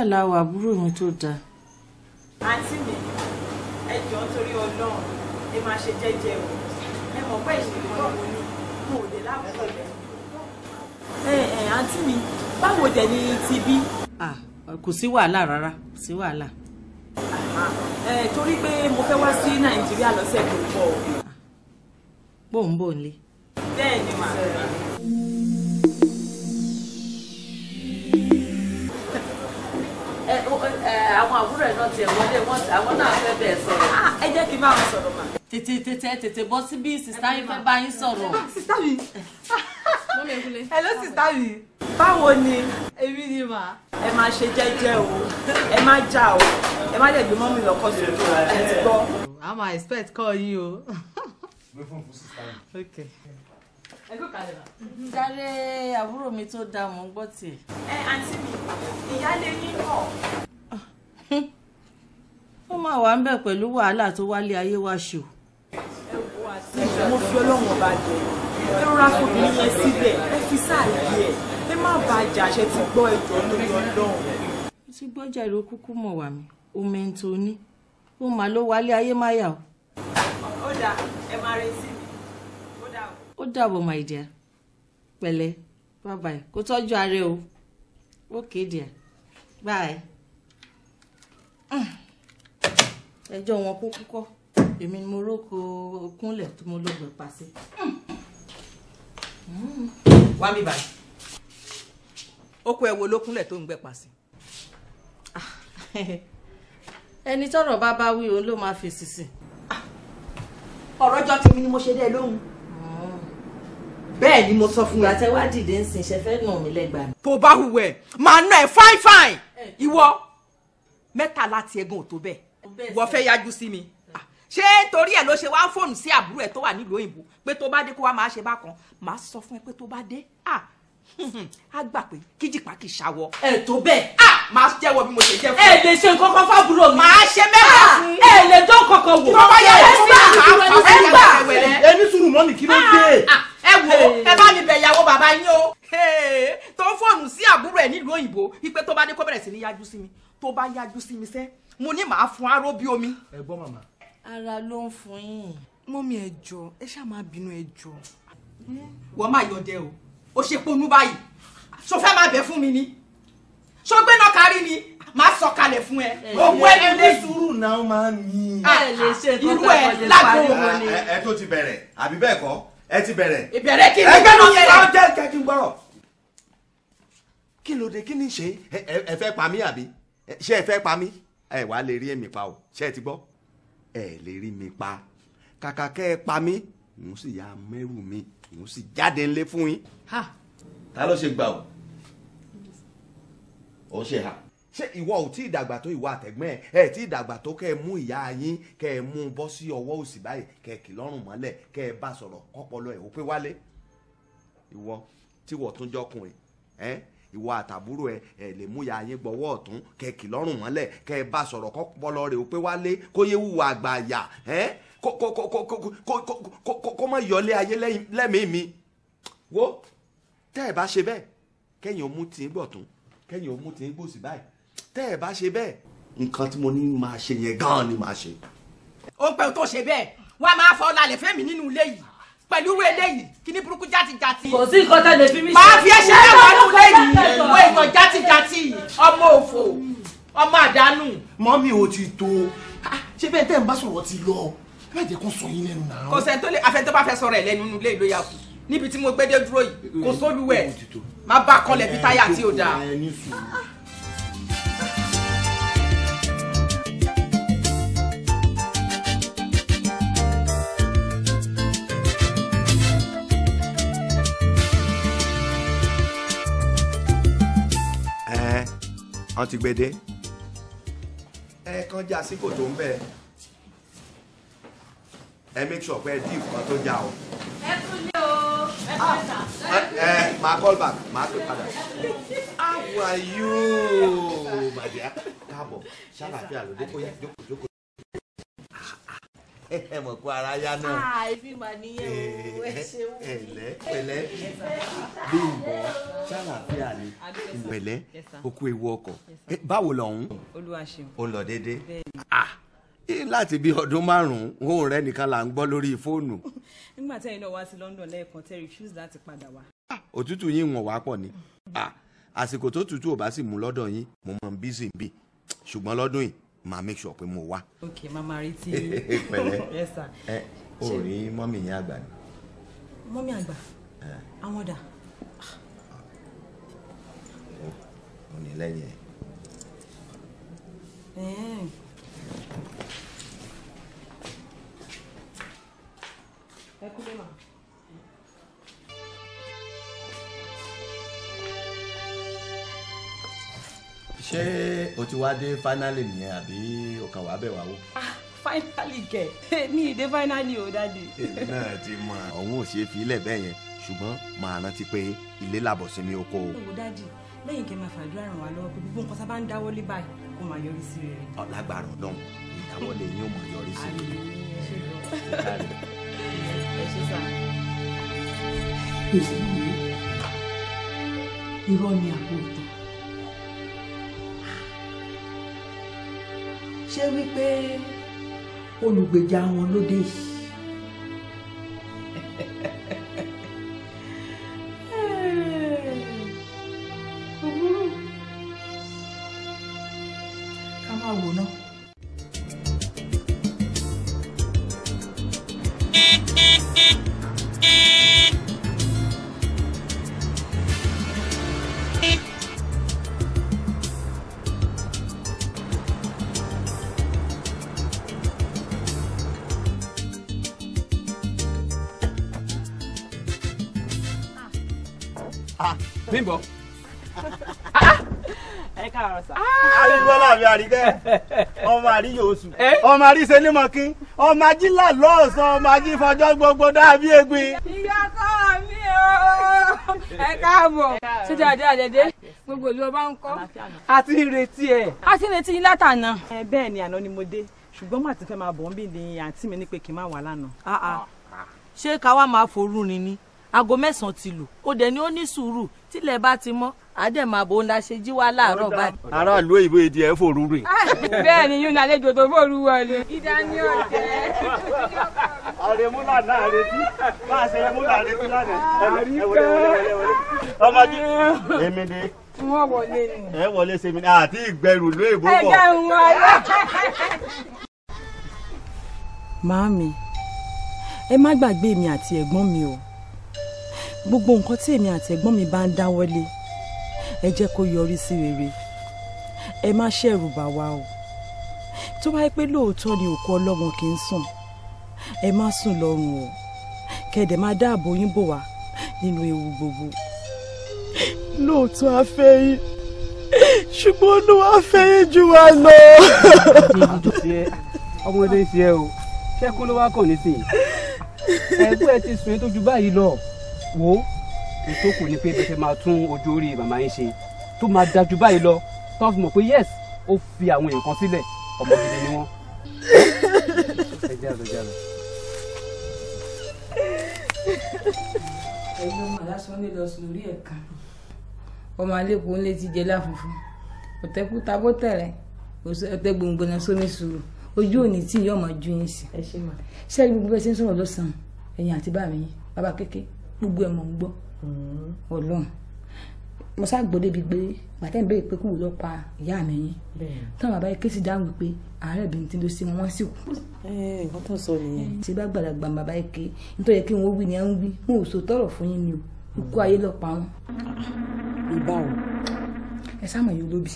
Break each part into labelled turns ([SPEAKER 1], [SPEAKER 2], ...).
[SPEAKER 1] àlá wà àbúrò mi tó dáa. àǹtí mi ẹ jọ̀ọ́ nítorí ọlọ́run ẹ máa ṣe jẹ́jẹ́ o ẹ mọ̀ pé ìṣèlú náà mo ní mo ò lè láàbùkù rẹ̀. ẹ ẹ àǹtí mi báwo dẹ̀ ni ti bí. kò sí wàhálà rárá kò sí wàhálà. torí pé mo
[SPEAKER 2] fẹ́ wá sí nàìjíríà lọ́sẹ̀ tó ń bọ̀.
[SPEAKER 1] bò ń bò ń lé. bẹ́ẹ̀ ni màá. àwọn àbúrò ẹ̀ náà tiẹ̀ wọlé àwọn náà fẹ́ bẹ́ẹ̀ sọ̀rọ̀ ah, ẹ jẹ́ kí n bá wọn sọ̀rọ̀ mà. tètè tètè tètè bọ́ síbí sista yìí fẹ́ bá yín sọ̀rọ̀. Ah, sista mi hello sista mi báwo ni èmi ni mà.
[SPEAKER 2] ẹ máa ṣe jẹ́jẹ́ o ẹ má jà o ẹ má dẹ̀ gbé mọ́ mi lọ́kọ́ sójú ẹ ti gbọ́.
[SPEAKER 1] a máa expect call yín o. gbé fún fún sista mi. okay jàre àbúrò mi tó dáa mò ń gbọ́ tiẹ̀. ẹ àǹtí mi ìyáálé yín kọ̀ ó máa wà ń bẹ̀ pẹ̀lú wàhálà tó wálé ayé wá ṣù. ẹ mo fi ọlọ́run ọba jẹ ẹ rọra fòbìnrin yẹn
[SPEAKER 2] síbẹ̀ ẹ fi sáàyè ẹ ẹ má ba àjà àṣẹ ti gbọ́ ẹjọ́ lórí ọlọ́run.
[SPEAKER 1] mo ti gbọ́jà ló kúkú mọ̀ wá mi omi ń to ní ó máa ló wálé ayé má yà o. ó dà ẹ máa retí mi ó dà o. ó dàbọ̀ my dear pẹ̀lẹ́ bye bye kó tọ́jú ara ẹ o ó kéde ẹ̀ bye ẹjọ́ wọn kó kúkọ́ èmi ni mo róko kúnlẹ̀ tí mo lọ gbẹ̀pà sí.
[SPEAKER 2] wá mi báyìí oko ẹ wo ló kúnlẹ̀ tó ń gbẹ̀pà sí.
[SPEAKER 1] ẹni tọ́rọ̀ bá bá wí òun ló máa fèsì sí.
[SPEAKER 2] ọ̀rọ̀ jọ tèmi ni mo ṣe dé lóhùn bẹ́ẹ̀ ni mo sọ fún ẹ. ìgbà tẹ ń sìn ṣe fẹ́ mí lẹ́gbàá. tó bá hùwẹ̀ màá nà ẹ́ fáìfáì ìwọ mẹ́ta láti ẹ̀gùn ò tó
[SPEAKER 3] bẹ́ẹ̀ wọ́n fẹ́ yájú
[SPEAKER 2] sí mi mm. ah, ṣé torí ẹ̀ ló ṣe wá fóònù sí àbúrò ẹ̀ tó wà nílùú òyìnbó pé tó bá dé kó wá máa ṣe bákan màá sọ fún ẹ pé tó bá dé a ah, gbà pé kíjìpá kì í ṣàwọ. ẹ tó bẹ́ẹ̀. a ah, máa jẹ́wọ́ bí mo ṣe jẹ́ fún. ẹ lè ṣe nǹkan kan fábúrò mi. màá ṣe mẹ́ta fún. ẹ lè dán kankan wò. tọ́wọ́ yẹ ẹ gbà ẹ gbà ẹ ní sùúrù mọ́mì kí ló dé. ẹ wo ẹ bá mi bẹ̀ ìyàwó bàbá yín o. tó fóònù sí àbúrò ẹ nílùú òyìnbó wípé tó bá dé kó bẹ̀rẹ̀ sí ní yájú sí mi tó bá yájú sí mi sẹ́ mo ní màá fún aró bí omi. ẹ gbọ́ màmá. ara ló ń fún yín. mọ́mí ẹ jọ ẹ ṣáà máa bínú ẹ jọ. wọ́n máa yọ̀dẹ o ó ṣe ponú báyìí ṣo fẹ́ máa bẹ̀ fún mi ni ṣo gbé náà kárí ni máa sọ kalẹ̀ fún ẹ òun ah, ẹ lè lè
[SPEAKER 3] sùúrù náà máa mi.
[SPEAKER 2] irú ẹ lágbo wọn ni. ẹ tó ti bẹ̀rẹ̀ àbí bẹ́ẹ̀ kọ́ ẹ ti bẹ̀rẹ̀. ìbẹ̀rẹ̀ kí ni ẹgbẹ́ ló yẹ ẹ. kí ló dé kí ni ṣe. ẹ fẹ́ pa mí àbí ṣé ẹ fẹ́ pa mí ẹ wàá lè rí èmi pa o ṣé ẹ ti gbọ́ ẹ lè rí mi pa kàkà kẹ́ ẹ pa mí mo sì ya mẹ́rù mi mo sì jáde ńlé fún yín. ta ló ṣe gbà o ó ṣe ha ṣé ìwọ ò tí ì dàgbà tó ìwọ àtẹ̀gbọ́n ẹ ẹ tí ì dàgbà tó kẹ́ ẹ mú ìyá yín kẹ́ ẹ mú un bọ́ sí ọwọ́ òsì báyìí kẹ́ ẹ kì lọ́rùn mọ́lẹ̀ kẹ́ ẹ bá sọ̀rọ̀ kọ́pọ̀lọ́ ẹ̀ ó pé wálé ìwọ tí wọ́n tún jọkùnrin ẹ ìwọ àtàbúrò ẹ ẹ lè mú ya yín gbọ́wọ́ ọ̀tún kẹ kì lọ́rùn mọ́lẹ̀ kẹ ẹ bá sọ̀rọ̀ kọ pọlọ rẹ ó pé wálé kó yé wùwà àgbà àyà ẹ kó kó kó kó kó kó mọ yọlé ayé lẹ́mìí mi wo tẹ́ ẹ bá ṣe bẹ́ẹ̀ kẹ́yìn ó mú tí ń gbọ̀tún kẹ́yìn ó mú tí ń gbòsì báyìí tẹ́ ẹ bá ṣe bẹ́ẹ̀ nǹkan tí mo ní máa ṣe yẹn gan-an ni máa ṣe. ó pẹ́ tó ṣe bẹ́ẹ̀ wàá máa fọ́ lálẹ́ fẹ́mi nínú ilé yìí pẹ̀lú irú eléyìí kíní burúkú játijàti. kò sí nǹkan tá a lè fi mí ṣe. màá fi ẹsẹ̀ rẹ̀ wọnú lẹ́yìn ìwé ìtàn játijàti ọmọ òfò ọmọ àdánù. mọ́mí o ti tó ṣé bẹ́ẹ̀ tẹ́ ń bá sọ̀rọ̀ ti lọ ẹ jẹ́ kó sọ yín lẹ́nu náà. kò sẹ́ni tó lè afẹ́ tó bá fẹ́ sọ̀rọ̀ ẹ̀ lẹ́nu inú ilé ìlú yàgò níbi tí mo gbé dé dúró yìí kò sóluwẹ̀ má bá kọlẹ̀ bí táyà tí ò dáa. wọ́n ti gbé ẹ kàn já sí kòtò ń bẹ ẹ make sure pé ẹ dí tó já o.
[SPEAKER 1] ẹ tún lé o ah, ẹ ẹ máa call back máa pè padà. how are you
[SPEAKER 2] my dear? káàbọ̀ ṣáàlà àti àlòdé kò yẹ jókòó jókòó. ẹ mọ̀ kó ara yá náà.
[SPEAKER 1] a ibi mà nìyẹn o eh, ẹ ṣeun.
[SPEAKER 2] pẹ̀lẹ́ pẹ̀lẹ́ Bímbọ́ ṣàlàfíà ni pẹ̀lẹ́ okú ewu ọkọ̀ eh, báwo lọ́hún. olúwa ṣeun. ó lọ déédéé. ah láti bí ọdún márùn-ún ohùn rẹ nìkan là ń gbọ́ lórí fóònù.
[SPEAKER 1] nígbà tẹ́yìn náà wá sí London lẹ́ẹ̀kan tẹ́ refuse láti padà wá.
[SPEAKER 2] Ah, òtútù yín wọ̀n wá pọ̀ ni ah, àsìkò tó tútù ò bá sì mú lọ́dọ̀ yín mo mọ̀ ń bí sí bí ṣùgbọ́n lọ́dún yìí máa make sure pé mo wá.
[SPEAKER 1] ok màmá rí tí pẹ̀lẹ́
[SPEAKER 2] ẹ o rí mọ́mì yín àgbà ni.
[SPEAKER 1] mọ́mì àgbà àwọn dà. Ah. o ní lẹ́yìn ẹ̀.
[SPEAKER 3] ẹ kúlẹ̀ màá.
[SPEAKER 2] ṣé o ti wá dé finally nìyẹn àbí o kàn wá bẹ̀ wá wò. Ah, finally kẹ mi ì dé finally o dáàdi. èmi náà ti mọ ọ̀hún ò ṣeé fi ilẹ̀ bẹ́ẹ̀ yẹn ṣùgbọ́n màá rántí pé ilé làbọ̀ sí mi oko o. o dáàdi lẹ́yìn kẹ́ máa fàdúrà ràn wá lọ́wọ́ pé gbogbo nǹkan sábà ń dáwọ́lé báyìí kó máa yọrí sí rere. ọ̀làgbàrà ọlọ́run ìdáwọ́lé yín ó máa yọrí sí rere.
[SPEAKER 1] ẹ ni àpò ìtọ́.
[SPEAKER 3] jẹ́ wípé
[SPEAKER 2] olùgbèjà wọn ló yìí àrí yóò sùn. Eh? ọmọ àríṣe ní mọ̀kín ọmọ ajílà lọ́ọ̀sán ọmọ ají fọjọ́ gbogbo dàbí egbin.
[SPEAKER 1] ìyá kọ́ mi o ẹ káàbọ̀ títí àdé àdédé gbogbo ìlú ọba ń kọ́.
[SPEAKER 2] àti ìrètí ẹ. a ti retí yín látànà. bẹ́ẹ̀ ni àná ni mo dé ṣùgbọ́n màá ti fẹ́ máa bọ̀ ń bí
[SPEAKER 1] ni àǹtí mi ní pé kí n má wà lánàá. Ah, ah. ṣé ká wá máa forú ni ni aago mẹ́sàn-án ti lù ó dẹ̀ ni ó ní sùúrù tílẹ̀ bá ti mọ́ àdèmàbò ńlá ṣe jí wá láàárọ̀ báyìí.
[SPEAKER 2] aráàlú èyí bóyá di ẹ fòrú rè. Ah,
[SPEAKER 1] bẹ́ẹ̀ ni yún ní àlejò tó fòrú wọlé.
[SPEAKER 3] ìdání ọ̀jẹ́.
[SPEAKER 2] àrèmúlà náà retí bá a ṣe múlà retí lánàá. àríkà ọmọdé èmi ni. wọ́n wọlé ni. ẹ wọlé sẹ́mi ni àti ìgbẹ́rù ló èbó bọ̀. ẹgbẹ́ ń wọlé. màámi ẹ má gbàgbé mi àti ẹ̀gbọ́n mi o gbogbo nǹkan tí èmi àtẹ̀gbọ́n mi bá ń dáwọ́lé ẹ jẹ́ kó yọrí sí rere ẹ má ṣẹ̀rù bà wá o tó bá yẹ pé lóòótọ́ ni òkú ọlọ́run kì í sùn ẹ má sùn lọ́rùn o kẹ̀dẹ̀ má dáàbò yín bò wá nínú ewu gbogbo lóòótọ́ afẹ́ yín ṣùgbọ́n
[SPEAKER 3] olúwa fẹ́ yín jù wá lọ.
[SPEAKER 2] ọmọdé ń ṣe ẹ o ló wá kàn nísìnyí ẹ̀gbọ́n ti sùn tó ju báyìí lọ wo ìtókù ni pé bẹ́sẹ̀ máa tún ojú orí màmá yín ṣe tó máa dájú báyìí lọ tó fi mọ̀ pé yes ó fi àwọn èèyàn kan sílẹ̀ ọmọ gidi ni wọ́n.
[SPEAKER 1] ẹ ọmọ aláṣọ ní lọ sùn lórí ẹ̀ka ọmọ alẹ́kùn ń létí jẹ láfùfù ọ̀tẹ́kùtà bó tẹ̀rẹ̀ ọ̀tẹ́ gbòǹgbòǹnà sómi sùúrù ojú òní tí yóò máa ju yín sí. ṣé gbogbo ẹ ṣe ń sọ̀rọ̀ lọ́sàn-án ẹ̀yin àti bàmí bàbá kékeré gbogbo ẹ̀ mọ̀ ń gbọ́ mm-hmm. ọlọ́run mo ṣàgbọ́ débi pé gbàtẹ́ ń béèrè pé kóun lọ pa ìyá mi yín táwọn bàbá yìí ké sí dáhùn pé àárẹ̀ bí n ti lọ sí wọn wọ́n sì kú. nǹkan tó sọ nìyẹn. ṣé bá gbàdàgbà bàbá yìí ké nítorí kí wọ́n wí ni ẹ ń wí wọn ò so tọrọ fún yín ni o ikú ayé lọ pa wọn. ìbá o. ẹ sáàmù yìí olóbì.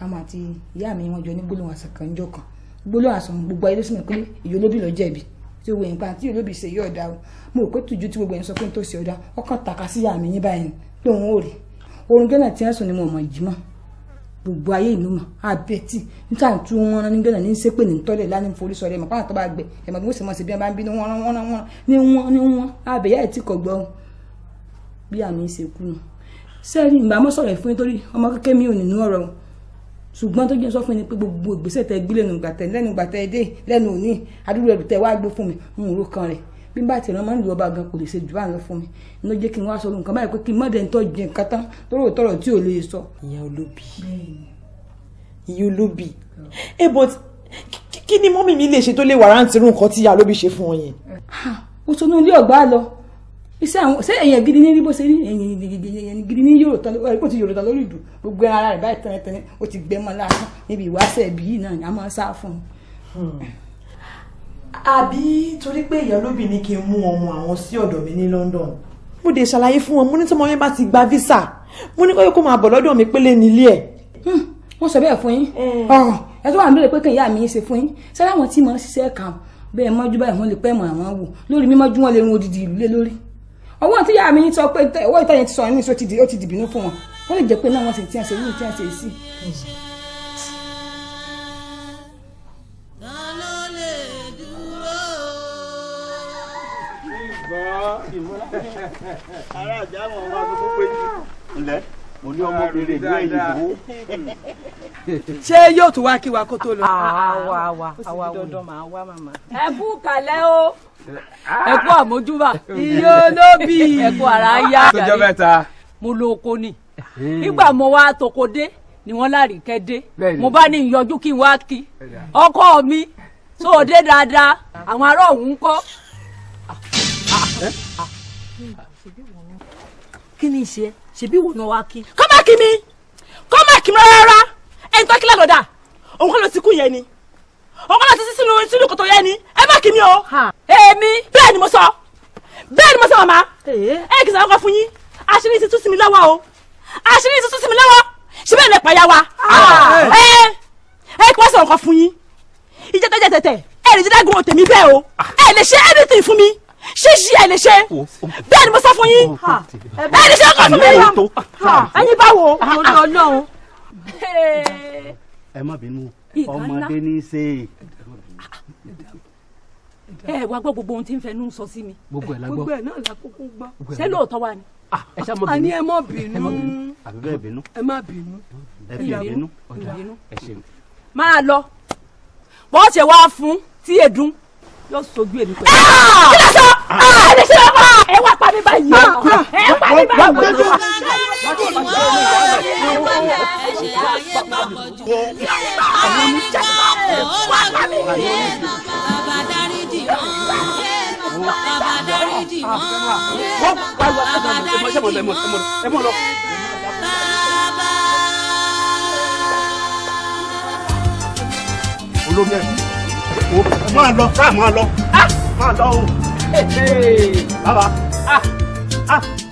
[SPEAKER 1] àwọn àti ìyá mi wọn jọ ní gbólóhùn àṣà kan jọ kan gbólóhùn àṣà gbogbo ayé ló sì mọ̀ pé ìyá olóbì ló jẹ̀bi tí gbogbo yẹn pa àti olóbì ṣe yí ọ̀dà o mo rò pé
[SPEAKER 2] tùjú tí gbogbo yẹn sọ pé n tó ṣe ọ̀dà ọkàn tàka sí àmì yín báyìí pé òun ò rè oorun gánà tí wọ́n sùn
[SPEAKER 1] ni mo mọ̀ yìí mọ́ gbogbo ayé ìlú mọ̀ abẹ́tì níta tí wọ́n rán ní gánà ní sépè ní tọ́lẹ̀ lánàá forí sọ̀rọ̀ ẹ̀mọ̀ pàtàkì bá gbẹ ẹ̀mọ̀ bí wọ́n sì mọ̀ sí bí wọ́n bá ń bínú wọ́n wọ́n wọ́n ní wọ́n ní wọ́n
[SPEAKER 2] abẹ́yà ẹ̀ tí kò bí àmì ìsìnkú nù sẹ́ẹ̀rì ìgbà mọ́sọ̀rọ̀ ìfún nítorí ọmọ kékeré mi ò nínú ọ̀rọ̀ ṣùgbọ́n tó jẹ́ sọ fún mi pé gbogbo ìgbésẹ̀ tẹ gbé lẹ́nu ìgbà lẹ́nu ìgbà dé lẹ́nu òní àdúrà ẹ̀rù tẹ wá gbé fún mi n ò kan rẹ̀ bí n bá tẹ̀ràn máa ń lu ọba gan kò lè ṣe jù báyìí lọ fún mi iná jẹ́ kí n wá sọ nǹkan báyìí pé kí n má dẹ̀ ń tọ́ jẹ nǹkan tán tọ́rọ̀ tọ́rọ̀ tí ò lè sọ. ìyá olóbì ìyá olóbì ẹ but kí ni mọ́mì mi lè ṣe tó lè wàrántì irú nǹkan tí ìyá olóbì ṣe fún ọ yẹn. ó sọ
[SPEAKER 1] iṣẹ́ àwọn ṣé èèyàn gidi ní rí bó ṣe rí èèyàn gidi ní yòrò tán kò ti yòrò tán lórí ìdù gbogbo ara rẹ̀ báyìí tẹ́lẹ̀ tẹ́lẹ̀ ó ti gbẹ́ mọ́ lásán níbi ìwáṣẹ̀ ẹ̀bí yìí náà ni a máa ń sá fún un.
[SPEAKER 2] Hmm. àbí torí pé ìyá olóbì ní kí n mú ọmọ àwọn sí ọ̀dọ̀ mi ní London. mo dé ṣàlàyé fún wọn mo ní tí ọmọ mi bá ti gba visa mo ní kóyè kó máa bọ̀ lọ́dọ̀ mi pélé nílé ẹ̀.
[SPEAKER 1] Hmm, wọ́n sọ bẹ́ẹ̀ fún yín eh. ẹ tó wà nílẹ̀ pé kẹ́hìn ìyá mi ṣe fún yín sẹ́láwọ̀n tí mo ń ṣiṣẹ́ kàn bẹ́ẹ̀ mọ́jú báyìí wọ́n lè pẹ́ mọ́ àwọn wò lórí mímọ́jú wọn lè rún odidi ìlú
[SPEAKER 2] lé lórí ọwọ́ tí yàrá mi yín sọ pé owó ìtàn yẹn ti sọ ní ìṣó ó ti dìbínú fún wọn wọ́n lè jẹ́ pé náà wọ́n sì ti ẹ̀sẹ̀ yìí ti ẹ̀sẹ̀ sí.
[SPEAKER 3] ara àjà àwọn ọmọ akókó pé
[SPEAKER 2] ǹlẹ́ mo ní ọmọbìnrin
[SPEAKER 1] ìlú èyìnbó. ṣé yóò tún wá kí wa kó tó lọ. Ah, ah, ah, àwa àwa àwa dandan màá wá màmá. ẹ kú kàlẹ́ o. ẹ kú àmójúbà. iye olóbì. ẹ kú ara yá. sọjọ́
[SPEAKER 2] mẹ́ta. mo lo oko ni hmm. nígbà mo wá toko dé ni wọ́n lárí kẹ́ dé mo bá ní ìyọjú kí n wá kí ọkọ mi tó o dé dáadáa àwọn ará òun kọ́.
[SPEAKER 1] kí ni ìṣe ṣèbí wo ni wàá kí. kọ́ máa kí mi kọ́ máa kí mi rárá ẹ̀ ń tọ́ kí lánàá dà òun kọ́ lọ sí kú yẹn ni òun kọ́ lọ sí sí sínú sínú kòtò yẹn ni ẹ má kí mi o. èmi bẹ́ẹ̀ ni mo sọ bẹ́ẹ̀ ni mo sọ màmá ẹ kì í sàkókò fún yín àṣírí ti tú sí mi lọ́wọ́ o àṣírí ti tú sí mi lọ́wọ́ ṣé bẹ́ẹ̀ lè pàyà wa ah. Ah. ẹ ẹ kí wọ́n sọ̀rọ̀ kan fún yín ìjẹ́tẹ́jẹ́tẹ́tẹ́ ẹ lè jẹ́ dágùn òtẹ̀mí bẹ́ẹ̀ o ah. ẹ lè ṣe anything fún mi ṣé ṣí ẹ lè ṣe bẹ́ẹ̀ ni mo sọ fún yín ẹ lè ṣe kọsùn mi yá ẹyin bá wo lórí Ọlọ́run.
[SPEAKER 2] ẹ má bínú ọmọdé ní í ṣe.
[SPEAKER 1] ẹ wá gbọ́ gbogbo ohun tí ń fẹnu sọ sí mi gbogbo ẹ̀ náà la kúkú gbọ́ ṣé lóòótọ́ wa ni. àní ah, ẹ má bínú àbíbẹ́ bínú ẹ
[SPEAKER 2] má bínú ẹ fi bínú ọ̀dà ẹ ṣeun. máa lọ bọ́ọ̀ṣẹ̀ wá fún tí èdùn yóò sojú èmi pẹ̀lú. Ah! kí ló sọ ah!
[SPEAKER 1] Ah! ẹ ṣe é ẹ wá pa mi báyìí ẹ pa mi báyìí.
[SPEAKER 2] Olórí wo máa lọ máa lọ ah! máa lọ o bàbá.
[SPEAKER 3] Ah, ah.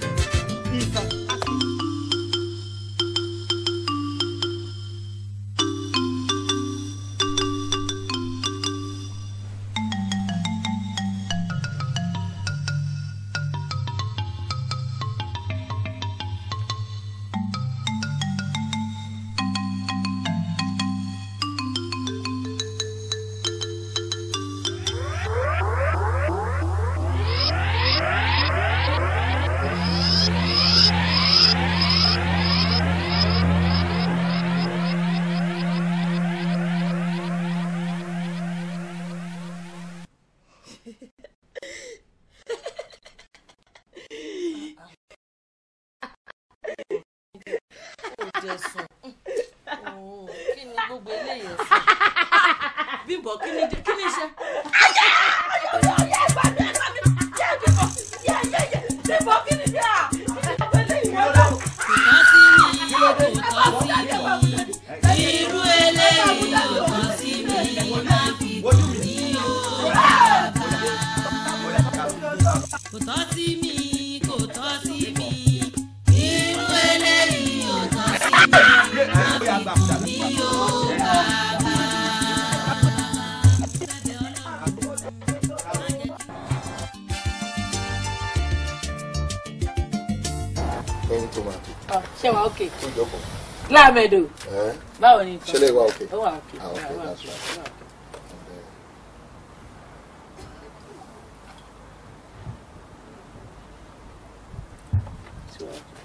[SPEAKER 1] ahmed o eh? báwo ni nǹkan ṣẹlẹ̀ ìwà òkè ó wà òkè ah, ó òkè.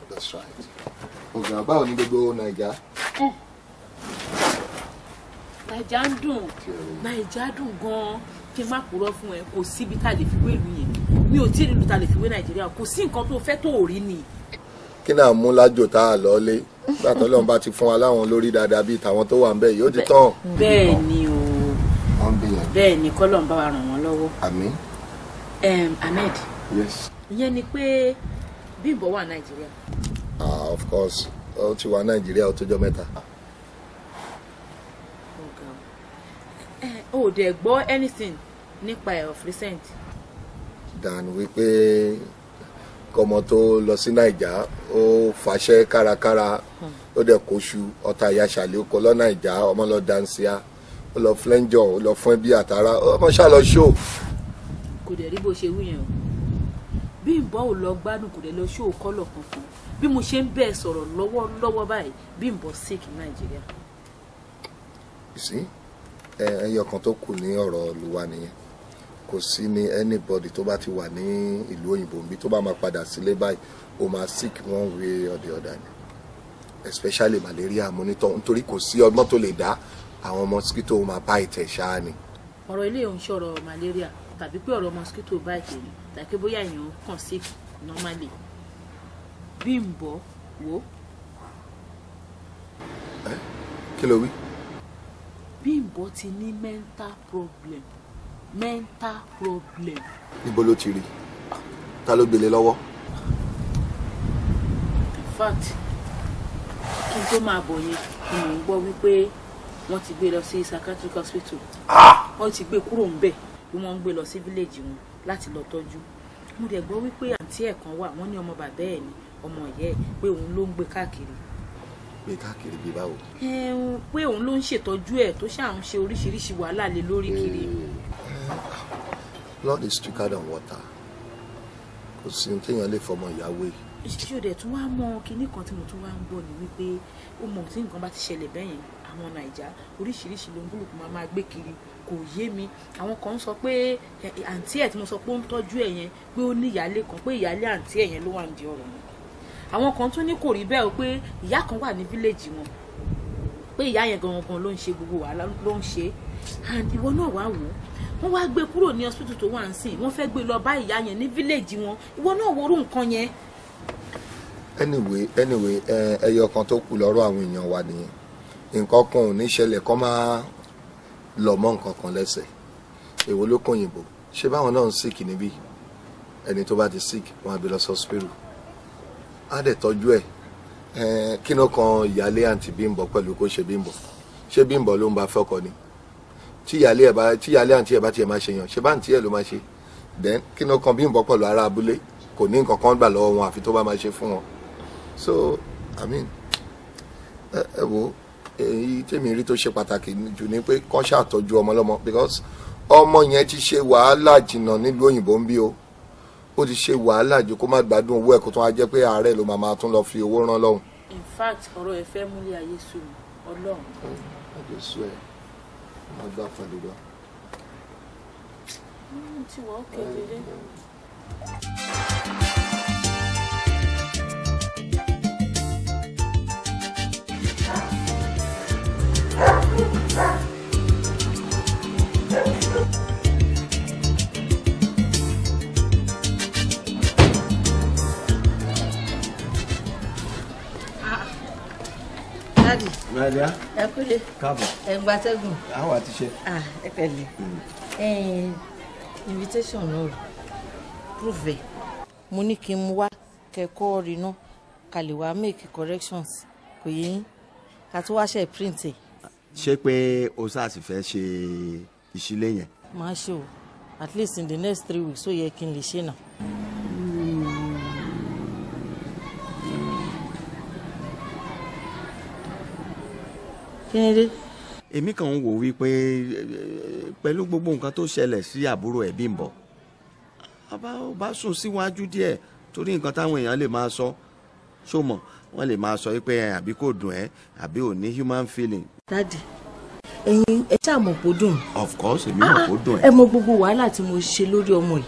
[SPEAKER 2] That's right. Ọ̀gá báwo ni gbogbo Nàìjà? Eh. Nàìjà ń dùn, Nàìjà dùn gan-an kí n má purọ́ fún ẹ kò síbi tá a lè fi wé ìlú yẹn mi ò tí ì nílùú lè fi wé
[SPEAKER 1] Nàìjíríà kò sí nǹkan tó fẹ́ tó rí ni.
[SPEAKER 4] Kí ni àmúlájò tá a lọ lé? gbàtọ́ lọ́n bá ti fún wa láwọn olórí dáadáa bíi tàwọn tó wà ń bẹ̀ yóò ti tán. bẹ́ẹ̀ ni o
[SPEAKER 2] bẹ́ẹ̀ ni kọ́lọ̀ ń bá wa ràn wọ́n lọ́wọ́. àmín. ahmed.
[SPEAKER 4] yes.
[SPEAKER 1] ìyẹn ni pé bímbọ wà nàìjíríà.
[SPEAKER 4] ah of course ó ti wà nàìjíríà ó tójọ́ mẹ́ta.
[SPEAKER 1] o ò dẹ̀ gbọ́ anything nípa ẹ̀ of recent.
[SPEAKER 4] dan wípé
[SPEAKER 2] kọ́mọ tó lọ sí naija ó fàṣẹ kárakára hmm. ó dẹ̀ kóṣù ọ̀tá ìyáṣàlẹ̀ ó kọ́ lọ naija ọmọ lọ dansia ó lọ flẹ́njọ ó lọ fún
[SPEAKER 4] ẹbí àtàrà ọmọ ṣá lọ ṣó.
[SPEAKER 1] kò dẹ̀ rí bó ṣe wí yẹn o
[SPEAKER 2] bí ìbọn ò lọ gbádùn kò dẹ̀ lọ ṣó kọ́lọ̀ kankan bí mo ṣe ń bẹ́ẹ̀ sọ̀rọ̀ lọ́wọ́lọ́wọ́ báyìí
[SPEAKER 1] bí ìbọn sick nàìjíríà.
[SPEAKER 4] ìsín ẹyọkan tó kù ní ọ̀rọ̀ olúwa nìyẹn kò sí ní anybody tó bá ti wà ní ìlú òyìnbó nbí tó bá máa padà sílé báyìí ó máa sick one way or the other ni especially
[SPEAKER 2] malaria monitor nítorí kò sí ọgbọ́n tó lè dá àwọn mosquito máa bá ìtẹ̀ ṣáá ni.
[SPEAKER 1] ọ̀rọ̀ ilé ò ń ṣọ̀rọ̀ malaria tàbí pé ọ̀rọ̀ mosquito bá ìtẹ̀ ni tàbí bóyá èèyàn kàn sick normally bí n bọ̀ wò.
[SPEAKER 4] ẹ kí ló wí.
[SPEAKER 2] bí n bọ̀ ti ní mental problem mental problem. níbo ló ti rí ta ló gbélé lọ́wọ́.
[SPEAKER 1] in fact kí n tó máa bọ̀ yẹn ni mò ń gbọ́ wípé wọ́n ti gbé lọ sí psychiatric hospital ah! wọ́n ti gbé kúrò ńbẹ̀ bí wọ́n ń gbé lọ sí village wọn láti lọ tọ́jú mo dẹ̀ gbọ́ wípé àǹtí ẹ̀ kan wà wọ́n ní ọmọ bàbá ẹ̀ ni ọmọ ìyá ẹ̀ pé òun ló ń gbé káàkiri.
[SPEAKER 2] gbé káàkiri bíi báwo.
[SPEAKER 1] pé òun ló ń ṣètọ́jú ẹ̀ tó ṣáà ń ṣe oríṣiríṣi wàhálà lé lórí kiri
[SPEAKER 2] blood is thicker than water kò sí ní téèyàn lè fọmọ ìyàwó yìí.
[SPEAKER 1] ṣé o dẹ̀ tún wá mọ kinní kan tí mo tún wá ń gbọ́ ni wípé
[SPEAKER 2] ó mọ̀ tí nǹkan bá ti ṣẹlẹ̀ bẹ́yẹn àwọn nàìjà oríṣiríṣi ló ń búlùkù máa máa gbé kiri kò yé mi àwọn kan sọ pé àǹtí ẹ̀ tí mo sọ pé ó ń tọ́jú ẹ̀ yẹn pé ó ní ìyáálé kan pé
[SPEAKER 1] ìyáálé àǹtí ẹ̀ yẹn ló wà nídìí ọ̀rọ̀ mi àwọn kan tún ní kò rí bẹ́ẹ̀ o pé ìyá kan wà ní fíléèjì wọn pé ìyá yẹn gangan ló ń ṣe gbogbo wàhálà ló ń ṣe and ìwọ náà wà wò wọ́n wá gbé kúrò ní hospital tó wà ń sìn wọ́n fẹ́ gbé lọ bá ìyá yẹn ní village wọn ìwọ náà worú nǹkan yẹn.
[SPEAKER 4] anyway anyway ẹyọ kan tó kù lọ́rọ̀ àwọn èèyàn wa nìyẹn nǹkan kan ò ní ṣẹlẹ̀ kọ́ máa lọ mọ́ nǹkan kan
[SPEAKER 2] lẹ́sẹ̀ èwo ló kàn yìnbó ṣé báwọn náà ń sick níbí ẹni tó bá ti sick wọn á gbé lọ sọ́spírù á dẹ̀ tọ́jú ẹ̀ kí ló kan ìyáálé àǹtí Bímbọ́ pẹ̀lú kó ṣe Bímbọ́ ṣé Bímbọ́ ló ń bá fọ́kọ ni tíyàlé ẹ̀ bá tíyàlé àǹtí ẹ̀ bá tiẹ̀ máa ṣe yàn ṣe bá àǹtí ẹ̀ ló máa ṣe then kí ni ó kan bí ń bọ́ pẹ̀lú ará abúlé kò ní nǹkan kan gbà lọ́wọ́ wọn àfi tó bá máa ṣe fún wọn so i mean ẹ ẹ wo èyí tèmi rí tó ṣe pàtàkì jù ni pé kán ṣàtọ́jú ọmọ lọ́mọ because
[SPEAKER 4] ọmọ yẹn ti ṣe wàhálà jìnnà nílùú òyìnbó ń bí o ó ti ṣe wàhálà jù kó má gbádùn owó ẹ̀ kó tó wá jẹ́ pé ààrẹ ló máa tún lọ fi owó rán lọ́hùn.
[SPEAKER 3] in fact ọ̀rọ̀ ẹ̀ fẹ́
[SPEAKER 2] múlẹ̀ ayé sùn ọlọ́run.
[SPEAKER 4] ọjọ́ sùn ẹ̀ agbá fàdúgbà.
[SPEAKER 3] mo ti wọ́ọ́
[SPEAKER 2] kéde dé. dáàdì nàìjíríà ẹ kúlé káàbọ̀
[SPEAKER 1] ẹ ń gbatẹ́gùn. àwọn àti ṣe. ẹ pẹ̀lẹ́ mm. invitation náà proof ẹ̀ mo ní kí n wá kẹ́kọ̀ọ́ rí náà ká wá make corrections kò yé yín ká tó wá ṣe print ẹ̀.
[SPEAKER 2] ṣé pé o sars fẹ́ ṣe ìṣílẹ̀ yẹn.
[SPEAKER 1] máa ṣe o at least in the next three weeks ó yẹ kí n lè ṣe náà.
[SPEAKER 2] kí ni dé. èmi kàn ń wò wípé pẹ̀lú gbogbo nǹkan tó ṣẹlẹ̀ sí àbúrò ẹ̀ Bímbọ́ bàbá ò bá sùn síwájú díẹ̀ torí nǹkan táwọn èèyàn lè máa sọ ṣó mọ̀ wọ́n lè máa sọ pé àbí kò dùn ẹ́ àbí ò ní human feeling.
[SPEAKER 1] dadi ẹ̀yin ẹ ṣáà mọ̀ kó dùn.
[SPEAKER 2] of course èmi mọ̀ kó dùn ah, ẹ. ẹ
[SPEAKER 1] mọ̀ gbogbo wàhálà tí mo ṣe lórí ọmọ yìí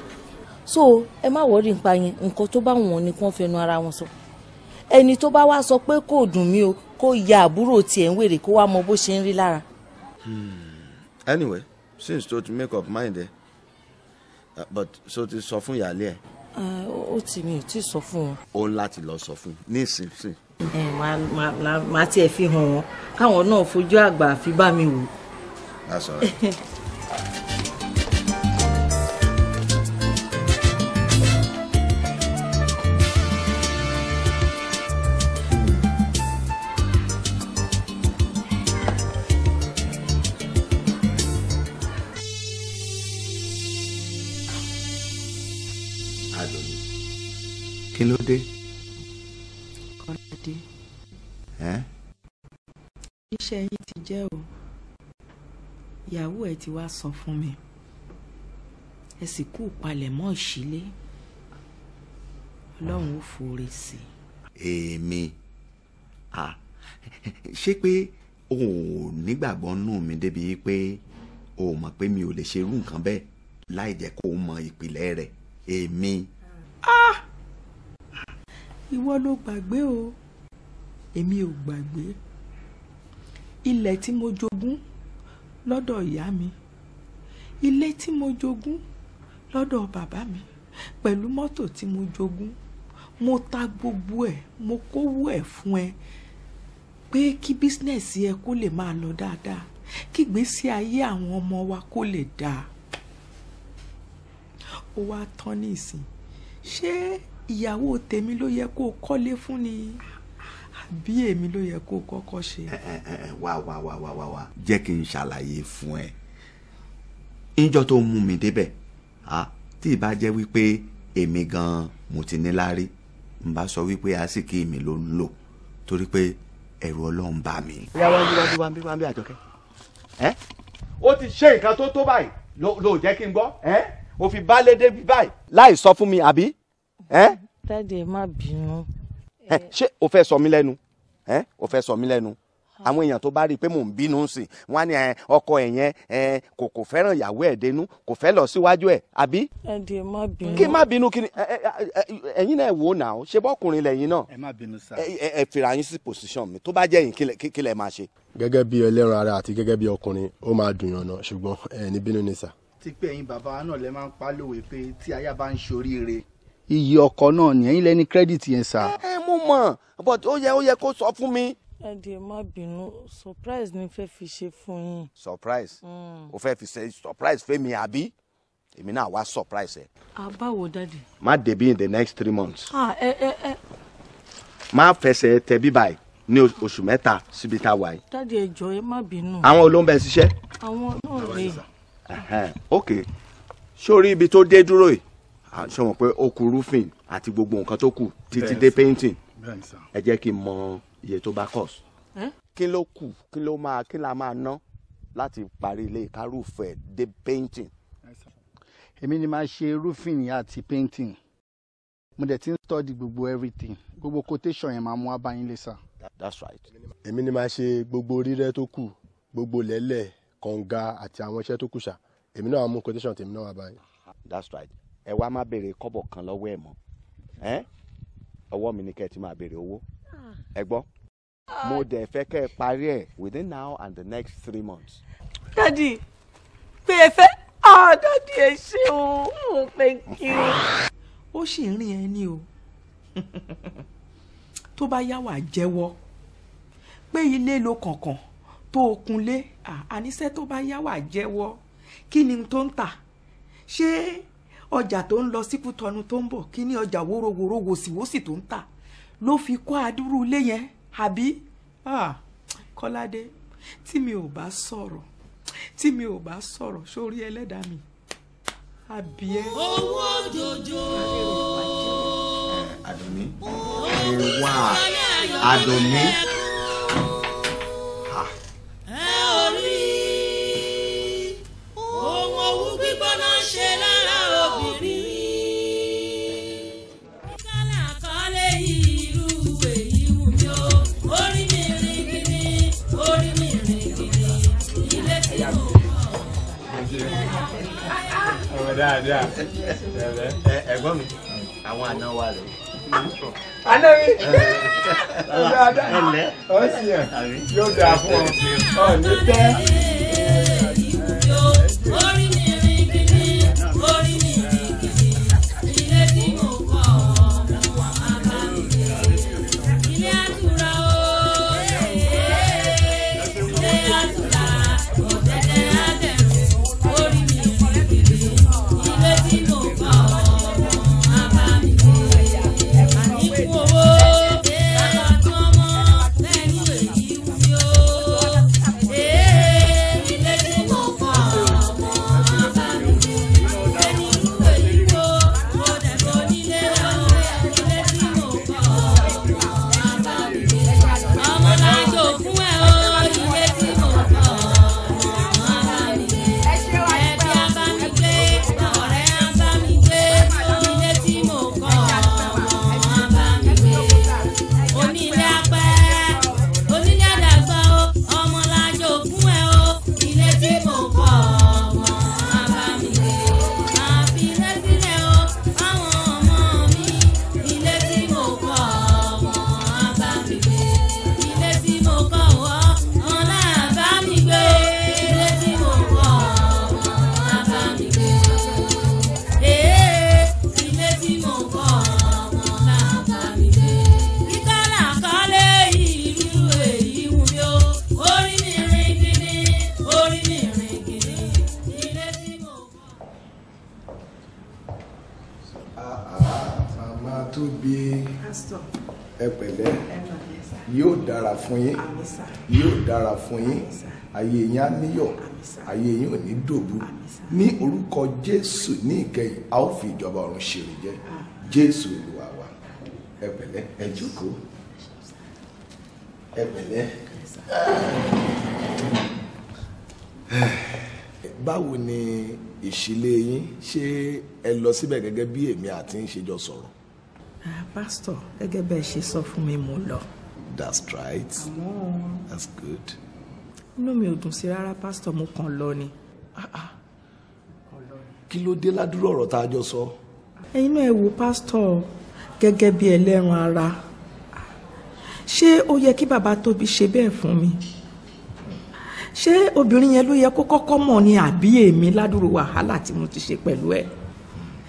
[SPEAKER 1] so ẹ má wọrí nípa yẹn nǹkan tó bá wọn ni kí wọ́n fẹnu ara wọn sọ ẹni tó bá wá sọ pé kò dùn mí o kó ya àbúrò tiẹ̀ ń wèrè kó wá mọ bó ṣe ń rí lára. Hmm.
[SPEAKER 2] anyway since to ti make up mind ẹ uh, but so ti sọ fún ìyáálé ẹ.
[SPEAKER 1] Eh, ó ti mi ò tí ì sọ fún wọn.
[SPEAKER 2] ó ń láti lọ sọ fún un ní ìsinsìn.
[SPEAKER 1] Eh, màá tiẹ̀ fi hàn wọ́n káwọn náà fojú àgbà fi bá mi wò. that's all right. ìyàwó ẹ ti wá sọ
[SPEAKER 2] fún mi ẹ sì kú palẹ̀mọ́ ìṣílé ọlọ́run ó foore sí i. èmi à ṣé pé o ò nígbàgbọ́ nù mí débi pé o mọ̀ pé mi ò lè ṣerú nǹkan bẹ́ẹ̀ láì jẹ́ kó o mọ ìpìlẹ̀ rẹ̀ èmi. ìwọ ló gbàgbé o èmi ò gbàgbé ilẹ̀ tí mo jogún lọ́dọ̀ ìyá mi ilé tí mo jogún lọ́dọ̀ bàbá mi pẹ̀lú mọ́tò tí mo jogún mo ta gbogbo ẹ̀ mo kówó ẹ̀ fún ẹ pé kí bísínẹ́sì ẹ kó lè máa lọ dáadáa kí ìgbésí ayé àwọn ọmọ wa kó lè dáa ó wá tán ní ìsìn ṣé ìyàwó tèmi ló yẹ kó kọ́lé fún ni bí èmi ló yẹ kó kọ́kọ́ ṣe. wá wá wá wá wá wá jẹ́ kí n ṣàlàyé fún ẹ níjọ́ tó mú mi débẹ̀ tí ì bá jẹ́ wípé èmi gan-an mo ti níláárí n bá sọ wípé àsìkí mi ló ń lò torí pé ẹ̀rù ọlọ́run bá mi. ìyá wa ń bí wa ń bí wa ń bí wa ń bí àjọkẹ́. ó ti ṣe nǹkan tó tó báyìí ló jẹ́ kí n gbọ́ ó fi bá lédè bí báyìí láì sọ fún mi àbí.
[SPEAKER 1] dáàdi ẹ má bínú
[SPEAKER 2] ṣé o fẹ́ sọ mí lẹ́nu o fẹ́ sọ mí lẹ́nu àwọn èèyàn tó bá rí i pé mò ń bínú sí wọn ni ọkọ ẹ yẹn kò kò fẹ́ràn ìyàwó ẹ̀ dénú kò fẹ́ lọ síwájú ẹ̀ àbí.
[SPEAKER 3] ẹ dì má bínú. kí má bínú kí ni
[SPEAKER 2] ẹ̀yin náà wò náà ṣe bọ́kùnrin lẹ́yìn náà. ẹ má bínú sá. ẹ fira yín sí pòsíṣàn mi tó bá jẹ́ yín kí lẹ máa ṣe. gẹ́gẹ́ bí ẹlẹ́ran ara àti gẹ́gẹ́ bí ọkùnrin ó máa dùn yànnà ṣùgbọ́n ẹ ní bínú ni sá. ti pé ẹ̀yin bàbá náà lẹ iye ọkọ̀ náà ni ẹ̀yin lẹ́ni credit yẹn sà. ẹ mo mọ̀ but ó yẹ ó yẹ kó sọ fún mi. ẹ dì
[SPEAKER 1] má bínú surprise ni fẹ́ fi ṣe fún yín.
[SPEAKER 2] surprise mm. o fẹ́ fi ṣe surprise fẹ́mi àbí èmi náà wá surprise ẹ.
[SPEAKER 1] àbáwo dáàdi.
[SPEAKER 2] má débí in the next three months.
[SPEAKER 1] ah ẹ ẹ ẹ.
[SPEAKER 2] má fẹsẹ̀ tẹ bíbáyìí ní oṣù mẹ́ta síbi tá a wà yìí.
[SPEAKER 1] dáàdi ẹjọ ẹ má bínú. àwọn olóńbẹ ṣiṣẹ́. àwọn náà
[SPEAKER 2] lè. ok sórí ibi tó dé dúró yìí ṣe mọ̀ pé ó kù roofing àti gbogbo nǹkan tó kù títí dé painting ẹ jẹ́ kí n mọ iye tó bá cost. Hm? kí ló kù kí ló máa kí la máa ná láti parí ilé ká roof ẹ̀ dé painting. èmi ni màá ṣe roofing àti painting mo dẹ̀ ti ń study gbogbo everything gbogbo quotation yẹn máa mú wá lé sà. that's right. èmi ni màá ṣe gbogbo rírẹ́ tó kù gbogbo lẹ́lẹ̀ kànga àti àwọn iṣẹ́ tó kù ṣá èmi náà mú quotation tèmi náà wá bá that's right ẹ wá má béèrè kọ́bọ̀ kan lọ́wọ́ ẹ̀ mọ́ ọwọ́ mi ni kẹ́ ẹ ti máa béèrè owó ah. ẹ gbọ́
[SPEAKER 3] ah. mo
[SPEAKER 2] dẹ̀ fẹ́ kẹ́ ẹ parí ẹ̀ within now and the next three months.
[SPEAKER 1] dadi pé ẹ fẹ́ ah dadi ẹ ṣeun mo oh, thank you. ó sì ń rìn ẹ ní o tó bá yá wàá jẹ́wọ́ pé
[SPEAKER 2] ilé lo kànkàn tó o kunlé àníṣe tó bá yá wàá jẹ́wọ́ kí ni tó ń tà ṣé ọjà tó ń lọ síkútọ́nu tó ń bọ̀ kí ni ọjà wórówóró wòsíwòsì tó ń tà ló fi kọ́ adúrú ilé yẹn àbí kọ́ládé tí mi ò bá sọ̀rọ̀ tí mi ò bá sọ̀rọ̀ sórí ẹlẹ́dàá mi àbí ẹ. owó òjòjò àdùnní wà dáadáa ẹ̀gbọ́n mi àwọn àna wa rẹ.
[SPEAKER 1] àná mi dáadáa ọ̀sìn yóò dáa fún ọ ọ̀ ní tẹ́.
[SPEAKER 2] á níyọ̀ ayé yín ò ní dòbu ní orúkọ jésù ní ìkẹyìn a ó fi ìjọba ọ̀run ṣèrè jẹ jésù olúwa wa ẹ pẹ̀lẹ́ ẹ jókòó ẹ báwo ni ìṣílé yín ṣé ẹ lọ síbẹ̀ gẹ́gẹ́ bí èmi àti ń ṣe jọ sọ̀rọ̀. Ah, pásítọ̀ gẹ́gẹ́ bẹ́ẹ̀ ṣe sọ fún mi mo lọ. that's right that's good inú mi ò dùn sí rárá pásítọ̀ mo kàn lọ ni. Ah, ah. kí ló dé ládùúrò ọ̀rọ̀ tá a jọ sọ. ẹ̀yin náà ẹ wo pásítọ̀ gẹ́gẹ́ bí ẹlẹ́ran ara ṣé ó yẹ kí bàbá tóbi ṣe bẹ́ẹ̀ fún mi ṣé obìnrin yẹn ló yẹ kó kọ́kọ́ mọ̀ ni àbí èmi ládùúrò wàhálà tí mo ti ṣe pẹ̀lú ẹ̀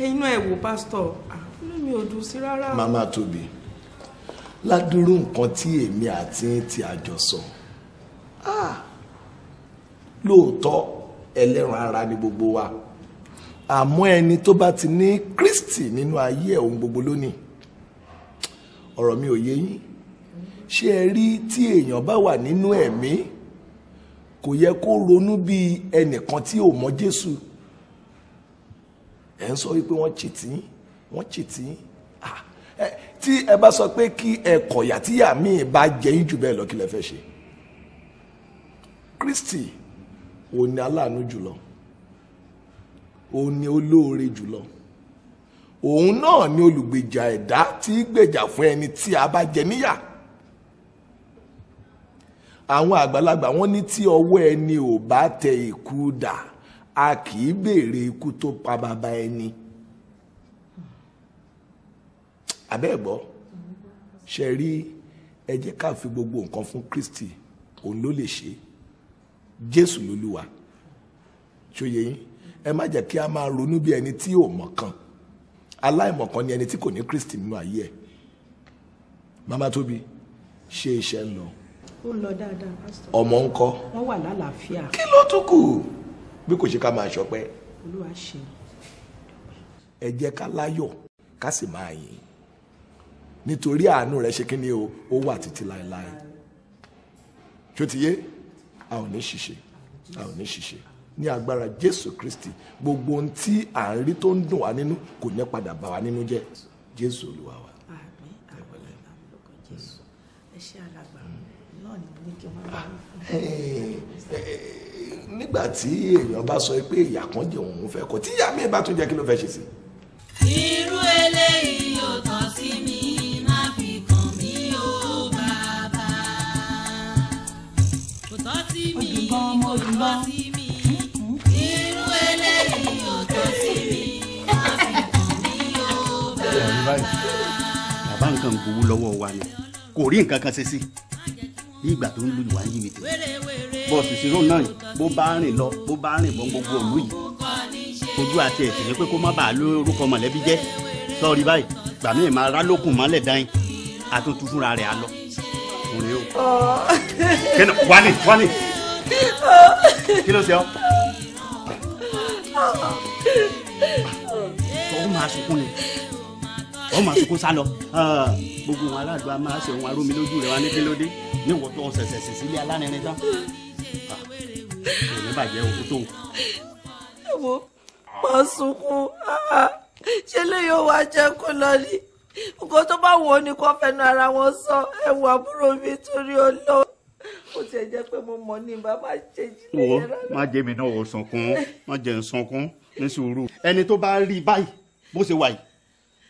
[SPEAKER 2] ẹ̀yin náà ẹ wo pásítọ̀ ah, inú mi ò dùn sí rárá. màmá tóbi ládùúrò nǹkan tí èmi àti ti àjọsọ. Ah lóòótọ́ ẹlẹ́ran ara ni gbogbo wa àmọ́ ẹni tó bá ti ní Kristi nínú ayé ẹ̀ ohun gbogbo lónìí ọ̀rọ̀ mi ò yé yín ṣé ẹ rí tí èèyàn bá wà nínú ẹ̀mí kò yẹ kó ronú bí ẹnìkan tí ò mọ Jésù ẹ̀ ń sọ wípé wọ́n chìtì wọ́n chìtì tí ẹ bá sọ pé kí ẹ kọ̀yà tíyà míì bá jẹ́ jù bẹ́ẹ̀ lọ kí lẹ fẹ́ ṣe Kristi òun ni aláàánú jùlọ òun ni olóore jùlọ òun náà ni olùgbèjà ẹ̀dá tí í gbèjà fún ẹni tí a bá jẹ níyà àwọn àgbàlagbà wọn ní tí ọwọ́ ẹni ò bá tẹ ikú dà a kì í béèrè ikú tó pa bàbá ẹni abẹ́ ṣe rí ẹ jẹ́ ká fi gbogbo nǹkan fún Kristi òun ló lè ṣe é jésù lolúwa ṣòye yín ẹ má jẹ́ kí a máa ronú bí ẹni tí ò mọ̀kan aláìmọ̀kan ni ẹni tí kò ní kristi nínú ayé ẹ̀ mama tóbi ṣé iṣẹ́ ń lọ. ó ń lọ dáadáa pásítọ̀. ọmọ ń kọ́. wọ́n wà lálàáfíà. kí ló tún kù bí kò ṣe ká máa ṣọpẹ́. ẹ jẹ́ ká láyọ̀ ká sì máa yìn nítorí àánú rẹ̀ ṣe kí ni o ó wà títí láéláé. ṣó ti yé a ò ní ṣìṣe a ò ní ṣìṣe ní agbára jésù kristi gbogbo ohun tí à ń rí tó ń dùn wá nínú kò ní padà bá wa nínú jẹ jésù olúwa wa. Ah, eh, eh, eh, nígbà tí èèyàn bá sọ pé ìyà kan jẹ òun fẹ́ kọ tí ìyá mi bá tún jẹ kí ló fẹ́ ṣe sí.
[SPEAKER 1] irú eléyìí yóò tán sí mi. gan mo lọ. irú eléyìí ò tó sí mi má fi kàn mí ó bàbá.
[SPEAKER 2] nǹkan gbowó lọ́wọ́ wa ni kò rí nǹkan kan ṣe sí ní ìgbà tó ń lu ìwà yìí mi tẹ
[SPEAKER 1] bọ́ọ̀sì ṣìṣirò náà bó
[SPEAKER 2] bá rìn lọ bó bá rìn bọ́ gbogbo òlú yìí ojú àti ẹ̀sìn ni pé kó má bàa lórúkọ mọ̀lẹ́bí jẹ́ sọ́ọ́rí báyìí gbàmí ìmọ̀ ara mọ́lẹ̀ dáin àtúntún fúnra rẹ̀ á lọ.
[SPEAKER 3] kí wálé wálé
[SPEAKER 2] kí ló ṣe ọ́. ó máa sunkún ni ó máa sunkún sá lọ gbogbo wọn aláàdó a máa ṣe ohun arómi lójú rẹ wá ní kílódé ní ìwọ tó ń ṣẹ̀ṣẹ̀ sì sílé alárinrin tán èmi bàjẹ́ òkú tó.
[SPEAKER 1] ẹ wo máa sunkún ṣe lẹ́yìn òun ajẹkù lọ ni nǹkan tó bá wọ ni kò fẹnu ara wọn sọ ẹ wọ àbúrò mi torí Ọlọ́run
[SPEAKER 2] kò tiẹ̀ jẹ́ pé mo mọ̀ ní bá máa ṣe jílẹ̀ yẹn rárá. wo má jẹ́ mi náà ò sọkún má jẹ́ ń sọkún ní sùúrù. ẹni tó bá rí báyìí bó ṣe wà yìí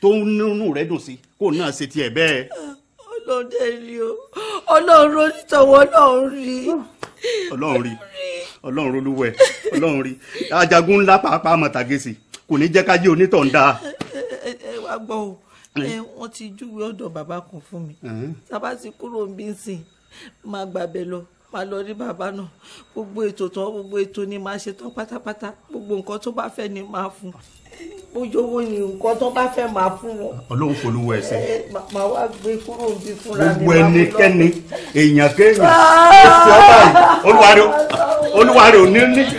[SPEAKER 2] tó ń nínú rẹ̀ dùn sí kó náà ṣe tiẹ̀ bẹ́ẹ̀.
[SPEAKER 1] ọlọ́run dẹ̀ rí o ọlọ́run onítọ̀wọ́ ọlọ́run rí.
[SPEAKER 2] ọlọ́run rí ọlọ́run olúwẹ̀ ọlọ́run rí ajagun ńlá pàápàá mọ̀tàgẹ́sì kò ní jẹ́ kájí onítọ̀ ń dáa.
[SPEAKER 1] ẹ ẹ wá gbọ́ o ẹ wọ́n ti júwe ọ̀dọ̀
[SPEAKER 2] bàbá kan fún mi
[SPEAKER 1] tá a bá ti kúrò ń bí ń sìn máa gbàbẹ̀ lọ
[SPEAKER 2] máa lọ rí bàbá náà gbogbo ètò tán gbogbo ètò ni máa ṣe tán pátápátá gbogbo nǹkan
[SPEAKER 1] tó bá fẹ́ ni máa fún ojú owó ni nǹkan tó bá fẹ́ máa fún wọn.
[SPEAKER 2] ọlọ́run kò lówó ẹsẹ̀.
[SPEAKER 1] màá wá gbé kúrò bí fúnra mi. gbogbo ẹnikẹ́ni
[SPEAKER 2] èèyàn kéèyàn ó ah! sọ báyìí olúwarẹ̀ olúwarẹ̀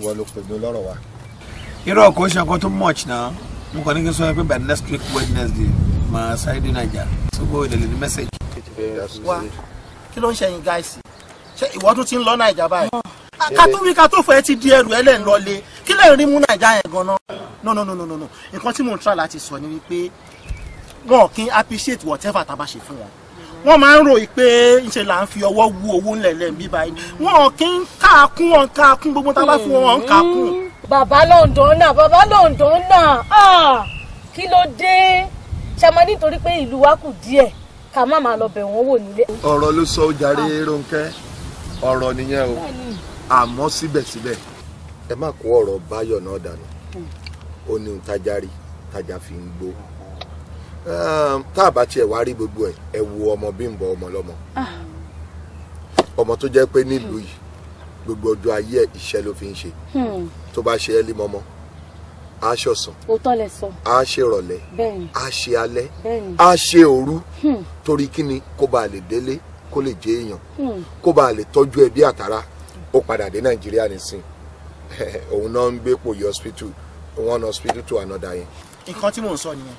[SPEAKER 2] ìwọ ló pè mí lọ́rọ̀ wa. irọ́ kò ṣe ọkọ tó much náà mo kàn ní kí n sọ pé by next week Wednesday màá sáré dé nàìjà sógbó ìdèlè ní mẹ́sẹ̀gì. wa kí ló ń ṣẹyìn gáìsì ṣé ìwọ tún ti ń lọ nàìjà báyìí. Ah. ká tó wí ká tó fẹ́ ti di ẹrù ẹlẹ́ń lọlé kí lẹ́yìn rí mú nàìjà yẹn gan-an no no no no no nǹkan tí mo ń tra láti sọ ni wípé wọn kì í appreciate whatever tá a bá ṣe fún wọn wọ́n máa ń ròyìn pé ńṣe là ń fi ọwọ́ wu owó ńlẹ̀lẹ̀ mi báyìí wọn kì í kàákún wọn
[SPEAKER 1] kàákún gbogbo tá a bá fún wọn ń kàákún. Hmm. bàbá lọ́ndọ̀n náà bàbá lọ́ndọ̀n náà kí ló dé ṣàmọ́ nítorí pé ìlú wa kù díẹ̀ ká má máa lọ bẹ̀ wọ́n wò nílé. ọ̀rọ̀
[SPEAKER 2] ló sọ ó jàre ah. Rónkẹ́ ọ̀rọ̀ nìyẹn o àmọ́ síbẹ̀síbẹ̀ ẹ má kó ọ̀rọ̀ báyọ̀ náà dànù hmm. ó ní ń tajà rí tajà fi ń gbó. Ehm, tá a bá tiẹ̀ wá rí gbogbo ẹ̀ ẹ wo ọmọ Bímbọ́ ọmọ lọ́mọ ah. ọmọ tó jẹ́ pé nílùú yìí gbogbo ọjọ́ ayé ẹ̀ iṣẹ́ ló fi ń ṣe hmm. tó bá ṣe ẹ́ lé mọ́mọ́ a ṣe ọ̀sán a ṣe ìrọ̀lẹ́ a ṣe alẹ́ a ṣe òru hmm. torí kíni kó bá lè délé kó lè jẹ èèyàn hmm. kó bá lè tọ́jú ẹbí àtàrà ó padà dé Nàìjíríà nísìn òun náà ń gbé pòyí hospital one hospital to another yẹn. nǹkan tí mò ń sọ nìyẹn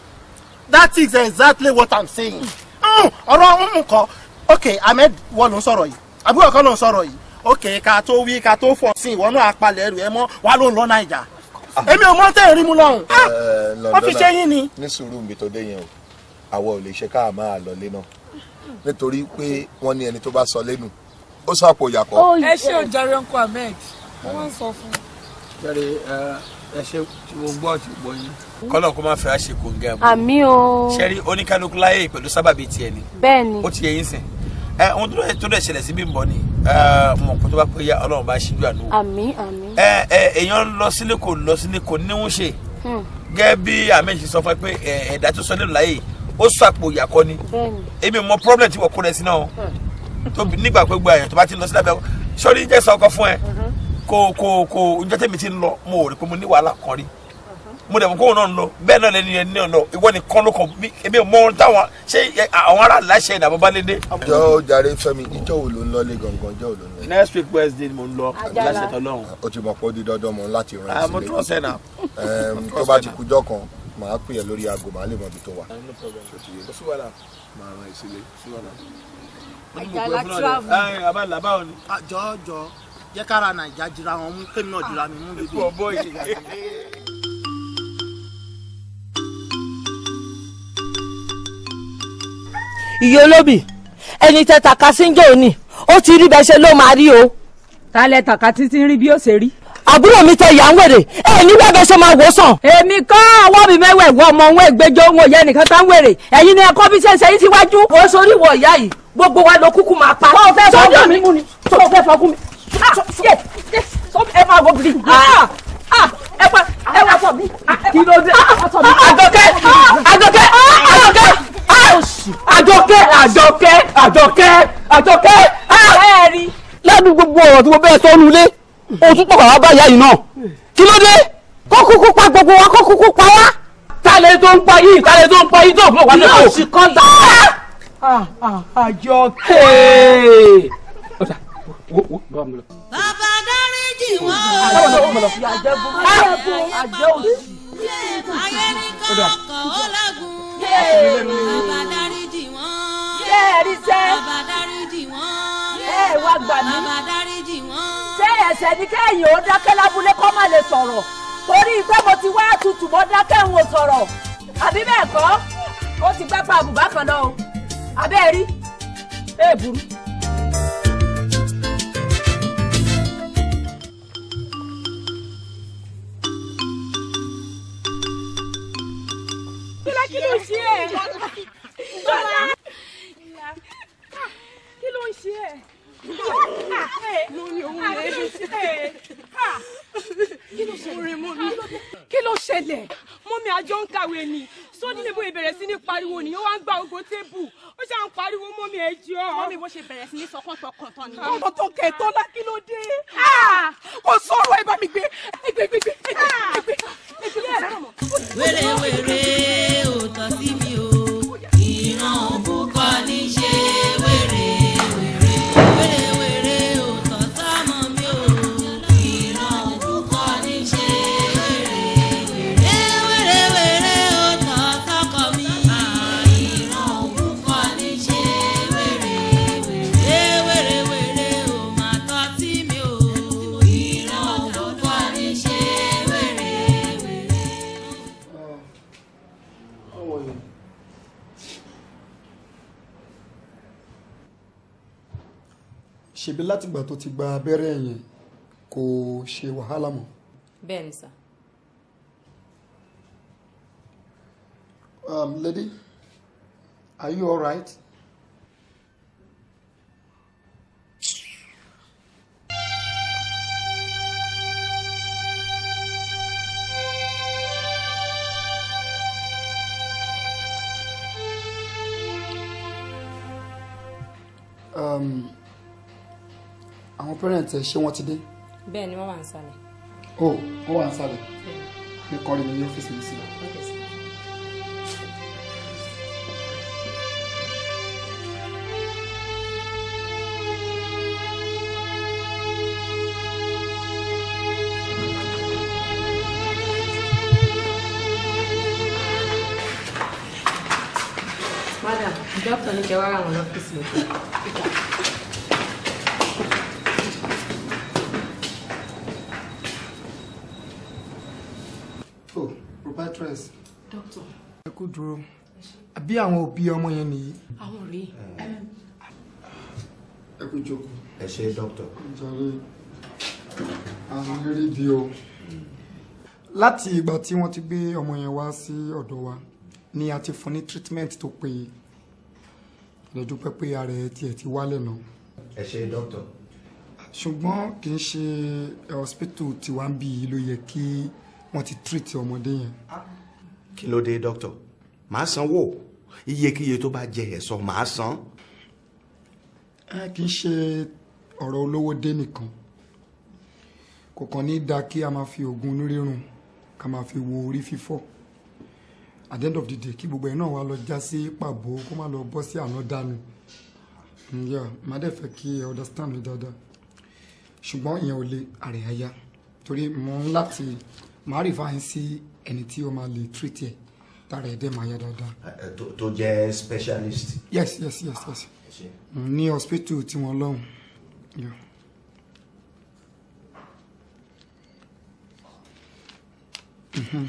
[SPEAKER 2] that is exactly what i'm saying. Oh, ọ̀rọ̀ ń kọ́ ok ahmed wọ́n ló ń sọ̀rọ̀ yìí àbúrò kan ló ń sọ̀rọ̀ yìí ok ká tó wí ká tó fọ̀ sí ìwọ náà apalẹ̀ ẹrù ẹ mọ́ wà ló ń lọ naija èmi ò mọ tẹ́ ẹ̀rí mu lọ́hùn
[SPEAKER 3] ah, eh, wọ́n
[SPEAKER 2] fi ṣe yín ni. ní sùúrù mi tó dé yẹn o àwa ò lè ṣe ká máa lọ lé náà nítorí pé wọ́n ní ẹni tó bá sọ lẹ́nu ó sàpò yàpọ̀. Oh, ẹ ṣe òjàre uncle ahmed wọ́n sọ fún un. Eh, ẹ ṣe tí mo gbọ́ ti gbọ́ yín. kọ́lọ̀ kó má fẹ́ àṣekò ń gẹ́ àmì o. sẹ́rí oníkálukú láyé pẹ̀lú sábàbí tiẹ̀ ni. bẹ́ẹ̀ni. ó ti yẹ yín sìn. ẹ ohun tó dẹ̀ tó dẹ̀ ṣẹlẹ̀ sí Bímbọ́ ni mọ̀ kó tó bá pé Ọlọ́run bá ṣíjú àánú.
[SPEAKER 3] àmì àmì.
[SPEAKER 2] ẹ ẹ èèyàn lọ sílé kò lọ sílé kò níwọ̀n ṣe. Hmm. gẹ́gẹ́ bí àmì ṣe sọ fún ẹ pé ẹ̀dá tó sọ lẹ́nu láyé ó sọ àpò ìyàkọ́ ni. èmi mọ kò kò kò njẹ́ tẹ́mi ti ń lọ mo ò pé mo ní wàhálà kan rí mo dẹ̀ mọ̀ kó náà ń lọ bẹ́ẹ̀ náà lẹ́ni ẹni náà lọ ìwọ nìkan ló kàn mí èmi ò mọ ohun táwọn ṣé àwọn ará láṣẹ ìdààmú bá lédè. ìjọ jàre Fẹ́mi ìjọ wo ló ń lọlé gangan ìjọ wo ló ń lọlé. next week Wednesday mo ń lọ láṣẹ tọlọ́run. o ti mọ̀ pé ó di dandan mọ́ láti rán sílẹ̀. Ah, mo tún ọ̀sẹ̀ náà. tó bá ti kújọ́ kan màá pè é lórí aago màá lè mọ ibi tó wà. Ah, màá rán ẹ sílẹ̀. báwo ni. àjọ ah, jọ jẹ́ kára nàìjà jira wọn mú kémi náà jira mi mú bíbí.
[SPEAKER 1] ìyá olóbì ẹni tẹ tàka sí ń jò ní ó ti rí bẹ́ẹ̀ ló máa rí o. ta lẹ tàka títí ń rí bí ó ṣe rí. àbúrò mi tẹ ìyá ń wèrè ẹ ní bẹ́ẹ̀ bẹ́ẹ̀ ṣe máa wò sàn. èmi kọ́ ọwọ́ mi mẹ́wẹ̀ wọ ọmọ òun ègbèjọ òun òye nìkan tá ń wèrè ẹ̀yin ni ẹ̀kọ́ bí ṣe ń ṣe yín síwájú. ó sórí wọ ìyá yìí gbogbo wa ló kúkú máa pa. wọ́n fẹ́ fẹ́ fọ́gùn mi yes yes ẹ máa wọ bìrì ẹ pa ẹ wà sọ mi. kí ló dé. àjọkẹ́ àjọkẹ́ àjọkẹ́ àjọkẹ́ àjọkẹ́ àjọkẹ́ àjọkẹ́. ẹ̀ẹ́rì. lẹ́nu gbogbo ọ̀rọ̀ tí mo bẹ́ẹ̀ sọ́nu lé o tún pọ̀ bàbá báyà yìí náà kí ló dé kókókó pa gbogbo wa kókókó pa wá.
[SPEAKER 2] talẹ̀ tó ń pa yìí talẹ̀ tó ń pa yìí tó ń pa wá. yóò sì kọ́ da. àjọkẹ́ bàbá
[SPEAKER 1] dáríjì wọn o ṣe àjẹbù àjẹ òsì. ayé ní kọ́kọ́ ó lágùn bàbá dáríjì wọn bàbá dáríjì wọn bàbá dáríjì wọn. ṣé ẹ̀ṣẹ̀ ni kẹ́yìn ó dákẹ́ lábúlé kó má lè sọ̀rọ̀ torí pé mo ti wá tutù mo dákẹ́ ń wò sọ̀rọ̀ àbí bẹ́ẹ̀ kọ́ ó ti gbápá àbùbá kan lọ o àbẹ́ẹ̀ rí èèbùrú. Bọ́lá kí ló ṣe é? é? mo ní owó kí ló ṣẹlẹ̀ mo mi àjọ ń
[SPEAKER 2] kàwé ni sóní mi ìbẹ̀rẹ̀ sí ní pariwo ni ó wá ń gba ògo tébù ó ṣáà pariwo mọ́ mi ẹjọ́.
[SPEAKER 1] mọ́ bó ṣe bẹ̀rẹ̀ sí ní sọkàn tọkàn ni. ọ̀rọ̀ tó kẹ̀ tó kí ló dé. Ah! Ah! kò sọ̀rọ̀ ẹ bá mi ah! gbé gbé gbé gbé gbé wèrè wèrè ò tọ́ sí mi o ìran òkú kọ́ ní ṣe é.
[SPEAKER 4] látìgbà tó ti gba abẹ́rẹ́ yẹn kò ṣe wàhálà mọ́. bẹ́ẹ̀ ni sà. Um, lady are you alright? um, àwọn parents ẹ ṣé wọ́n ti dé.
[SPEAKER 1] bẹ́ẹ̀ ni wọ́n wà ń sálẹ̀.
[SPEAKER 4] o wọ́n wà ń sálẹ̀ ní kọ́rin mi ní ọ́fíìsì mi sí
[SPEAKER 1] Madam, doctor ní kẹ́ wá ra àwọn lọ́fíìsì mi.
[SPEAKER 4] kú dúró àbí àwọn òbí ọmọ yẹn nìyí. àwọn rèé. ẹ kú jókòó. ẹ ṣe dókítà. jàre àwọn eré bí o. láti ìgbà tí wọ́n ti gbé ọmọ yẹn wá sí ọ̀dọ̀ wa ni a ti fún ní treatment tó péye lè dúpẹ́ pé ara ẹ tiẹ̀ ti wálẹ̀ náà. ẹ ṣe dókítà. ṣùgbọ́n kì í ṣe eh, hospital tiwa ń bí i ló yẹ kí wọ́n ti treat ọmọdé yẹn.
[SPEAKER 2] kí ló dé dókítà màá sanwó iyekíye tó bá jẹ ẹ̀sọ́ màá san.
[SPEAKER 4] ẹ kì í ṣe ọ̀rọ̀ olówó dé nìkan kò kàn ní dáa kí a máa fi oògùn inú ká máa fi wo orí fífọ́ at the end of the day kí gbogbo ẹ̀ náà wá lọ já sí pàbó kó má lọ bọ́ sí àná dànù ǹyà mm, má dẹ̀ fẹ́ kí ẹ understand mi dáadáa ṣùgbọ́n ìyẹn ò lè àrẹ̀ àyà torí mo ń láti máa rí fáyín sí ẹni tí ó máa lè treat ẹ̀ tààrà ẹ̀dẹ̀ máa yá dáadáa.
[SPEAKER 2] tó jẹ́ specialist.
[SPEAKER 4] yes yes yes yes ah, mm, ní hospital tí wọ́n lọ́hùn. Mm-hmm.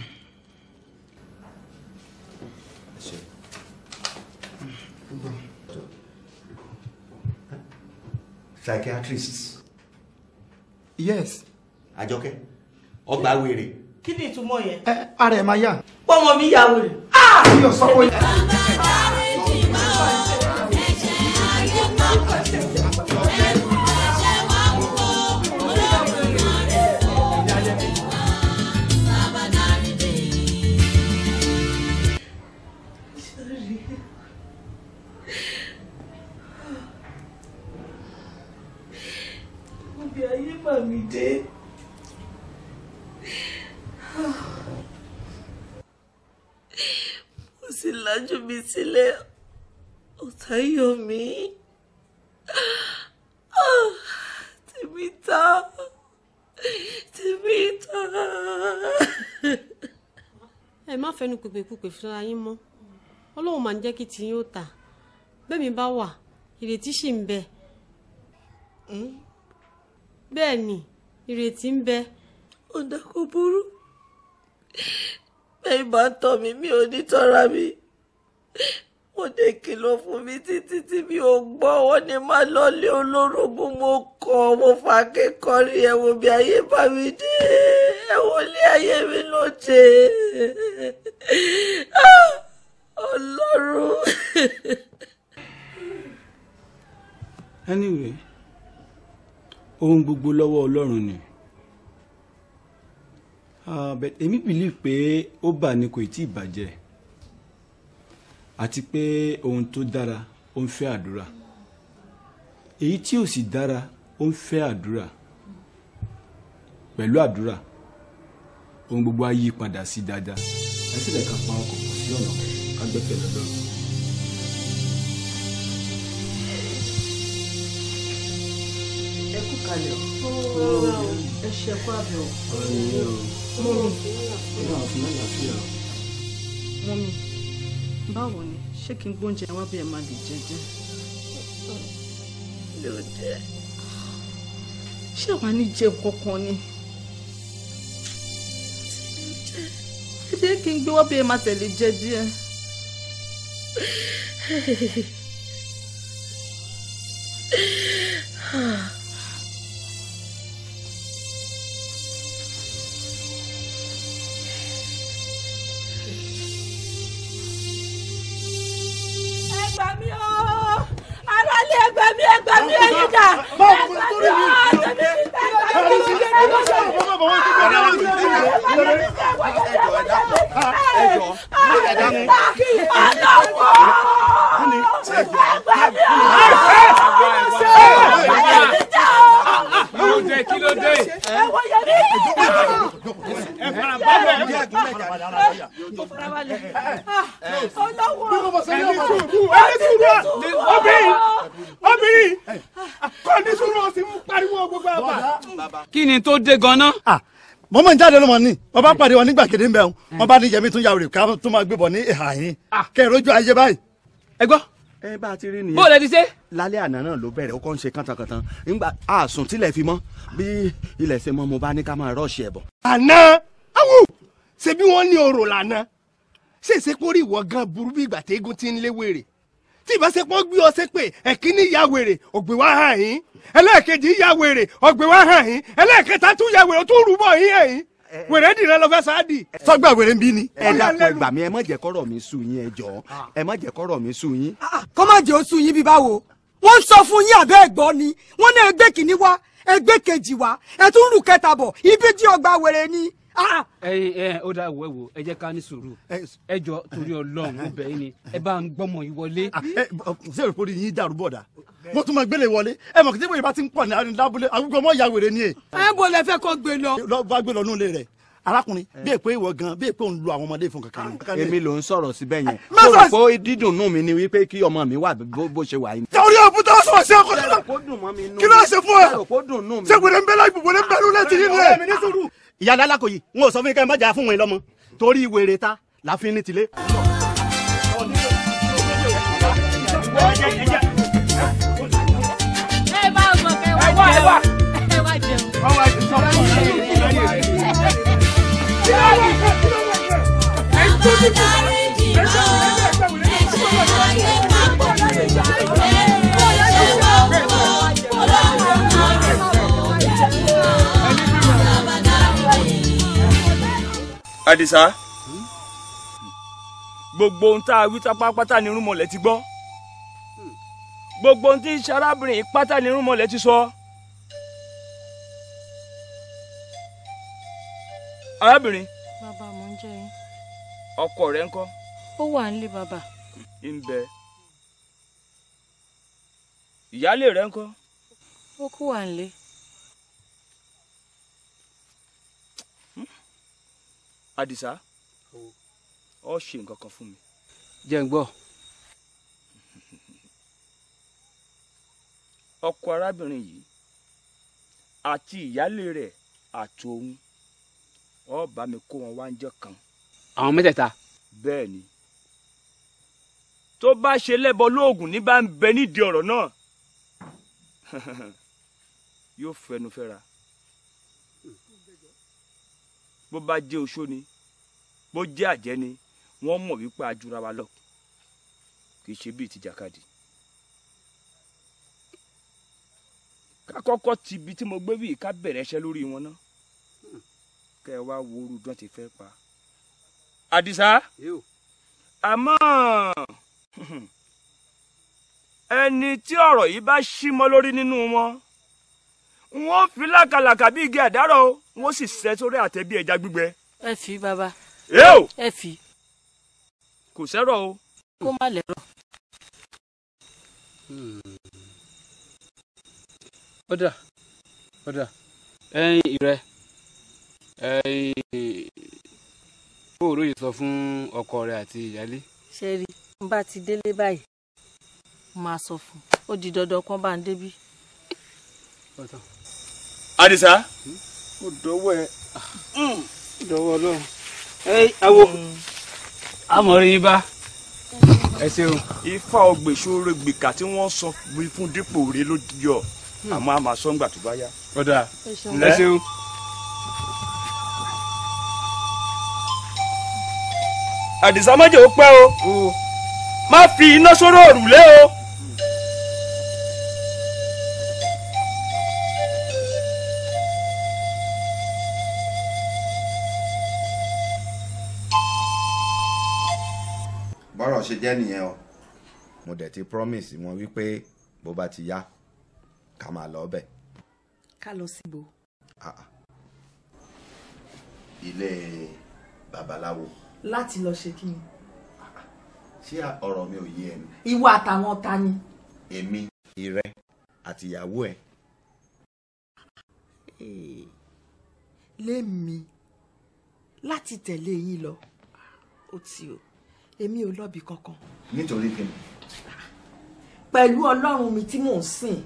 [SPEAKER 2] psychiatrist. yes. àjọkẹ́ ọgbà wèrè kí ni ìtumọ̀ yẹn. ẹ ara ẹ máa yá. pọ́nmọ mi yà wò lè. mi ò sọ pé. Ayé màmí dé.
[SPEAKER 1] lajú mi sílẹ̀ ọ̀tá yọ mí ah, tèmi ta tèmi ta. ẹ má fẹnu pèpèkúpè fúnra yín mọ́ ọlọ́run máa ń jẹ́ kí tiyín ó ta bẹ́ẹ̀ mi bá wà ireti sì ń hmm? bẹ́ẹ̀ ni ìrètí ń bẹ. burú bẹ́ẹ̀ mi mi. wọ́n dé kìlọ̀ fún mi títí tí mi ò gbọ́ wọ́n ní má lọ́lé olórogún mo kọ̀ mo fà kékọ́rí ẹ̀wọ̀n bí ayé bá mi dé ẹ̀wọ̀n lé ayé mi lóde ah, ọlọ́run.
[SPEAKER 2] anyway ohun gbogbo lọ́wọ́ ọlọ́run ni ah, èmi believe pé ó bà ní kò tí ì bàjẹ́ àti pé ohun tó dára ó ń fẹ́ àdúrà èyí tí ò sì dára ó ń fẹ́ àdúrà pẹ̀lú àdúrà ohun gbogbo á padà sí dáadáa ẹ sì pa ọkọ̀ pọ̀
[SPEAKER 3] sí ọ̀nà ká gbẹ́kẹ̀lé ẹ kú kalẹ̀ ẹ ṣe
[SPEAKER 2] kú abẹ o. mọ́mí báwo ni ṣé kí n gbóúnjẹ wá bí ẹ máa lè jẹjẹ. lóde ṣé àwa ní jẹun kankan ni. ṣé kí n gbé wá bí ẹ máa tẹ̀lé
[SPEAKER 3] jẹjẹ. Ah.
[SPEAKER 1] ẹgbà mí ẹyin dà ẹgbà mí ẹyin dà ẹgbà mí ẹyin dà ẹgbà mí ẹyin dà ẹgbà mí ẹyin dà kí ló dé kí ló dé. ẹ wọ yẹ mí. ẹ fara balẹ̀. ẹ fara balẹ̀. ọlọ́wọ́. ẹni sùúrù ẹni
[SPEAKER 3] sùúrù
[SPEAKER 2] obìnrin obìnrin kọ́ ní sùúrù ó sì ń pariwo gbogbo àbá. kí ni tó dé gan-an ah, mo mọ̀ ń jáde lọ́mọ ni wọ́n bá pàdé wọn nígbà kéde ń bẹ̀ wọn bá ní yẹmi tún yàwó rè ká tún máa gbébọn ní ìhà yín ah. kẹ́ ẹ̀ rójú ayé báyìí. ẹ gbọ́ ẹ bá a ti rí nìyẹn. bó o lè ti ṣe. lálẹ́ àná náà ló bẹ̀rẹ̀ ó kọ́ ń ṣe kántankàntan nígbà àsùn tilẹ̀ fi mọ́ bí ilẹ̀ ṣe mọ́ mo bá ní ká máa rọ́ọ̀ṣì ẹ̀ bọ̀. àná awù ṣe bí wọ́n ní orò lànà ṣèṣe kórè ìwọ gan burú bí ìgbà téégún ti ń lé wèrè tí ìbáṣepọ̀ gbé ọ sí pé ẹ̀kíní ya wèrè ògbé wá hàn yín ẹlẹ́ẹ̀kejì ya wèrè ògbé wá hàn yín ẹlẹ́ẹ̀kẹta tún ya wèrè ó tún rúbọ yín ẹ̀yìn wèrè dì rẹ lọ fẹ́ sáàdì. sọgbà wèrè ń bí ni. ẹ dàpọ̀ ẹgbà mi ẹ má jẹ́ kọ́rọ̀ mi sú yín ẹ jọ̀ọ́ ah. ẹ má jẹ́ kọ́rọ̀ mi sú yín. Ah, ah, kọ́ má jẹ́ ó sú yín bí báwo wọ́n sọ fún yín àbẹ́ ẹ̀gbọ́n ni wọ́n ní ẹgbẹ́ kìíní wá ẹgbẹ́ kejì wá ẹ tún rù kẹta bọ̀ ibi jí ọgbà wèrè ni. Ah! ẹ ó dá ìwọ wò ẹ jẹ́ ká ní sùúrù ẹ jọ torí Ọlọ́run ọbẹ yìí ni ẹ bá ń gbọmọ yìí wọlé. Ah, ṣé o forí yín dàrú bọ̀dà mo tún máa gbélé wọlé ẹ mọ̀ kí tí wèrè bá ti ń pọ̀ ní lábúlé àgùgbọ́n mọ́ ìyá wèrè ni. ẹ bọ̀ lẹ fẹ́ kó gbé lọ. lọ bá gbé lọ nù lé rẹ̀ arákùnrin eh. bẹ́ẹ̀ pé ìwọ gan bẹ́ẹ̀ pé òun lo àwọn ọmọdé fún kankan. èmi ló ń sọ̀rọ̀ síbẹ̀ yẹn eh, mo dídùnnú mi ni wípé kí ọmọ mi wà bó ṣe wà yìí. torí òkú tó sọ sí ọkọ tó kí ló ṣe fún ẹ ṣé gbèrè ń bẹ láì ń bẹ lù láti yín ìyá dálákò yìí wọn ò sọ fún mi kẹ́ ẹ má jà fún wọn lọ́mọ torí wèrè ta la ní tilé.
[SPEAKER 1] ẹ bá ọgbọ̀n
[SPEAKER 3] kẹwàá
[SPEAKER 1] jẹun ẹ wá jẹun.
[SPEAKER 2] Adisa, gbogbo ohun tá a wí pátápátá ni irúnmọlẹ̀ ti gbọ́ gbogbo ohun tí ń pátá ni irúnmọlẹ̀ ti sọ. arábìnrin ọkọ rẹ ńkọ́.
[SPEAKER 1] ó wà nílé bàbá.
[SPEAKER 2] ń bẹ ìyáálé rẹ ńkọ́.
[SPEAKER 1] ó kú wà nílé.
[SPEAKER 2] Hmm? àdìsá ọ ṣe nǹkan kan fún mi. jẹ́ ń gbọ́. ọkọ arábìnrin yìí àti ìyáálé rẹ̀ àti òun ọ bá mi kó wọn wá ń jọ́ kan àwọn mẹ́tẹ̀ẹ̀ta. bẹ́ẹ̀ni tó bá ṣe lẹ́bọ lóògùn ní bá ń bẹ nídìí ọ̀rọ̀ náà yóò fẹnu fẹ́ra bó bá jẹ́ oṣó ni bó jẹ́ àjẹ́ ni wọ́n mọ̀ wípé ajura wa lọ kì í ṣe bíi ti ká kọ́kọ́ ti ibi tí mo gbé bíi ká bẹ̀rẹ̀ iṣẹ́ lórí wọn ná kẹ́ ẹ wá wo orúdán ti fẹ́ pa àdìsá àmọ́ ẹni tí ọ̀rọ̀ yìí bá ṣí mọ́ lórí nínú wọn wọ́n fi làkàlàkà bí igi àdárọ̀ wọ́n sì ṣẹ́ sórí àtẹ bí ẹja gbígbẹ. ẹ fi bàbá ẹ fi.
[SPEAKER 1] kò sẹ́rọ̀ o. kó má lẹ́rọ̀. ọ̀dà hmm.
[SPEAKER 3] ọ̀dà ẹ̀yìn rẹ̀
[SPEAKER 4] ẹ̀yìn
[SPEAKER 2] òòró yìí sọ fún ọkọ rẹ àti ìyálé.
[SPEAKER 1] ṣe rí n bá ti délé báyìí máa sọ fún ó di dandan kan bá ń débí. àdìsá ó
[SPEAKER 2] hmm? dọ́wọ́ ẹ hmm. dọ́wọ́ Ọlọ́run ẹ awo amọ̀rin yín bá ẹ ṣeun. ifá ọgbẹ̀sọ̀rọ̀ gbìkà tí wọ́n sọ fún dípò rẹ ló yọ hmm. àmọ́ àmọ́ sọ́ngbà tó bá yá. ọ̀dà ẹ ṣeun. àdìsá má jẹ́ ó pẹ́ o má fi iná sọ̀rọ̀ òrùlé o. bọ́rọ̀ ṣe jẹ́ nìyẹn o mo dẹ̀ ti promise wọn wípé bó bá ti yá ká máa lọ bẹ̀. ká lọ síbo. Ah, ah. ilé babaláwo láti lọ ṣe kí ni. ṣé ọ̀rọ̀ mi ò yé ẹni. ìwọ àtàwọn ta ni. èmi ìrẹ àti ìyàwó ẹ. lémi láti tẹ̀lé yín lọ ó ti o èmi ò lọ́bi kankan. nítorí kí ni. pẹ̀lú ọlọ́run mi tí mò ń sìn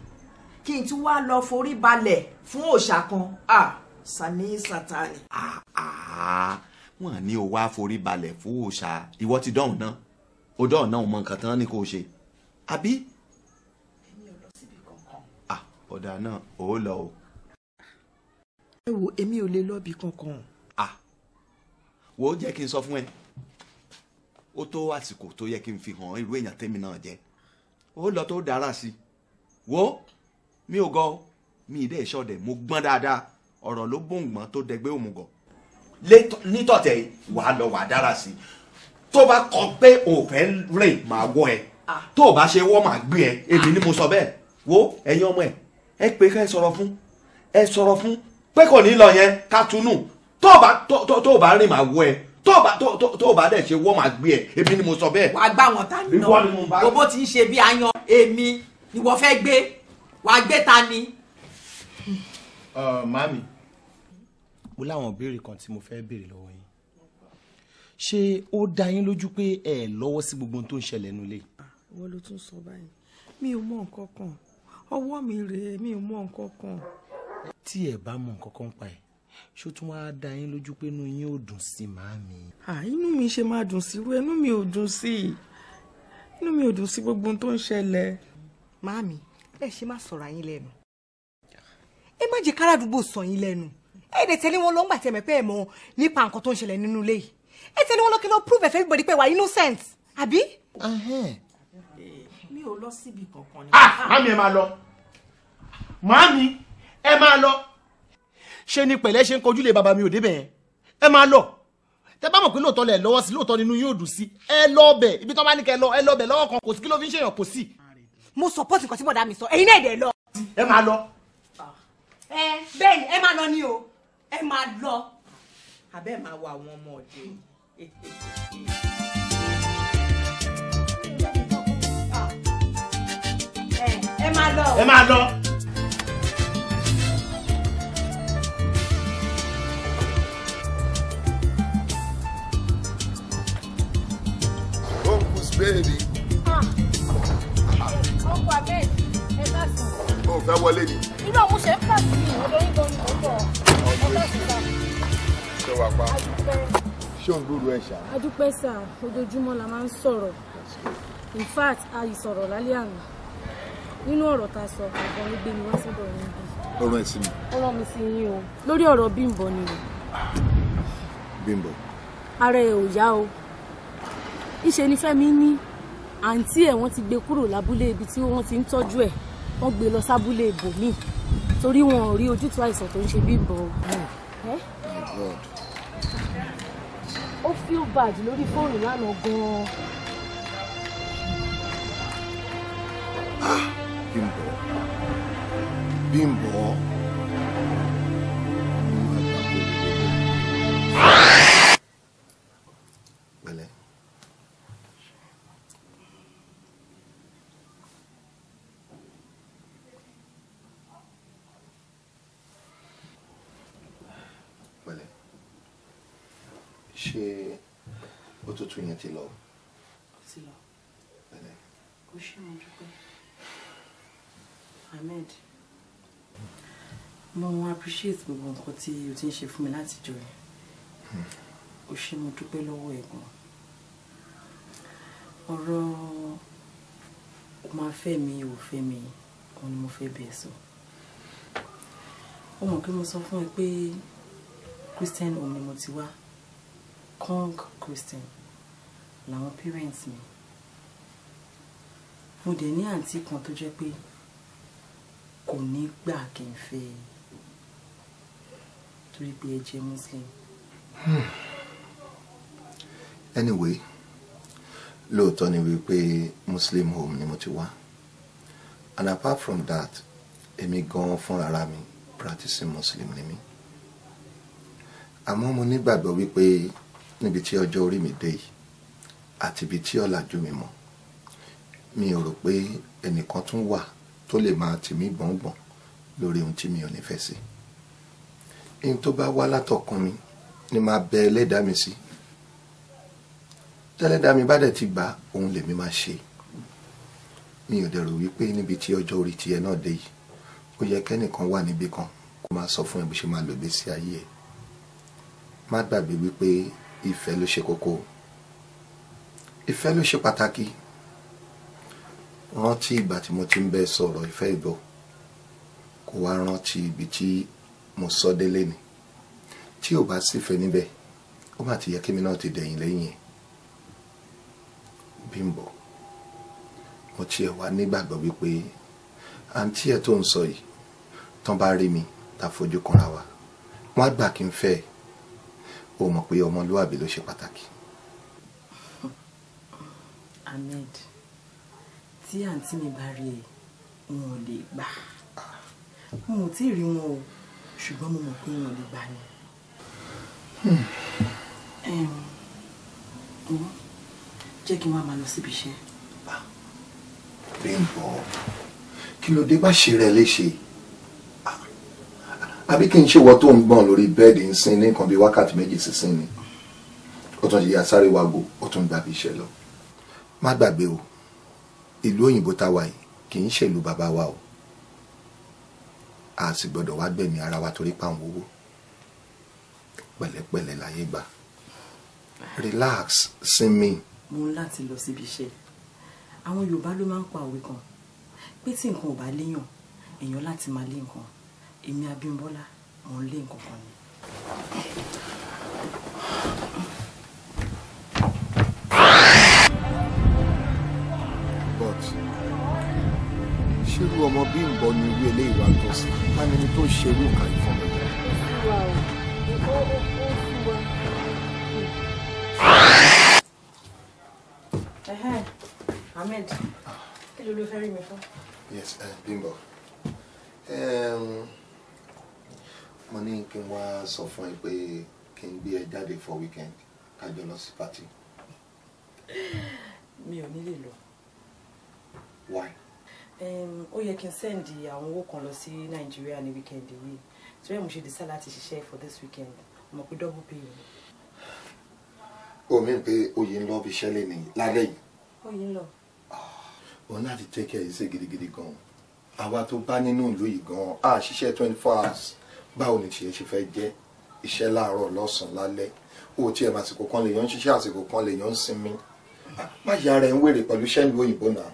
[SPEAKER 2] kí n tún wá lọ forí balẹ̀ fún òòṣà kan ah sani satani. Ah, ah wọ́n ní o wá forí balẹ̀ fún òòṣà ìwọ ti dán ọ̀nà o dán ọ̀nà ò mọ nǹkan tán ni kò ṣe àbí. Ah, ọ̀dà náà ò lọ o. ẹ wo èmi ò lè lọ́ọ̀bì kankan. Ah, wo jẹ́ kí n sọ fún ẹ ó tó àsìkò tó yẹ kí n fi hàn irú èèyàn tèmi náà jẹ́ ó lọ tó dára sí i wo mi ò gọ mi ì dé ìṣọdẹ mo gbọ́n dáadáa ọ̀rọ̀ ló bóǹgbọ́n tó dẹgbẹ́ òmùgọ̀ nítọ̀tẹ̀ wàá lọ wàá dára sí i tó bá kọ pé òun fẹ́ rìn màá wọ ẹ tó o bá ṣe wọ́ màá gbé ẹ èmi ni mo sọ bẹ́ẹ̀ wo ẹ̀yin ọmọ ẹ̀ ẹ pé ká ẹ sọ̀rọ̀ fún ẹ sọ̀rọ̀ fún pé kò ní lọ yẹn ká tunú tó o bá tó o bá rìn màá wọ ẹ tó o bá tó o bá dẹ̀ ṣe wọ́ màá gbé ẹ èmi ni mo sọ bẹ́ẹ̀. wàá gbà wọn ta ni náà gbogbo tí ń ṣe bí ayan èmi ni wọ́n fẹ́ gbé wàá gbé ta ni. màmí hm. uh, mo láwọn ìbéèrè kan tí mo fẹ́ béèrè lọ́wọ́ yín ṣé ó dá yín lójú pé ẹ lọ́wọ́ sí gbogbo ohun tó ń ṣẹlẹ̀ nílé. Ah, wọ́n ló tún sọ báyìí mi ò mọ nǹkan kan ọwọ́ mi rèé mi ò mọ nǹkan kan. tí ẹ bá mọ nǹkan kan pa ẹ ṣó tún wáá dá yín lójú pé inú yín ò dùn sí màámi. Ah, inú mi ṣe máa dùn sí irú inú mi ò dùn sí inú mi ò dùn sí gbogbo ohun tó ń ṣẹlẹ̀. màámi ẹ ṣe má sọ̀rọ̀ àyín lẹ́nu ẹ má jẹ́ káràdúgbò sọ lẹ́nu ẹ dẹ̀ tẹ̀lé wọn lọ ńgbà tí ẹ mẹ̀ pé ẹ mọ̀ nípa nǹkan tó ń ṣẹlẹ̀ nínú ilé yìí ẹ tẹ̀lé wọn lọ kí lọ prove for everybody pé wà innocent àbí.
[SPEAKER 1] mi ò lọ síbi kankan ni.
[SPEAKER 2] ah mami ẹ máa lọ mami ẹ máa lọ ṣe ni pẹ̀lẹ́ ṣe ń kojú lé bàbá mi ò débẹ̀ yẹn ẹ máa lọ tẹ bá mọ̀ pé lóòótọ́ lẹ̀ lọ́wọ́ sí lóòótọ́ nínú yóò dùn sí ẹ lọ bẹ̀ ibi tó bá ní kẹ lọ ẹ lọ bẹ̀ lọ́wọ́ kan kò sí kí ló fi ń ṣèyàn kò sí. mo support nǹkan tí bọ̀dá mi sọ ẹ̀yin náà ẹ̀ dẹ̀ lọ. ẹ máa lọ. Ah.
[SPEAKER 1] ẹ bẹ́ẹ̀ ni ẹ máa lọ ni o
[SPEAKER 2] ẹ máa lọ àbẹ́ máa wọ àwọn ọmọ ọ̀dẹ́ yìí. ẹ máa lọ. ẹ máa lọ.
[SPEAKER 4] bẹ́ẹ̀ni.
[SPEAKER 1] ọkọ abẹ́ẹ̀ni ẹ bá sùn.
[SPEAKER 2] o oh, fẹ́ wọlé ni.
[SPEAKER 1] irú àwọn ṣe ń pàṣẹ mi olórí gan-an ló bọ̀
[SPEAKER 2] ṣé wàá pa ṣé òun gbúrú ẹ̀ ṣá.
[SPEAKER 1] adúpẹ́ sà ojoojúmọ́ la máa ń sọ̀rọ̀ in fact a yìí sọ̀rọ̀ lálẹ́ àná nínú ọ̀rọ̀ tá a sọ ọ̀gbọ́n ló gbé mi wá sọ́dọ̀ yín bí. ọ̀rọ̀ ẹ̀ sí mi. ọ̀rọ̀ mi sí yín o lórí ọ̀rọ̀ Bímbọ́ ni o. Bímbọ́. ara ẹ̀ ò yá o ìṣe ni Fẹ́mi ní àǹtí ẹ̀ wọ́n ti gbé kúrò lábúlé ibi tí wọ́n ti ń tọ́jú ẹ̀ wọ́n gbé lọ sábúlé ibòmíì torí wọn ò rí ojútùú àìsàn tó ń ṣe Bímbọ́. Hmm.
[SPEAKER 3] Eh? Oh
[SPEAKER 1] ó feel bad lórí fóònù lánàá gan-an.
[SPEAKER 4] Ah, Bímbọ́ Bímbọ́. ṣé òtútù yẹn ti lọ. ó ti lọ ó ṣe mo dúpẹ́
[SPEAKER 3] Ahmed
[SPEAKER 2] mo appreciate gbogbo nǹkan tí o ti ń ṣe fún mi látijọ́ yẹn hmm. ó ṣe mo dúpẹ́ lọ́wọ́ ẹ̀gbọ́n ọ̀rọ̀ ó máa fẹ́ mi ò fẹ́ mi òun ni mo fẹ́ bẹ̀ sọ ó mọ̀ pé mo sọ fún ẹ pé Christian òun ni mo ti wá. Kong Christian làwọn parents mi mo dẹ̀ ní àǹtí kan tó jẹ́ pé kò ní gbà kí n fẹ́ torí pé ẹ jẹ́ muslim.
[SPEAKER 4] Hmm. anyway
[SPEAKER 2] lóòótọ́ ni wípé muslim home ni mo ti wá and apart from that èmi gan fúnra mi practicing muslim ni mi àmọ́ mo nígbàgbọ́ wípé níbi tí ọjọ́ orí mi dé yìí àti ibi tí ọ̀làjú mi mọ̀ mi ò rò pé ẹnìkan tún wà tó lè máa tì mí gbọ̀ngbọ̀n lórí ohun tí mi ò nífẹ̀ẹ́ sí ihun tó bá wá látọkàn mi ni máa bẹ ẹlẹ́dàá mi sí tẹ́lẹ́dàá mi bá dẹ̀ ti gbà òun lèmi máa ṣe mi ò dẹ̀rù wípé níbi tí ọjọ́ orí tiẹ̀ náà dé yìí ó yẹ kẹ́nìkan wà níbì kan kó máa sọ fún ẹ bó ṣe máa lò gbèsè ayé ẹ má gbàgbé wípé ìfẹ́ ló ṣe kókó ìfẹ́ ló ṣe pàtàkì rántí ìgbà tí mo ti ń bẹ sọ̀rọ̀ ìfẹ́ ìbò kó wá rántí ibi tí mo sọ délé ni tí ò bá sífẹ́ níbẹ̀ ó mà ti yẹ kí mi náà ti dẹ̀yìn lẹ́yìn ẹ̀ mo tiẹ̀ wá nígbàgbọ́ wípé àǹtí ẹ̀ tó ń sọ yìí tán bá rí mi ta fojú kanra wa wọ́n á gbà kí n fẹ́ ẹ̀ o mọ̀ pé ọmọlúwàbí ló ṣe pàtàkì. Ahmed tí àǹtí mi bá rí ẹ wọn ò lè gbà wọn ò tí ì rí wọn o ṣùgbọ́n mo mọ̀ pé wọn ò lè gbà ni.
[SPEAKER 1] jẹ́ kí n wá máa lọ síbi iṣẹ́. bẹ́ẹ̀ bọ́
[SPEAKER 4] kí ló
[SPEAKER 2] dé bá ṣe rẹ léṣe àbí kí n ṣe wọ tó ń gbọ̀n lórí bẹ́ẹ̀dì ń sin ní nǹkan bíi wákàtí méjì sísìn ni ó tún ti yà sáré wago ó tún gbàgbé iṣẹ́ lọ má gbàgbé o ìlú òyìnbó tá wà yìí kì í ṣèlú bàbá wa o a sì gbọ́dọ̀ wá gbẹ̀mí ara wa torí pa àwọn owó pẹ̀lẹ́pẹ̀lẹ́ láyé gbà relax sinmi. mo ń láti lọ síbi iṣẹ́ àwọn Yorùbá ló máa ń pa òwe kan pé tí nǹkan ò bá léèyàn èèyàn láti máa lé nǹkan èmi Abímbọ́lá mò ń lé nǹkan kan ni.
[SPEAKER 4] but ṣírú ọmọ
[SPEAKER 2] Bímbọ́ ni irú eléyìí wá tọ́ sí lámìnì tó ṣerú kà í fọmọ.
[SPEAKER 1] Ahmed, kí ló ló fẹ́ rí mi fún?
[SPEAKER 4] Yes, uh, Bímbọ́. Um, mo ní kí n wá sọ fún ẹ
[SPEAKER 2] pé kí n gbé ẹ jáde for weekend ká jọ lọ sí party. mi ò ní lè lọ. why. ó yẹ kí n sẹ́ndì àwọn owó kan lọ sí nàìjíríà ní weekend yìí torí mo ṣe decide láti ṣiṣẹ́ for this weekend mo pe double pay mi.
[SPEAKER 4] o mi pe oye ń lọ bí iṣẹ́ lẹ́nu
[SPEAKER 2] lálẹ́ yìí. oye ń lọ. òun ah, láti take care yìí ṣe gidigidi gan-an àwa
[SPEAKER 4] tó bá nínú ìlú yìí gan-an a ṣiṣẹ́ twenty four hours báwo ni tiẹ̀ ṣe fẹ́ jẹ́ iṣẹ́ láàárọ̀ lọ́sàn-án lálẹ́ owó tiẹ̀ máa sìkò kan lèèyàn ń ṣiṣẹ́ àsìkò kan lèèyàn ń sinmi má yà ara ẹ̀ ń wèrè pẹ̀lú iṣẹ́ ìlú òyìnbó náà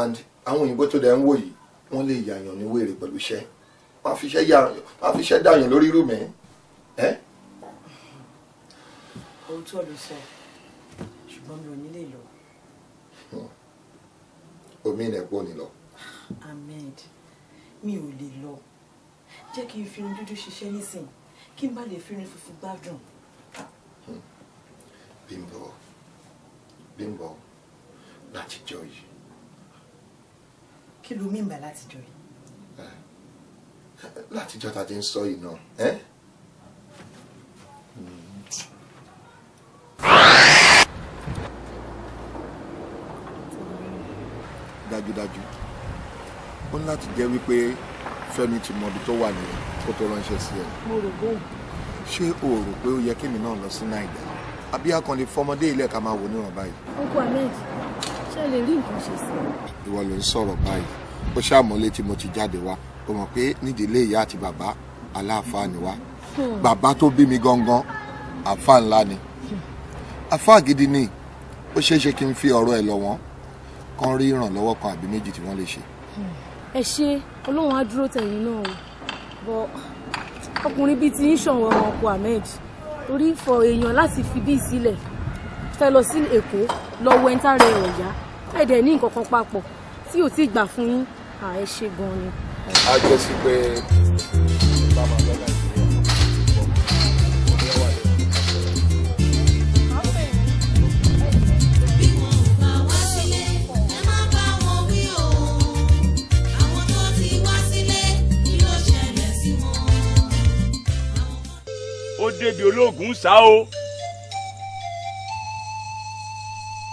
[SPEAKER 4] and àwọn òyìnbó tó dẹ̀ ń wò yìí wọ́n lè yàyàn ní wèrè pẹ̀lú iṣẹ́ wọ́n á fi iṣẹ́ dàyàn lórí irú mi.
[SPEAKER 1] òótọ́ ló sọ ṣùgbọ́n mi ò ní lè lọ. Hmm.
[SPEAKER 4] omi ìnẹ̀pọ̀ ni lọ.
[SPEAKER 1] ahmed
[SPEAKER 2] mi ò lè lọ jẹ́ kí n fi irun dúdú ṣiṣẹ́ nísìn kí n bá lè fi irun funfun gbádùn. Bímbọ́ Bímbọ́ látijọ́ yìí. kí ló mí ìgbà látijọ́ yìí. látijọ́
[SPEAKER 4] ta ti ń sọ yìí náà. Eh?
[SPEAKER 2] dájúdájú ó ní láti jẹ́ wípé Fẹ́mi ti mọ ibi tó wà nìyẹn kó tó ránṣẹ́ sí ẹ. mo rò bẹ́ẹ̀. ṣé o rò pé ó yẹ kémi náà lọ sí naija àbí akànlè fọmọdé ilé ká máa wò níwọ̀n báyìí.
[SPEAKER 3] uncle ahmed ṣé lè rí nǹkan ṣe sí
[SPEAKER 2] ìwọ ló ń sọ̀rọ̀ báyìí ó ṣàmọ́lé tí mo ti jáde wá o mọ̀ pé nídìílé ìyá àti bàbá aláàfáà ni wá hmm. bàbá
[SPEAKER 4] tó bí mi gangan àfáà ńlá ni àfáà gidi ni ó ṣeé ṣe kí n fi ọ̀rọ̀ ẹ̀ lọ wọ́n kán rí ìrànlọ́wọ́ kan àbí méjì tí wọ́n lè ṣe.
[SPEAKER 1] ẹ ṣe ọlọ́run á dúró tẹ̀yìn náà o bọ ọkùnrin bíi ti ń ṣọ̀wọ́ ọkọ ahmed torí fọ èèyàn láti fi bíi sílẹ̀ fẹ́ lọ sí èkó lọ wọ ẹ̀ńtà ọ̀yá ẹ̀dẹ̀ ní nǹkan papọ̀ tí ò ti gbà fún yín àẹ́ṣe gan ni.
[SPEAKER 2] a jẹ́ sí pé. débi olóògùn sá o.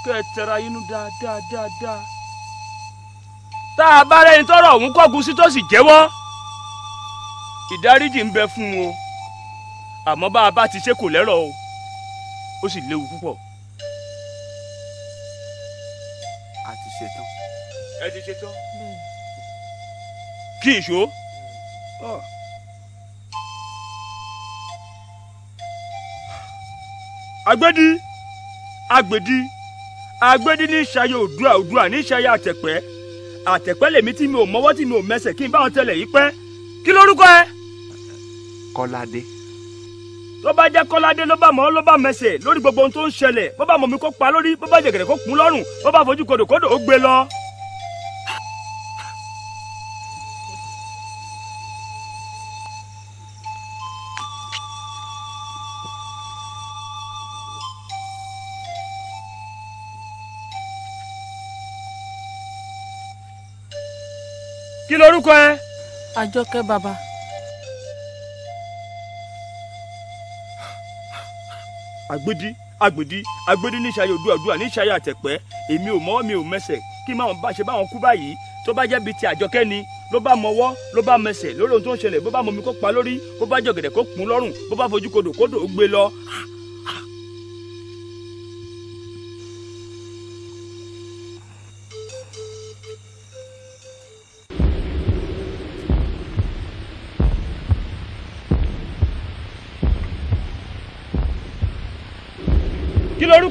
[SPEAKER 2] kẹ́ ẹ tẹra inú dáadáa dáadáa. tá a bá rẹ́ni tọ́rọ̀ ọ̀hún kọ́gun sí tó sì jẹ́wọ́. ìdáríjì ń bẹ fún un o bá a bá ti ṣe kò lẹ́rọ̀ o ó sì léwu púpọ̀. a ti ṣetán. ẹ ti ṣetán. Hmm. kí n ṣó. Oh. agbẹ́dí agbẹ́dí agbẹ́dí ní ṣayé òdua òdua ní ṣayé àtẹ̀pẹ́ àtẹ̀pẹ́ lèmi tí mi ò mọ́wọ́ tí mi ò mẹsẹ̀ kí n bá wọn tẹ̀lẹ̀ yìí pẹ́ kí lórúkọ ẹ. kọ́ládé. tó bá jẹ́ kọ́ládé ló bá mọ́ ló bá mẹsẹ̀ lórí gbogbo ohun tó ń ṣẹlẹ̀ bó bá mọ̀ mi kó pa lórí bó bá jẹ̀gẹ̀dẹ̀ kó kún lọ́rùn bó bá fojú kodòkodò ó gbé lọ.
[SPEAKER 1] kí lorúkọ ẹ. àjọkẹ́ bàbá.
[SPEAKER 2] àgbèdì àgbèdì àgbèdì ní ìṣayé odò ní ìṣayé àtẹ̀pẹ́ èmi ò mọ́wọ́ mi ò mẹsẹ̀ kí máa bá ṣe báwọn kú báyìí tó bá jẹ́ bíi ti àjọkẹ́ ni ló bá mọwọ́ ló bá mẹsẹ̀ lórí ohun tó ń ṣẹlẹ̀ bó bá mọmi kó pa lórí bó bá jọ̀gẹ̀dẹ̀ kó kún lọ́rùn bó bá fojú kodò kodò ó gbé lọ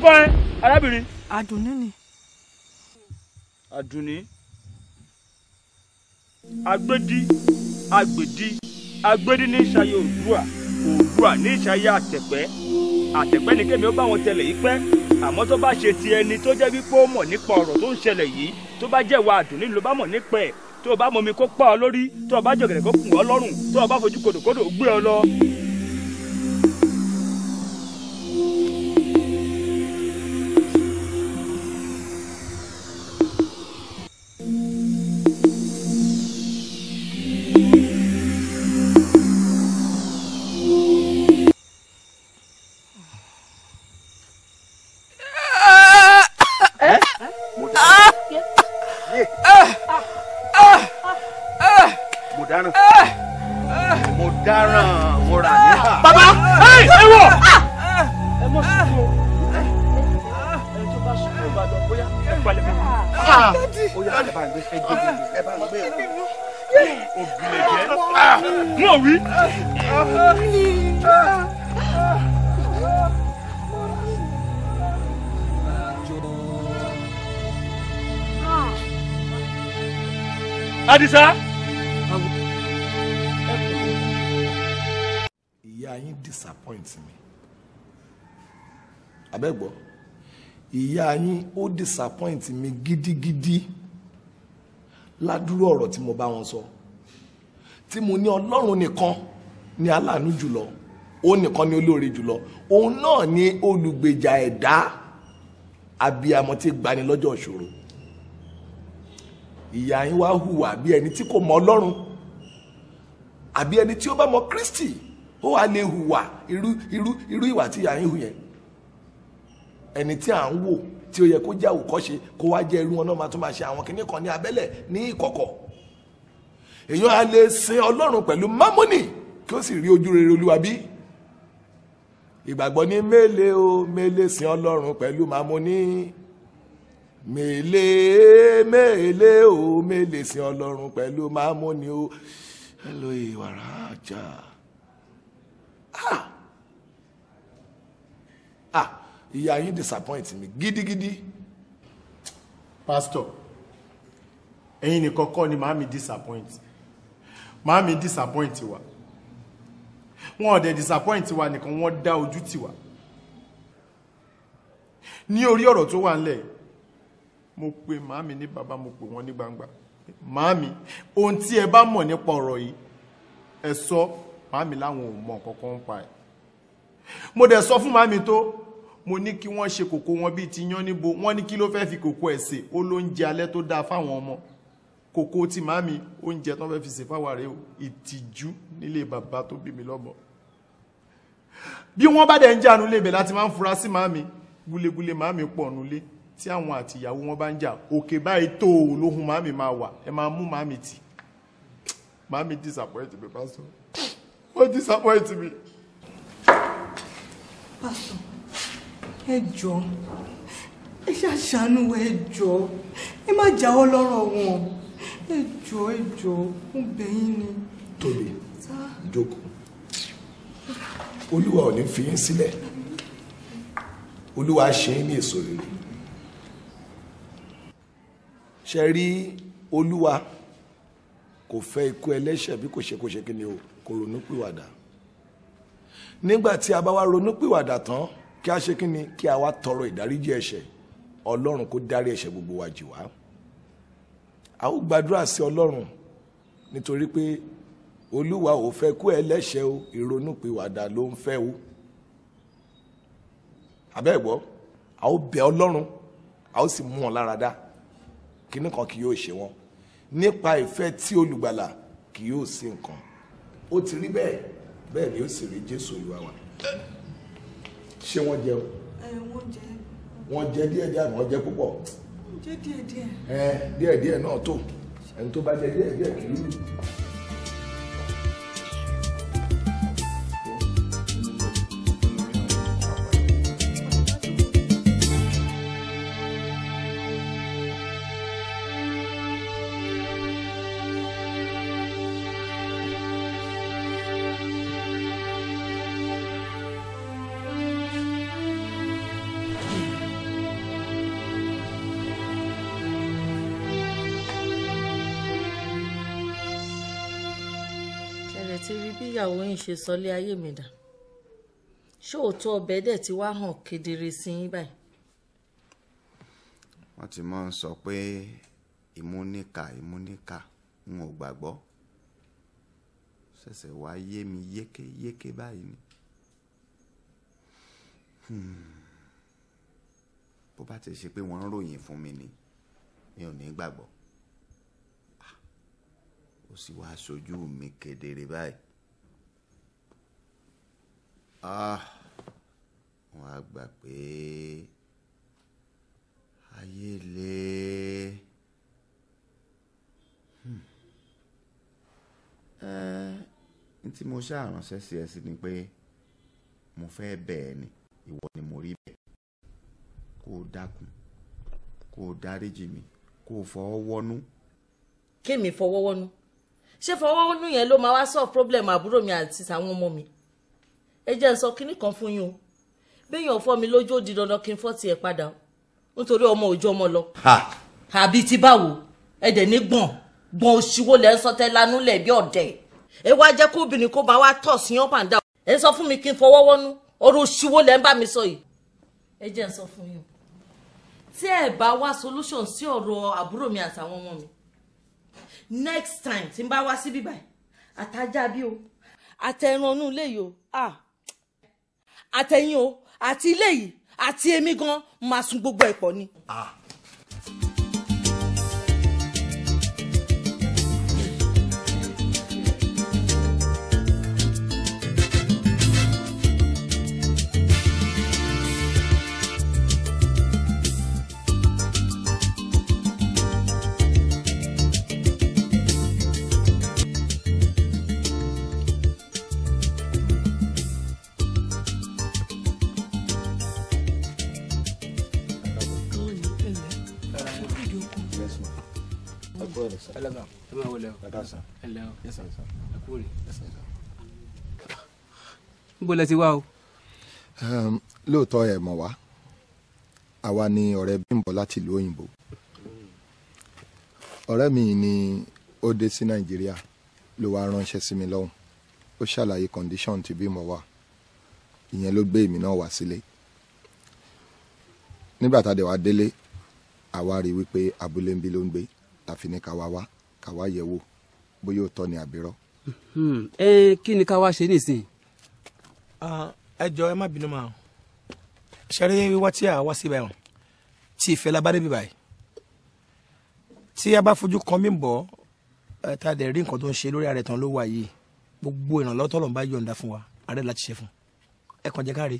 [SPEAKER 2] kọrin arábìnrin. àdùnní ni. àdùnní agbédí agbèdí agbédí ní ìṣayé òdùà òdùà ní ìṣayé àtẹ̀pẹ́ àtẹ̀pẹ́ ni kémi ó bá wọn tẹlẹ̀ yìí pẹ́ àmọ́ tó bá ṣe ti ẹni tó jẹ́ wípé ó mọ̀ nípa ọ̀rọ̀ tó ń ṣẹlẹ̀ yìí tó bá jẹ́ ìwà àdùnní ló bá mọ̀ nípa ẹ̀ tó o bá mọmi kó pa ọ lórí tó o bá jọ̀gẹ̀dẹ̀ kó kùn ọ lọ́rùn tó o bá fojú kodòkodò gbé ọ lọ bẹ́ẹ̀ gbọ́ ìyá yín ó disappoint mi gidigidi ládùúrú ọ̀rọ̀ tí mo bá wọn sọ tí mo ní ọlọ́run nìkan ni aláàánú jùlọ òun nìkan ni olóore jùlọ òun náà ni olùgbèjà ẹ̀dá abiyamọ tí gbani lọ́jọ́ ìṣòro ìyá yín wá hùwà bí ẹni tí kò mọ ọlọ́run àbí ẹni tí ó bá mọ Kristi ó wà lè hùwà irú irú irú ìwà tí ìyá yín hù yẹn ẹni tí à ń wò tí ó yẹ kó jẹ́ àwòkọ́ṣe kó wá jẹ́ irú wọn náà máa tún máa ṣe àwọn kinní kan ní abẹ́lẹ̀ ní ìkọ̀kọ̀ èèyàn á lè sin ọlọ́run pẹ̀lú mámọ́nì kí ó sì rí ojú rere olúwa bí ìgbàgbọ́ ní mélé o mélé sin ọlọ́run pẹ̀lú mámọ́nì mélé mélé o mélé sin ọlọ́run pẹ̀lú mámọ́nì o hello ìwàrà àjà ah ah ìyá yín disappoint mi gidigidi. pastor ẹ̀yin nìkan kọ́ ni màámi disappoint màámi disappoint wa wọn ò dẹ̀ disappoint wa nìkan wọ́n dá ojú tì wá ní orí ọ̀rọ̀ tó wà ńlẹ̀ mo pe màámi ní baba mo pè wọ́n ní gbangba màámi ohun tí ẹ bá mọ̀ nípa ọ̀rọ̀ yìí ẹ sọ màámi láwọn ò mọ̀ kankan pa ẹ̀ mo dẹ̀ sọ fún màámi tó mo ní kí wọ́n ṣe kòkó wọn bíi ti yán níbo wọ́n ní kí ló fẹ́ fi kòkó ẹ̀ sè ó lóúnjẹ alẹ́ tó dáa fáwọn ọmọ kòkó ti màmí oúnjẹ tó fẹ́ fi sè fáwọn àrẹ ìtìjú nílé bàbá tó bí mi lọ́mọ bí wọ́n bá dẹ̀ ń jà nulẹ̀ ibẹ̀ láti máa ń fura sí màmí gúlegúle màmí pọ̀ nulẹ̀ tí àwọn àtìyàwó wọn bá ń jà òkè báyìí tó lóhun màmí máa wà ẹ máa mú màmí tì màmí disappoint me pastor
[SPEAKER 3] pastor ẹ jọ ẹ ṣàṣàánú ẹ jọ ẹ má jáwọ́ lọ́rọ̀ wọn ẹ jọ ẹ jọ ń bẹ̀ yín ni.
[SPEAKER 2] tóbi jókòó olúwa ò ní fi yín sílẹ̀ olúwa ṣe yín ní èso rere ṣe rí olúwa kò fẹ́ ikú ẹlẹ́ṣẹ̀ bí kò ṣe kò ṣe kí ni o kò ronú nígbà tí a bá wá ronú tán kí a ṣe kí ni kí a wá tọrọ ìdáríjì ẹ̀ṣẹ̀ ọlọ́run kó dárí ẹ̀ṣẹ̀ gbogbo wa jì wá a ó gbàdúrà sí ọlọ́run nítorí pé olúwa ò fẹ́ kú ẹlẹ́ṣẹ̀ o ìrònúpìwàdà ló ń fẹ́ o abẹ́ẹ̀gbọ́ a ó bẹ ọlọ́run a ó sì mú wọn lára dá kíní kan kì yóò ṣe wọn nípa ìfẹ́ tí olùgbàlà kì yóò sí nǹkan ó ti rí bẹ́ẹ̀ bẹ́ẹ̀ ni ó sì rí jésù olúwa wa ṣé wọ́n jẹ o. ẹ wọ́n jẹ. wọ́n jẹ díẹ̀ díẹ̀ àwọn jẹ púpọ̀. wọ́n jẹ díẹ̀ díẹ̀. ẹ díẹ̀ díẹ̀ náà tó ẹni tó bá jẹ díẹ̀ kì í
[SPEAKER 1] ti rí bí ìyàwó yín ṣe sọlé ayé mi dà ṣóòótọ́ ọbẹ̀ dẹ̀ ti wá hàn kedere sí yín báyìí.
[SPEAKER 2] wọ́n ti máa ń sọ pé ìmúníkà ìmúníkà n ò gbàgbọ́ ṣẹ̀ṣẹ̀ wá yé mi yékéyéké báyìí ni. Hmm. bó bá ti ṣe pé wọ́n ń ròyìn fún mi ni mi ò ní gbàgbọ́ sì wá sójú mi kedere báyìí ah, wọ́n á gbà pé ayé le hmm. ẹ tí mo ṣàránṣẹ́ sí ẹ sí ni pé mo fẹ́ bẹ́ẹ̀ ni ìwọ ni mo rí bẹ́ẹ̀ kó o dákun kó o dáríjì mi kó o fọwọ́ wọnú.
[SPEAKER 1] kí mi fọwọ́ wọnú ṣé fọwọ́nú yẹn ló máa wá solve problem àbúrò mi àti àwọn ọmọ mi ẹ jẹ́ n sọ kinní kan fún yín o béèyàn fọ́ mi lójú ó di dandan kí n fọ́ tiẹ̀ padà o nítorí
[SPEAKER 2] ọmọ òjò ọmọ lọ. àbí ti báwo ẹ dẹ̀ ní gbọ̀n gbọ̀n òṣìwò lẹ́ ń sọtẹ́ lanúlẹ̀ bí ọ̀dẹ̀ ẹ wá jẹ́ kó obìnrin kó bá wá tọ̀ sí yán pàǹdà ẹ sọ fún mi kí n fọwọ́
[SPEAKER 1] wọ́nú ọ̀rọ̀ òṣìwò lẹ́ ń bá mi sọ yìí ẹ jẹ́ n sọ fún yín tí ẹ bá wá solution sí ọ̀rọ̀ àbúrò mi àtàwọn ọmọ mi next time tí n bá wá síbí báyìí àtajá bí o àtẹranú ilé yìí o àtẹyìn o àti ilé yìí àti èmi gan máa sun gbogbo ẹ̀pọ̀ ni.
[SPEAKER 2] ah Um, ẹ máa wọlé o ẹ lẹ o ẹ sàn ẹ kúrò rè ẹ sàn. níbo lẹ ti wá o. lóòótọ́ ẹ̀ mọ̀ wá àwa ni ọ̀rẹ́ Bímbọ́ láti ìlú òyìnbó ọ̀rẹ́ mi ni ó dé sí Nàìjíríà ló wá ránṣẹ́ sí mi lọ́hùn ó ṣàlàyé condition tí Bímbọ́ wà ìyẹn ló gbé èmi náà wá sílé nígbà tá a dé wá délé àwa rí wípé abúlé ń bí ló ń gbé la ní ká wá wá ká wá yẹ̀ wò bóyá ó tọ́ ni àbírọ́. Hmm. ẹ kí ni ká wá ṣe nísìn. ẹ jọ ẹ má bínú máa ṣeré wíwá tí a wá sí ibà ẹ̀wọ̀n tí ìfẹ́ la bá débi báyìí tí a bá fojú kan mí bọ̀ ẹ ta dẹ̀ rí nǹkan tó ń ṣe lórí ààrẹ tán ló wà yìí gbogbo ìrànlọ́wọ́ tọ́lọ̀ ń bá yọ̀ǹda fún wa ààrẹ láti ṣe fún ẹ kàn jẹ́ káre.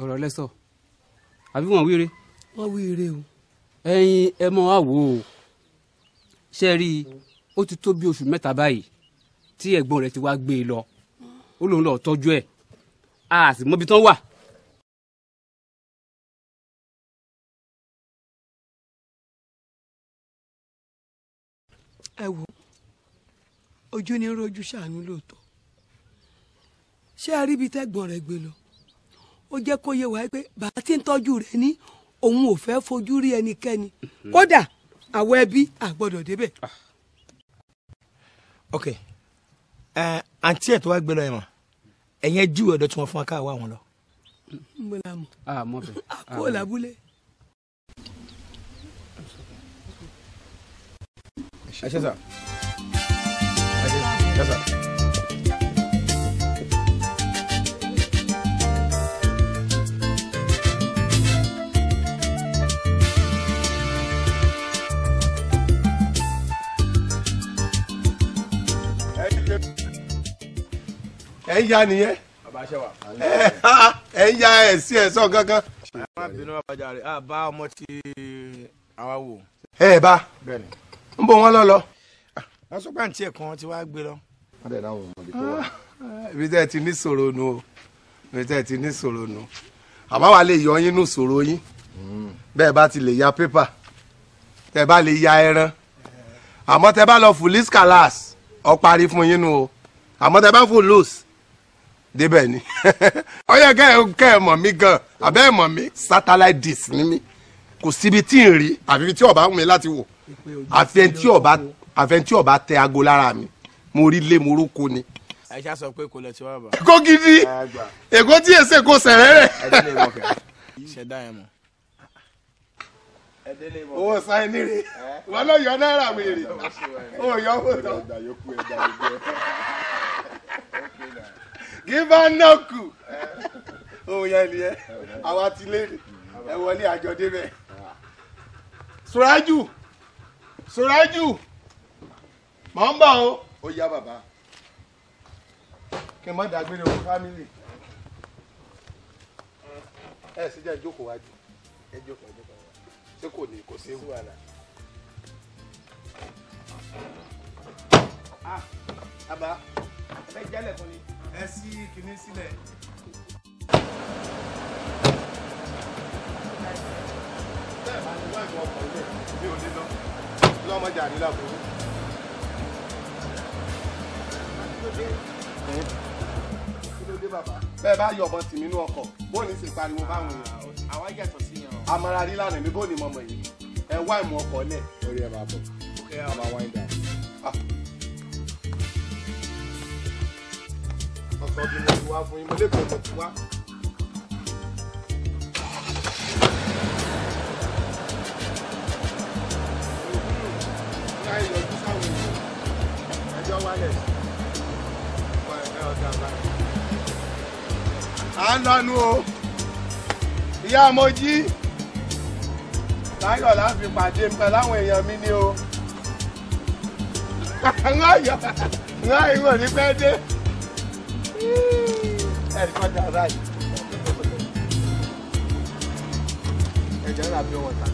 [SPEAKER 2] ọ̀rọ̀ lẹ́sọ̀ àbí wọ́n wíire. wọ́n wíire o. ẹ̀yin ẹ mọ àwò o ṣe rí i ó ti tó bí oṣù mẹ́ta báyìí tí ẹ̀gbọ́n rẹ̀ ti wá gbé e lọ ó lóun lọ́ọ́
[SPEAKER 3] tọ́jú ẹ̀ a sì mọ́bi tán wà. ẹ wo ojú ni rojú ṣàánú lóòótọ́
[SPEAKER 2] ṣé a rí ibi tẹ́gbọ́n rẹ̀ gbé lọ ó jẹ́ kó yé wa pé bàá tí ń tọ́jú rẹ̀ ní òun ò fẹ́ fojú rí ẹnikẹ́ni mm-hmm. kódà. Mm -hmm àwọn ẹbí àgbọ́dọ̀ débẹ̀. ok àǹtí ẹ̀ tó wá gbé lọ ẹ̀ mọ̀ ẹ̀yẹn júwèé ọ̀dọ̀ tí wọ́n fún wa káà wá lọ. n bọ̀ la mọ̀ a mọ̀ fẹ́ a kó làbúlẹ̀. ẹ ṣe sá ẹ ṣe sá. ẹ̀ ń ya nìyẹn ẹ̀ ń ya ẹ̀ sí ẹ̀ sọ gángan. má bínú àbájá rẹ̀ á bá ọmọ tí àwa wò. ẹ ẹ bá ń bọ wọn lọ lọ. wọ́n sọ pé àǹtí ẹ̀ kan ti wá gbé lọ. wọ́n dẹ̀ dáhùn ah, ibi tẹ́ ẹ ti ní sọ̀rọ̀ nu o ibi tẹ́ ẹ ti ní sọ̀rọ̀ nu àmọ́ wa lè yọ yín nù sọ̀rọ̀ yín hmm. bẹ́ẹ̀ bá ti lè ya pépà tẹ́ bá lè ya ẹran àmọ́ tẹ́ bá lọ fún liskalas ọ̀parí fún yín nu o àmọ́ tẹ́ bá fún loose débẹ̀ ni ó yẹ kẹ́ ẹ kẹ́ ẹ mọ̀ mí gan abẹ́ ẹ mọ̀ mí satellite disc ni mí kò síbi tí n rí àfi tí ọba mi láti wò àfẹn tí ọba tẹ aago lára mi mo rí lé mo róko ni. ẹ ṣá sọ pé kò lẹ ti wá bá. kó gidi èkó tí èsè kò sẹ̀rẹ̀ rẹ̀. ṣẹ̀dá ẹ̀ mọ̀. owó sáyẹn nírè wọn náà yọ náírà mi rè
[SPEAKER 3] ó yọ owó tán kí
[SPEAKER 2] bá nọ́ọ̀kù ohun yẹn nìyẹn àwa ti léèrè ẹ wọlé àjọ débẹ̀. Suraju Suraju mọ̀ ń bọ̀ o ó yá bàbá kí n má dàgbére o fámìlì ẹ sì jẹ́ ìjókòó wájú ẹ jókòó ẹ jókòó wájú ṣé kò ní kò sí wàhálà. Ah, àbá, ẹ fẹ́ jálẹ̀ fún mi ẹ sí kinní sílẹ̀. bẹ́ẹ̀ bá ní wá ìwọ ọkọ̀ ilé mi ò ní lọ lọ́mọdé àdínlá kò ní. kí ló dé bàbá. bẹ́ẹ̀ bá yọ ọmọ tì mí nú ọkọ̀ bó ní ṣe pariwo báwọn èèyàn. àwa yàtọ̀ sí yẹn o. amara rí lánàá mi bó ní mọ̀mọ́ yìí ẹ wá ìmú ọkọ̀ lẹ̀. orí ẹ máa bọ̀ ẹ máa wáyé dáa. ọ̀tọ̀ bí mo ti wá fún yín mo mo ti wá. à ń lọnu o ìyá mo jí láyọ̀ láfi pàdé ń láwọn èèyàn mi ni o. ń ayọ̀ ń ayọ̀ ní pẹ́ dé ẹ̀rí kan dára yìí
[SPEAKER 4] ẹ̀jẹ̀ bí wọ́n tà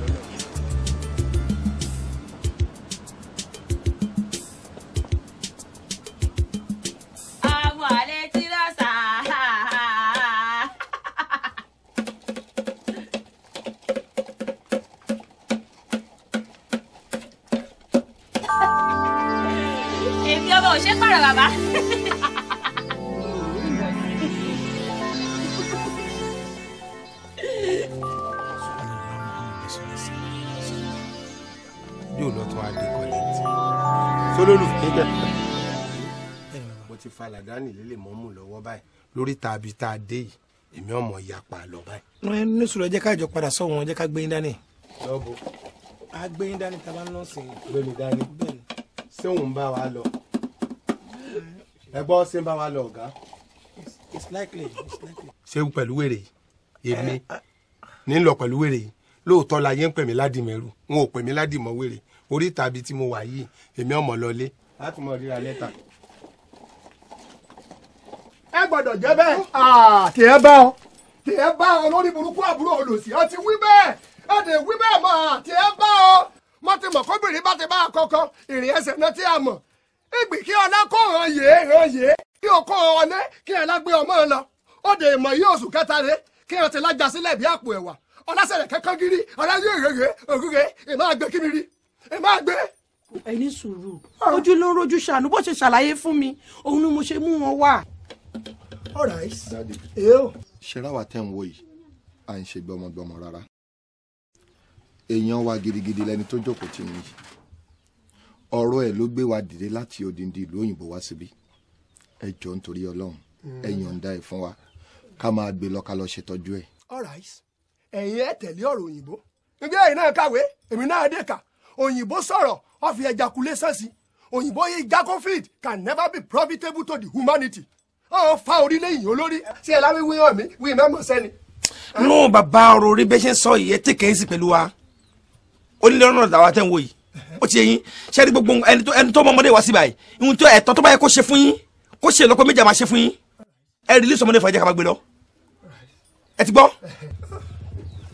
[SPEAKER 2] lórí tàbí tá a dé yìí èmi ọmọ ìyapa lọ báyìí. ẹ ní sùúrù jẹ́ ká ìjọ padà sọ wọn jẹ́ ká gbé yín dání. lọ́bù. a gbé yín dání tàbá ń lọ sí i. gbẹmí dání ṣé òun bá wa lọ ẹ gbọ́ ṣé ń bá wa lọ ọ̀gá. it's likely it's likely. ṣé pẹ̀lú wèrè èmi eh, ah. ní lọ pẹ̀lú wèrè yìí lóòótọ́ la yé ń pè mí ládìmẹ́rù n ò pè mí ládìmọ́ wèrè orí tàbí tí mo wà yìí èmi ọmọ lọlé láti mọ ríra lẹ́tà ẹ gbọ́dọ̀ jẹ́
[SPEAKER 4] bẹ́ẹ̀. tì ah, ẹ bá ọ. tì ẹ bá ọ lórí burúkú àbúrò olòṣì ọ ti wí bẹ́ẹ̀ ẹ lè wí bẹ́ẹ̀ mọ̀ tì ẹ bá ọ. mo ti mọ̀ kóbìnrin bá ti bá a kọ́kọ́ ìrìn ẹsẹ̀ náà tí a mọ̀ ìgbì kí ọlá kó hàn yé hàn yé kí o kó ọlẹ́ kí ẹ lágbé ọmọ lọ ó de ìmọ̀ yí oṣù kẹta rẹ kí ẹ ti lájà sílẹ̀ bí àpò ẹ̀wà ọlásẹ̀rẹ̀ kankan gírí ọláyé ìrèrè òrùrè ìmọ̀ àgbẹ̀ kí mi rí ìmọ̀ àgbẹ̀ ẹni sùúrù
[SPEAKER 2] ah. ojú ló ń rojú ṣàánú bó ṣe ṣàlàyé fún mi òun ni mo ṣe mú wọn wá alright. eu. ṣẹ́ra wa tẹ́ ń wo yìí à ń ṣe gbọmọgbọmọ rárá èèyàn wa gidigidi lẹni tó jókòó tì yín ọ̀rọ̀ ẹ̀ ló gbé wa dìde láti odindi ìlú òyìnbó wá síbí ẹ jọ nítorí ọlọ́run ẹ mm. yọ̀ǹda ẹ̀ fún wa ká máa gbé lọ ká lọ ṣètọ́jú ẹ̀. alright ẹ̀yin ẹ̀ tẹ̀lé ọ̀rọ̀ òyìnbó nígbà ẹ̀yin náà kàwé èmi náà dé kà òyìnbó sọ̀rọ̀ wọ́n fi ejaculation sí òyìnbó yìí jacob field can never be profitable to the humanity ọ fa orí lẹ́yìn
[SPEAKER 4] olórí tí ẹ láwí wíwọ́n mi wí mẹ́mọ̀ sẹ́ni.
[SPEAKER 2] nù bàbá ọ̀rọ̀ orí bẹ́ẹ̀ ṣe ń sọ yìí ẹ tẹ̀kẹ́ sí pẹ̀lú wa onílé ọ̀nà làwọn àtẹ̀ ń wò yìí ó ti yẹ yín ṣe é gbogbo ẹni tó mọmọdé wá sí báyìí ìhun tó ẹ̀tọ́ tó bá yẹ kó ṣe fún yín kó ṣe lọ́kọ́ méjì àmà ṣe fún yín ẹ rí lísọ̀ ọmọdé fàájà kàmá gbé lọ ẹ ti gbọ́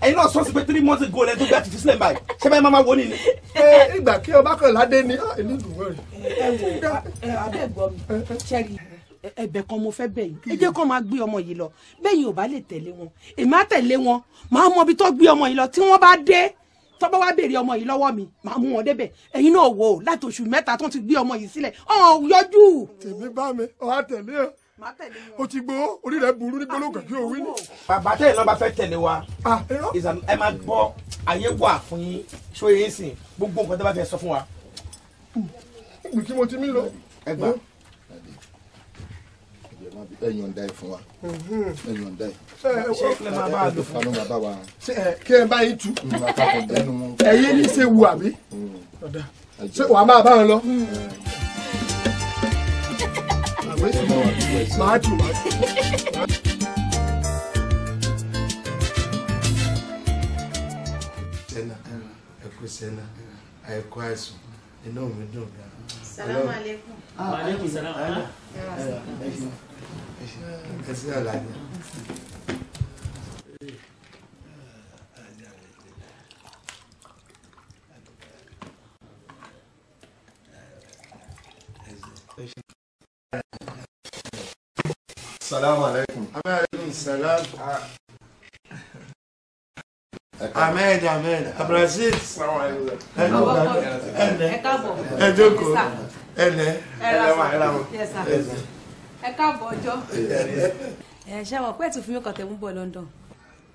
[SPEAKER 2] ẹyin náà sọ́ọ́sì pé three months ago lẹ́nu tó gbé àti fi sílẹ̀ báyìí ṣé báyìí máa wọ nìyí. ẹ ìgbà kí ọba kan ládé ni ìlú ìdúró rẹ. ẹ
[SPEAKER 1] wò ẹ abẹ́ gbọ́ mi ṣẹ́gi ẹ̀bẹ̀ kan mo fẹ́ bẹ̀ yín ẹ hmm. jẹ́ kó máa
[SPEAKER 2] gbé ọmọ yìí lọ bẹ́yìn ò bá lè tẹ̀lé wọn èmi á tẹ̀lé wọn màá mọ ibi tó gbé ọmọ yìí lọ tí wọ́n bá dé tó bá wá béèrè ọmọ yìí lọ́wọ́ mi màá mú wọn débẹ̀ ẹ̀yin náà wò ó láti oṣù mẹ́ta tó ti gbé ọmọ yìí sílẹ̀ ọ̀hún yọjú. tèmi bá mi ọ̀há tẹ̀lé o o ti gbó orí rẹ burú ní gbólógùn bí òwe ni. bàbá tẹ́yìn náà bá fẹ́ tẹ̀lé wa ah, ẹ máa gbọ́ àyè wà fún yín ṣó yẹn sìn gbogbo nǹkan tó bá fẹ́ sọ fún wa.
[SPEAKER 4] ìgbìtì hmm. mo ti mí lọ. ẹ gbà ẹ yọ̀ǹda ẹ fún wa mhm. ẹ yọ̀ǹda ẹ.
[SPEAKER 2] ẹ tó fanu bàbá
[SPEAKER 4] wa. kí ẹ bá yín tu mm, ẹyẹ ní ṣe wù àbí mm. ṣé wàá máa bá wọn lọ. Mm. màá tù màá tù.
[SPEAKER 2] sẹ́nà ẹ̀kú sẹ́nà àìkú àìsàn inú mi dùn gan-an.
[SPEAKER 1] آه، آه، السلام عليكم وعليكم السلام اهلا اهلا
[SPEAKER 4] السلام عليكم. عليكم السلام amen amen abdulrasheed ẹ
[SPEAKER 1] jókòó ẹ lẹ ẹ káàbọ̀ ọjọ́ ẹ ṣe àwọn pẹ́ẹ́tù fún mi kàn tẹ̀ ń bọ̀ London.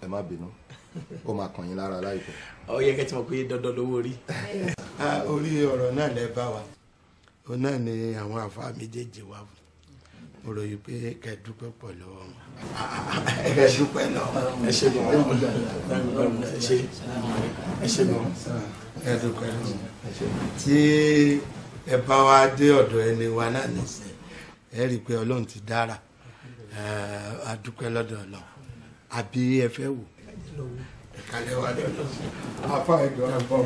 [SPEAKER 2] ẹ má bínú ó máa kàn yín lára láìpẹ́. ó yẹ kẹ́ tí mo pé dandan lówó orí. orí ọ̀rọ̀ náà lẹ bá wa òun náà ni àwọn àfa méjèèjì wà mo rò yìí pé kẹ́ ẹ dúpẹ́ pọ̀ lọ́wọ́ wọn. ẹ kẹ́ ẹ dúpẹ́ lọ. ẹ ṣe gan ẹ ṣe
[SPEAKER 3] ẹ ṣe gan.
[SPEAKER 4] ẹ dúpẹ́ lọ. tí ẹ bá
[SPEAKER 2] wa dé ọ̀dọ̀ ẹni wa náà nìsín ẹ rí i pé ọlọ́run ti dára a dúpẹ́ lọ́dọ̀ ọlọ́run àbí ẹ fẹ́ wò. ìkàlẹ̀ wa lọ́dọ̀ àfa ìjọba bọ̀.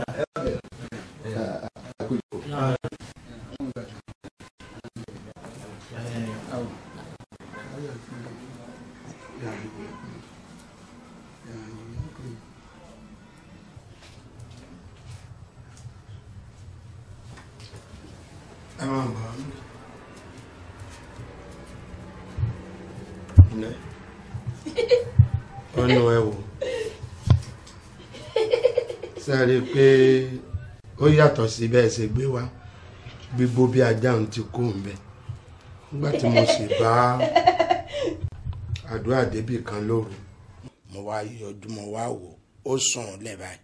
[SPEAKER 2] ẹ máa bọ̀ ọ́ ọ̀nà ẹ wò sáré pé ó yàtọ̀ sí se ṣe gbé wá gbígbó bí ajá ń ti kó ń bẹ
[SPEAKER 3] nígbà tí mo sì
[SPEAKER 2] bá àdúrà débì kan lóru mo wá yọjú mo wá wò ó sùn lẹ́bàá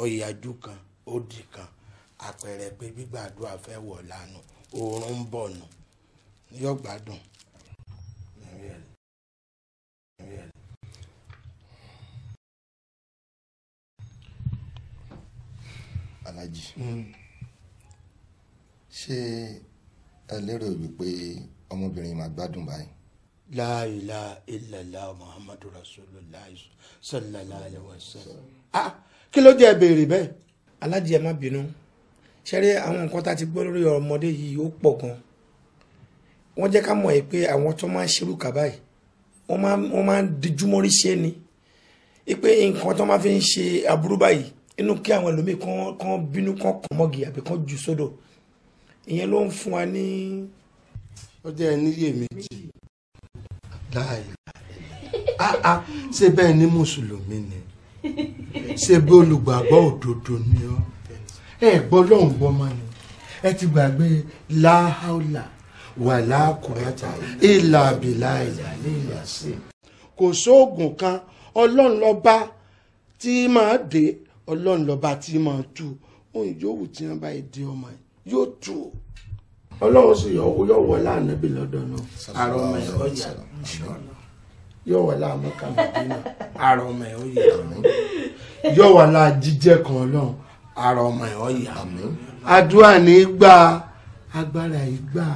[SPEAKER 2] ó yájú kan ó dì kan àpẹẹrẹ pé gbígbàdúrà fẹ́ wọ̀ lánàá
[SPEAKER 3] oorun ń bọ̀ nù yóò gbádùn. alájì hmm. ṣé
[SPEAKER 2] ẹ lérò wípé ọmọbìnrin máa gbádùn báyìí. La ilaha illallah muhammadu rasulullah sallallahu alaihi wasallam. ah kí ló jẹ́ béèrè bẹ́ẹ̀. alájì ẹ má bínú ṣẹ́rí àwọn nǹkan tá a ti gbọ́ lórí ọmọdé
[SPEAKER 4] yìí ó pọ̀ gan
[SPEAKER 2] wọ́n jẹ́ ká mọ̀ ẹ́ pé àwọn tó máa ń ṣerú kàbá yìí wọ́n máa ń dijúmọ́rí ṣe ni pé nǹkan tó máa fi ń ṣe aburú báyìí inú kí àwọn ẹlòmíì kan bínú kan kàn mọ́gì àbí kan jù sódò ìyẹn ló ń fún wa ní.
[SPEAKER 4] ó jẹ́ ẹni yé méjì láàyè ṣé bẹ́ẹ̀ ni mùsùlùmí ni ṣé bí
[SPEAKER 2] olùgbàgbọ́ òdodo ni ọ́ ẹ gbọ́ lọ́hùn gbọ́ mọ́ ni ẹ ti gbàgbé láhàlà wà láàkúrẹ́ta ìlà àbìlà ìlà ìlà sí i. kò sóògùn kan ọlọ́run lọ́ba tí máa dé ọlọ́run lọ́ba tí máa tú ohun yòówù tí wọ́n bá dé ọmọ yóò tú o ọlọ́run sì yọ yọ wọ láàánú bí lọ́dọ̀ náà àrò ọmọ ẹ̀ ọ yà yọ wọ láàmú kàmú dínà ọmọ ẹ̀ ọ yọ wọ láà jíjẹ́ kan ọlọ́run ara ọmọ ẹ̀ ọ̀yà àdúrà ní gbà agbára ìgbà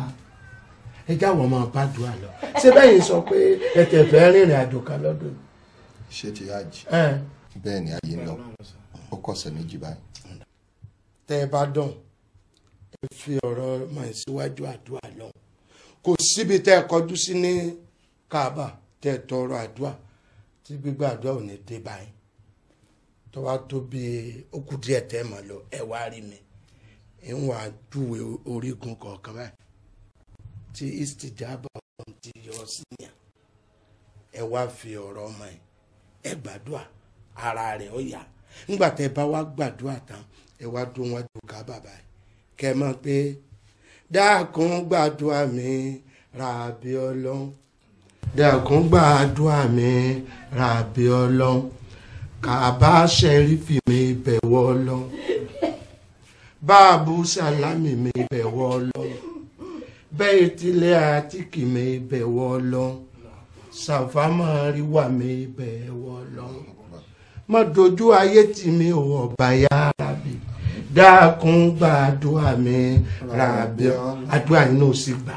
[SPEAKER 2] ẹ jáwọ́ máa bá àdúrà lọ ṣé bẹ́ẹ̀ yìí sọ pé ẹ tẹ̀ fẹ́ rìnrìn àjò kan lọ́dún. ṣé ti hajj bẹ́ẹ̀ ni ayé ń lọ ó kọ̀sẹ̀ méjì báyìí.
[SPEAKER 4] tẹ́ ẹ bá dán ẹ fi ọ̀rọ̀
[SPEAKER 2] màá síwájú àdúrà lọ kò síbi tẹ́ ẹ kọjú sí ní kaaba tẹ́ ẹ tọrọ àdúrà tí gbígbà àdúrà ò ní dé báyìí tó bá tó bí okù díẹ̀ tẹ́ mọ̀ lọ ẹ wá rí mi ń wà júwe orígun kọ̀ọ̀kan báyìí tí east jaba ọ̀hún ti yọ síyàn ẹ wá fi ọ̀rọ̀ ọmọ ẹ ẹ gbàdúrà ara rẹ̀ ó yá nígbà tẹ́ bá wá gbàdúrà tán ẹ wá dún wájú ká bàbá ẹ kẹ́ mọ̀ pé dákun gbàdúrà mi ràbí ọlọ́run dákun gbàdúrà mi ràbí ọlọ́run kàbá ṣẹ́rífì mi bẹ̀wọ̀ lọ báàbù sálámì mi bẹ̀wọ̀ lọ bẹ́ẹ̀ tilẹ̀ àtìkì mi bẹ̀wọ̀ lọ sàfámàríwà mi bẹ̀wọ̀ lọ má dojú ayé tì mí ò ọ̀bà yára bì dákun gbàdúrà mi ràbí àdúrà yìí náà sì gbà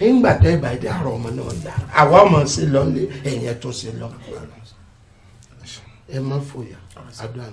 [SPEAKER 2] nígbà tẹ́ ìbàdí àrọ̀ ọmọ náà dá àwa ọmọ sí lọ́lé ẹ̀yìn ẹ̀ tó sí lọ́kùnrin. É má fòyà àdúrà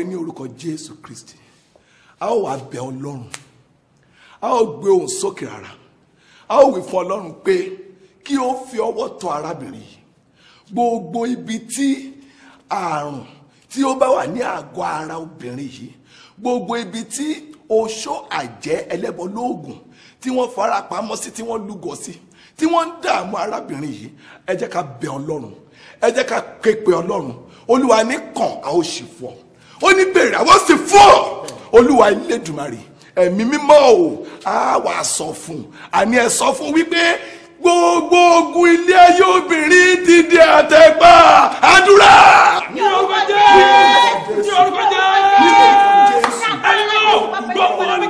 [SPEAKER 2] pé ní orúkọ jésù kristi a ó wá bẹ ọlọ́run a ó gbé ohùn sókè rárá a ó wí fún ọlọ́run pé kí ó fi ọwọ́ tọ arábìnrin yìí gbogbo ibi tí àrùn tí ó bá wà ní àgọ́ ara obìnrin yìí gbogbo ibi tí oṣó àjẹ́ ẹlẹ́bọ lóògùn tí wọ́n fara pamọ́ sí tí wọ́n lúgọ sí tí wọ́n ń dààmú arábìnrin yìí ẹ jẹ́ ká bẹ ọlọ́run ẹ jẹ́ ká képe ọlọ́run olúwa ní kàn a ó sì fún ọ ó ní bèrè àwọn sì fún ọ olúwa Elédùmarè ẹ̀mí mímọ́ o á wà sọ fún àní ẹ sọ fún wípé gbogbo ogun ilé ayé obìnrin ti di àtẹ̀gbà àdúrà.
[SPEAKER 1] ní orúkọ jẹ́ ní orúkọ jẹ́ ẹ̀yin náà gbogbo ogun.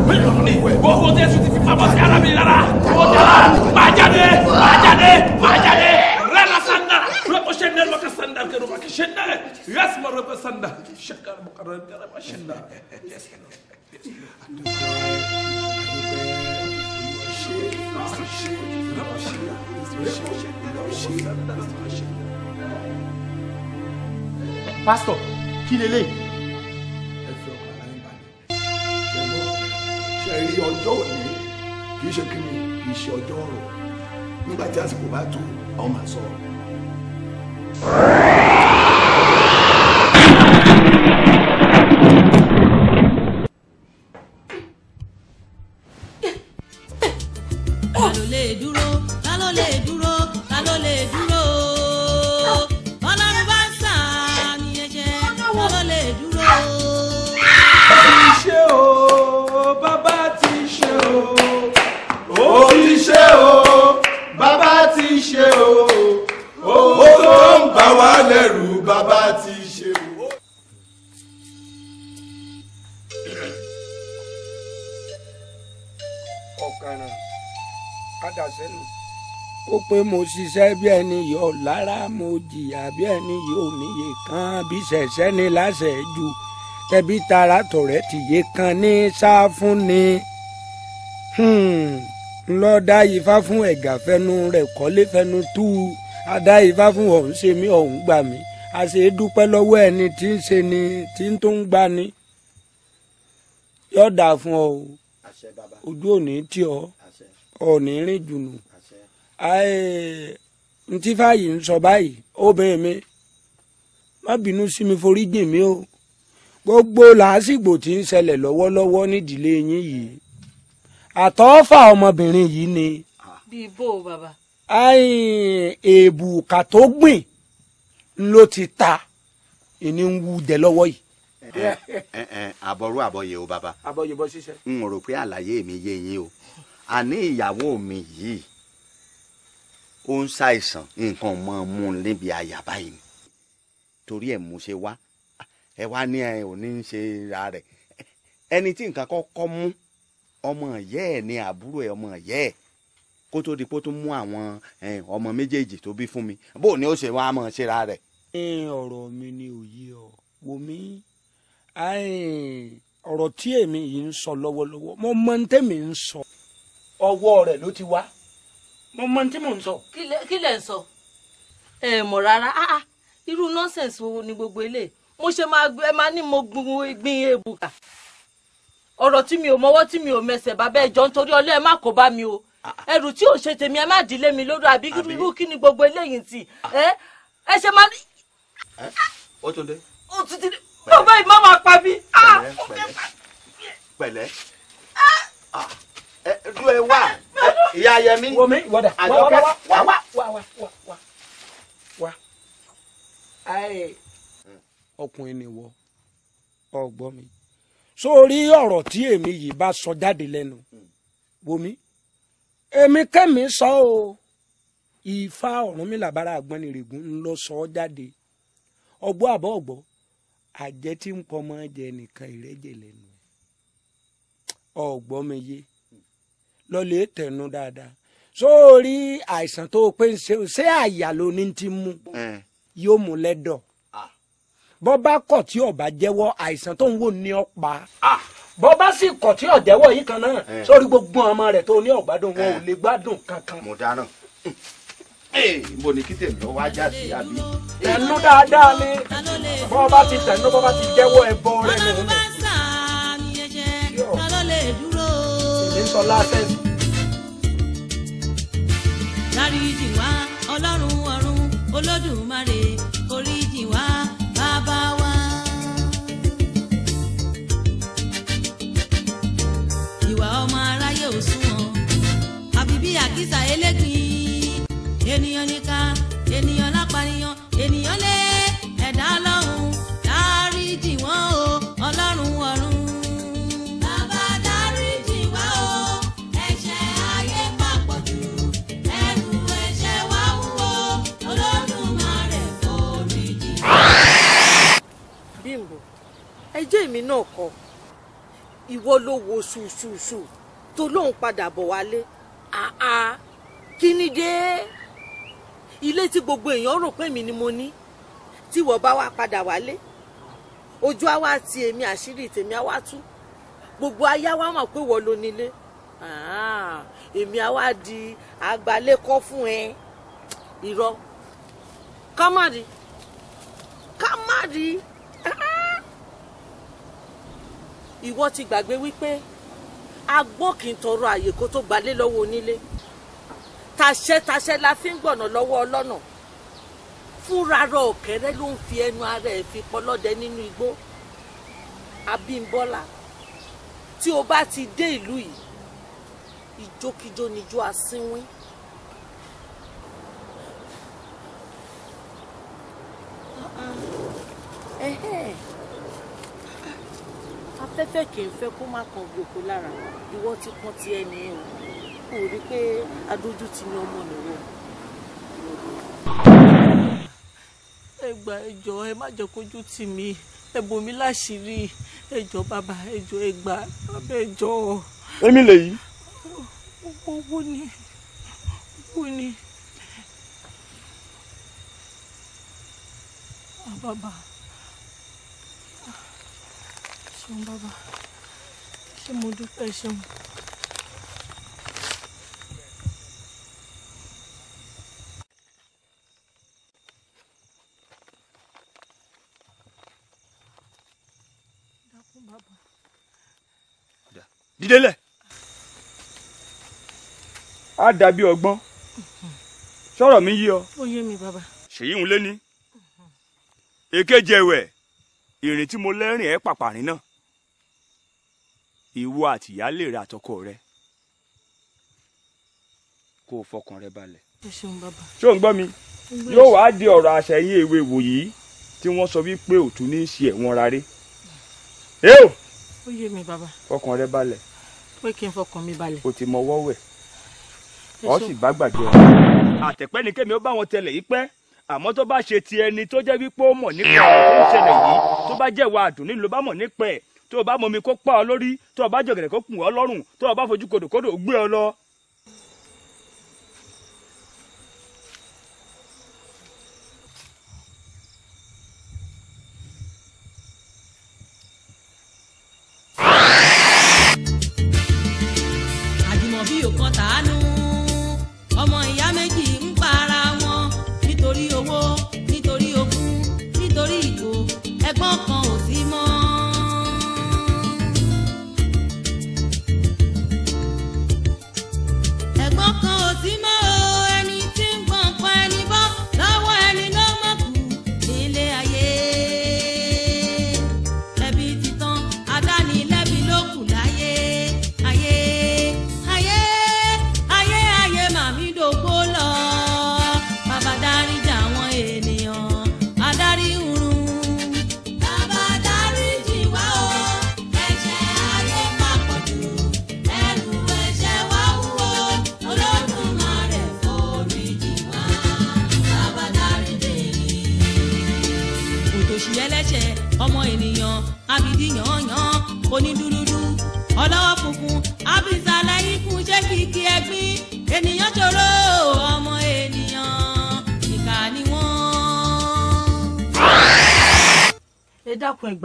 [SPEAKER 2] wíìlì tuntun Pastor, ṣe rí ọjọ́ òní kì í ṣe kí ni kì í ṣe ọjọ́ ọ̀rọ̀ nígbà tí
[SPEAKER 3] àsìkò bá tó àwọn sọ.
[SPEAKER 2] pé mo ṣiṣẹ́ bí ẹni yọ lára mo jìyà bí ẹni yọ níye kan bí ṣẹ̀ṣẹ̀ ni láṣẹ jù tẹbí tara tọ̀rẹ́ tìye kan ní sáà fún ni hmm, ńlọ dá ifá fún ẹ̀gà fẹnu rẹ̀ kọ́lé fẹnu tú adá ifá fún ọ̀hún ṣe mí ọ̀hún gbà mí a ṣe dúpẹ́ lọ́wọ́ ẹni tí ń ṣe ni tí ń tó gbà ni yọ̀ọ̀dà fún ọ ojú òní tí ọ ọ̀ ní rìn jùnú ntí fààyè ń sọ báyìí obìnrin mi má bínú sí mi forí jìn mí o gbogbo làásìgbò tí ń ṣẹlẹ̀ lọ́wọ́lọ́wọ́ nídìílé yín yìí àtọ́fà ọmọbìnrin yìí ni.
[SPEAKER 3] bíi bó o bàbá.
[SPEAKER 2] èèbùkà tó gbìn ló ti ta ìní ń wú dẹ lọ́wọ́ yìí. àbọ̀rú àbọ̀yè o bàbá. àbọ̀yè bọ́ ṣíṣe. n ò rò pé àlàyé mi yé yín o àní ìyàwó mi yìí ó ń ṣàìsàn nǹkan mọ́ ọ mú un níbi àyà báyìí torí ẹ̀ mú ṣe wá ẹ wá ní ẹ ò ní í ṣe ra rẹ̀ ẹni tí nǹkan kọ́kọ́ mú ọmọ ìyá ẹ̀ ni àbúrò ẹ̀ ọmọ ìyá ẹ̀ kó tó di pé tó mú àwọn ọmọ méjèèjì tó bí fún mi bó ni ó ṣe wá mọ̀ ṣe ra rẹ̀. ọ̀rọ̀ mi ni òye ọ̀ wò mí ọ̀rọ̀ tí èmi yìí ń sọ lọ́wọ́lọ́wọ́ mo mọ ní tẹ́mi ń sọ ọwọ́ rẹ̀ ló ti wá mo mọ tí mò ń sọ.
[SPEAKER 1] kí lẹ̀ ń sọ ẹ mọ̀ rárá ah, ah. irú nọ́ọ̀sẹ̀nsì wo ni gbogbo eléyìí mo ṣe máa gbé ẹ máa ní mo gbin ebùkà ọ̀rọ̀ tí mi ò mọwọ́ tí mi ò mẹsẹ̀ bàbá ẹ̀jọ̀ nítorí ọlọ́ ẹ má kó bá mi o ẹrù tí ò ṣe tèmi ẹ má dìlé mi lódò àbí
[SPEAKER 2] irú kí ni gbogbo eléyìí ti ẹ ẹ ṣe máa. ó tún dé. ó tún dé bàbá yìí máa pa mí. Ah! pẹ̀lẹ́ pẹ̀lẹ́ do eh, du ẹ wá ah, eh, ìyá yẹmi àjọkẹ́ wá wá wá wá wá ọkùnrin ni wọ ọgbọ mi sórí ọ̀rọ̀ tí èmi yìí bá sọ jáde lẹ́nu wò mí èmi kẹ́mi sọ o Ifá Ọ̀rúnmìlà bára Àgbọnnìrègún ń lọ sọ ọ́ jáde ọgbọ́ àbọ̀ ọ̀gbọ́ àjẹ tí ń pọmọ jẹ nìkan ìrẹ́jẹ lẹ́nu ọ̀gbọ́ mi yé lọ lè tẹnu dáadáa sórí àìsàn tó pé ń ṣe ṣé àyà ló ní ti mú yóò mú lẹ́dọ̀ bọ́ bá kọ̀ tí ọba jẹ́wọ́ àìsàn tó ń wò ní ọ̀pá bọ́ bá sì kọ̀ tí ọ̀jẹ̀wọ̀ yìí kan náà sórí gbogbo ọmọ rẹ̀ tó ní ọ̀gbádùn wọn ò lè gbádùn kankan. mo dáná mo ní kí tèmi ó wá já sí àbí. tẹnu dáadáa ni bọ́ bá ti tẹnu bọ́ bá ti jẹ́wọ́ ẹbọ rẹ̀ nìyẹn.
[SPEAKER 1] Olúṣọlá access. dáríjì wá ọlọ́run ọ̀run olódùmarè oríjì wá bàbá wa. ìwà ọmọ aráyé ò sunwọ̀n àbí bí àkísà elégbìn ènìyàn ní ká.
[SPEAKER 2] èmi náà kọ ìwọ ló wo ṣùṣùṣù tó lóun padà bọ̀ wálé àá kí ni dé ilé tí gbogbo èèyàn rò pé mi ni mo ní tíwọ bá wá padà wálé
[SPEAKER 1] ojú á wá ti èmi àṣírí tèmi á wá tú gbogbo ayá wa mọ̀ pé wọ́ ló nílé èmi á wá di àgbálẹ́kọ́ fún ẹ irọ́ ká má rí ká má rí ìwọ ti gbàgbé wípé agbó kì í tọrọ àyè kó tó gbalé lọ́wọ́ onílé tàṣẹ tàṣẹ la fi ń gbọ̀nà lọ́wọ́ ọlọ́nà fúnra rọ ọ̀kẹ́rẹ́ ló ń fi ẹnu ara ẹ̀ fi pọlọ́dẹ nínú igbó Abímbọ́lá tí o bá ti dé
[SPEAKER 2] ìlú yìí ìjókijó níjó asínwín.
[SPEAKER 1] Uh-uh. Eh, eh afẹ́fẹ́ kì í fẹ́ kó má kan gbogbo lára ìwọ ti kan ti ẹni ẹ̀ o kò rí pé adójú ti ní ọmọ nìwọ.
[SPEAKER 2] ẹ gbà ẹ jọ̀ọ́ ẹ má jẹ́ kójú tì mí ẹ bò mí láṣìírí ẹ jọ̀ọ́ bàbá ẹ jọ̀ọ́ bàbá ẹ jọ̀ọ́. èmi lèyí. owó ni owó ni.
[SPEAKER 3] bàbá ṣeun bàbá ṣé mo dúpẹ́ ṣeun. dídélẹ̀
[SPEAKER 2] á dàbí ọgbọ́n sọ̀rọ̀ mi yí ọ.
[SPEAKER 3] ó yé mi bàbá.
[SPEAKER 2] ṣèyí ń lé ní èkejì ẹ̀wẹ̀ ìrìn tí mo lẹ́rìn ẹ́ pàpàrìn náà ìwọ àti ìyáálé rẹ àtọkọ rẹ kó o fọkàn rẹ balẹ̀. ṣé o ń gbọ́ mi yóò wá di ọ̀rọ̀ àṣẹyìn ìwé ìwòyí tí wọ́n sọ wípé òtún ní í ṣe ẹ̀wọ̀n ráré. ẹ o ó yé mi bàbá. fọkàn rẹ balẹ̀. pé kí n fọkàn mi balẹ̀. o ti mọ ọwọ́ wẹ̀ ọ sì bá gbàgbé ọ. àtẹ̀pẹ́ ni kémi ó bá wọn tẹlẹ̀ yìí pẹ́ àmọ́ tó bá ṣe ti ẹni tó jẹ́ wípé ó mọ̀ nípa ọ̀rọ̀ tó ń ṣẹlẹ̀ yìí tó bá jẹ́ ìwà àdùnní ló bá mọ̀ nípa ẹ̀ tó o bá mọmi kó pa ọ lórí tó o bá jọ̀gẹ̀dẹ̀ kó kùn ọ lọ́rùn tó o bá fojú kodòkodò gbé ọ lọ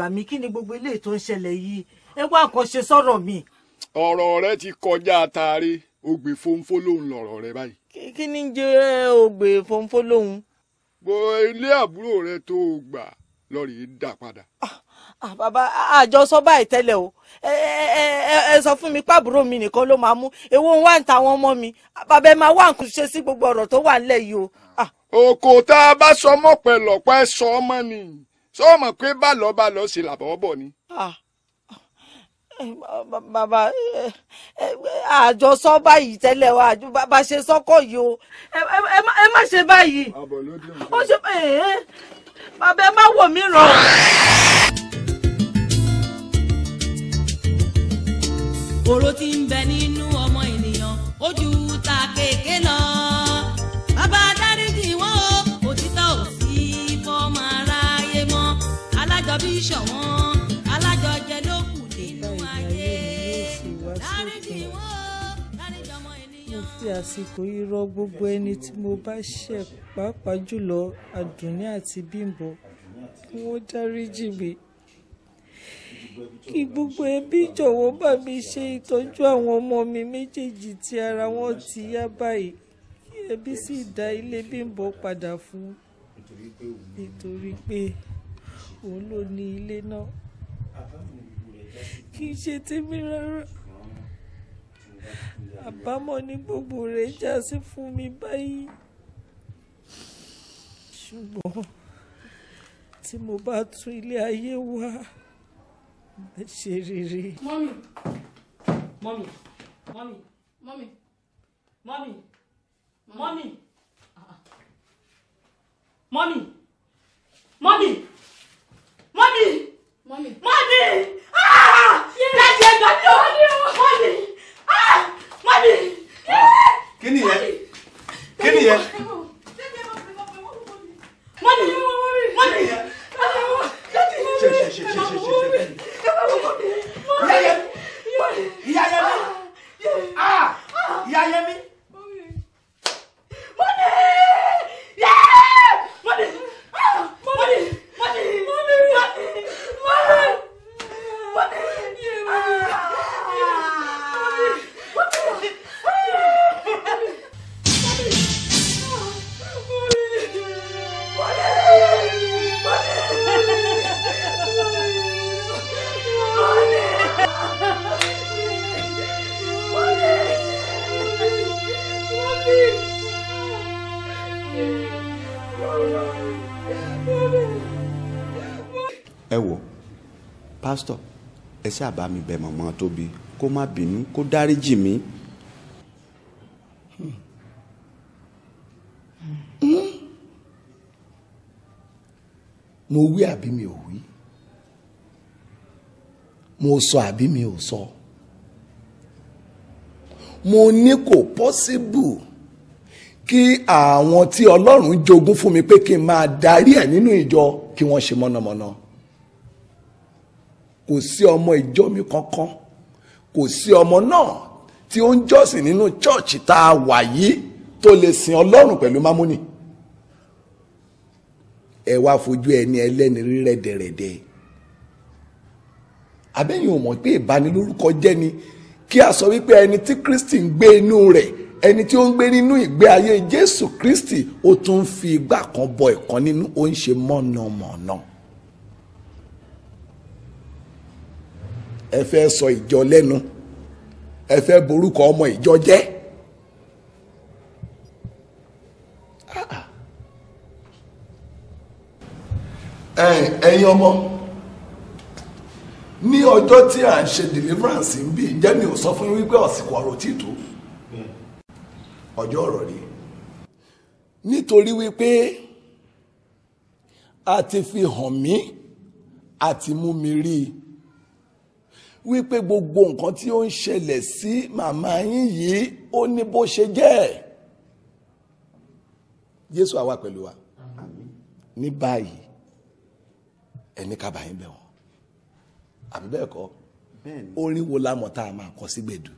[SPEAKER 2] gbà mí kí ni gbogbo eléyìí tó ń ṣẹlẹ̀ yìí ẹ wá nǹkan ṣe sọ̀rọ̀ mi. ọ̀rọ̀
[SPEAKER 4] rẹ ti kọjá taari ògbè fòǹfò lòun lọ̀rọ̀ rẹ báyìí.
[SPEAKER 2] kí ni ń jẹ ògbè fòǹfò lòun. gbo ilé àbúrò rẹ tó gbà lọ́ọ̀rì dà padà. Ah, ah, bàbá àjọsọ báyìí tẹ́lẹ̀ o ẹ sọ fún mi pàbúrò mi nìkan ló máa mú ewu ń wá ń ta àwọn ọmọ mi bàbá ẹ máa wá nǹkan ṣe sí gbogbo ọ̀rọ̀ tó wà nílẹ̀ yìí o. òkò ah. tá a bá sọ mọ́pẹ́ lọ́pẹ́ sọ ọmọ nìyí sọ́ọ̀mọ̀ pé bá lọ bá lọ ṣe làbọ̀ bọ̀ ni. Ah, ah,
[SPEAKER 1] eh, bàbá eh, eh, àjọsọ báyìí tẹ́lẹ̀ wa bàbá ṣe sọ́kọ̀ yìí o ẹ má ṣe báyìí ó ṣe bàbá ẹ má wò mí ràn. oró tí ń bẹ nínú ọmọ ènìyàn ojú. ṣọ̀wọ́n alájọjẹ ló kù nínú ayé dáríjì wọn dáríjì ọmọ ènìyàn. mo fi àsìkò yìí rọ gbogbo ẹni tí mo bá
[SPEAKER 2] ṣẹ̀ pàápàá jùlọ àdùnní àti bímbọ kí wọ́n dáríjì mi kí gbogbo ẹbí jọ̀wọ́ bá mi ṣe ìtọ́jú àwọn ọmọ mi méjèèjì tí ara wọn ti yá báyìí kí ẹbí sì dá ilé Bímbọ́ padà fún
[SPEAKER 1] nítorí pé òun ló ní ilé náà kì í ṣe tèmi rárá
[SPEAKER 2] àbámọ̀ ni gbogbo rẹ̀ já sí fún mi báyìí
[SPEAKER 3] ṣùgbọ́n tí mo bá tún ilé ayé wá ẹ ṣe rere. mọ́mì mọ́mì
[SPEAKER 1] mọ́mì mọ́mì mọ́mì mọ́mì
[SPEAKER 2] mọ́mì mọ́mì
[SPEAKER 1] mọ́mí mọ́mí mọ́mí ah! dájú ẹgbà mi ò mọ́mí ah! mọ́mí. Ah! kí ni yẹn kí ni yẹn. mọ́mí mọ́mí
[SPEAKER 3] ṣe ṣe ṣe ṣe ṣe ṣe bẹ́ẹ̀ ni. ìyá yẹn
[SPEAKER 1] mi ìyá yẹn mi.
[SPEAKER 2] ẹ wò pásítọ̀ ẹ ṣáà bá mi bẹ̀ mọ̀mọ́ Tóbi kó má bínú kó dáríjì mi. mo wí àbí mi ò wí mo sọ àbí mi ò sọ mo ní kò pọ́síbù kí àwọn tí Ọlọ́run jogún fún mi pé kí n máa darí ẹ̀ nínú ìjọ kí wọ́n ṣe mọ̀nàmọ́ná kò sí ọmọ ìjọ mi kankan kò sí ọmọ náà tí ó ń jọ́sìn nínú chọ́ọ̀chì tá a wà yìí tó lè sin ọlọ́run pẹ̀lú mámúnì ẹ wá fojú ẹni ẹlẹ́ni rí rẹ̀dẹ̀rẹ̀dẹ̀ abẹ́yìn ò mọ̀ pé ìbanilórúkọ jẹ́ ni kí a sọ wípé ẹni tí Kristi ń gbé inú rẹ̀ ẹni tí ó ń gbé nínú ìgbé ayé Jésù Kristi ó tún fi igbá kan bọ ìkan nínú ó ń ṣe mọ̀nàmọ̀nà. No, no, no. ẹ fẹ́ sọ ìjọ lẹ́nu ẹ fẹ́ borúkọ ọmọ ìjọ jẹ́ ẹ̀yin ọmọ ní ọjọ́ tí à ń ṣe deliverance ń bí ǹjẹ́ mi ò sọ fún yín wípé ọ̀sìnkò ọ̀rọ̀ tí tó ọjọ́ ọ̀rọ̀ rí nítorí wípé a ti fi hàn mí àti mú mi rí i wípé gbogbo nǹkan tí ó ń ṣẹlẹ̀ sí màmá yín yìí ó ní bó ṣe jẹ́ Jésù àwa pẹ̀lú wa ní báyìí ẹni kaba yín bẹ̀ wọ́n àbí bẹ́ẹ̀ kọ́ orin wo la mọ̀ tá a máa kọ sí gbèdú.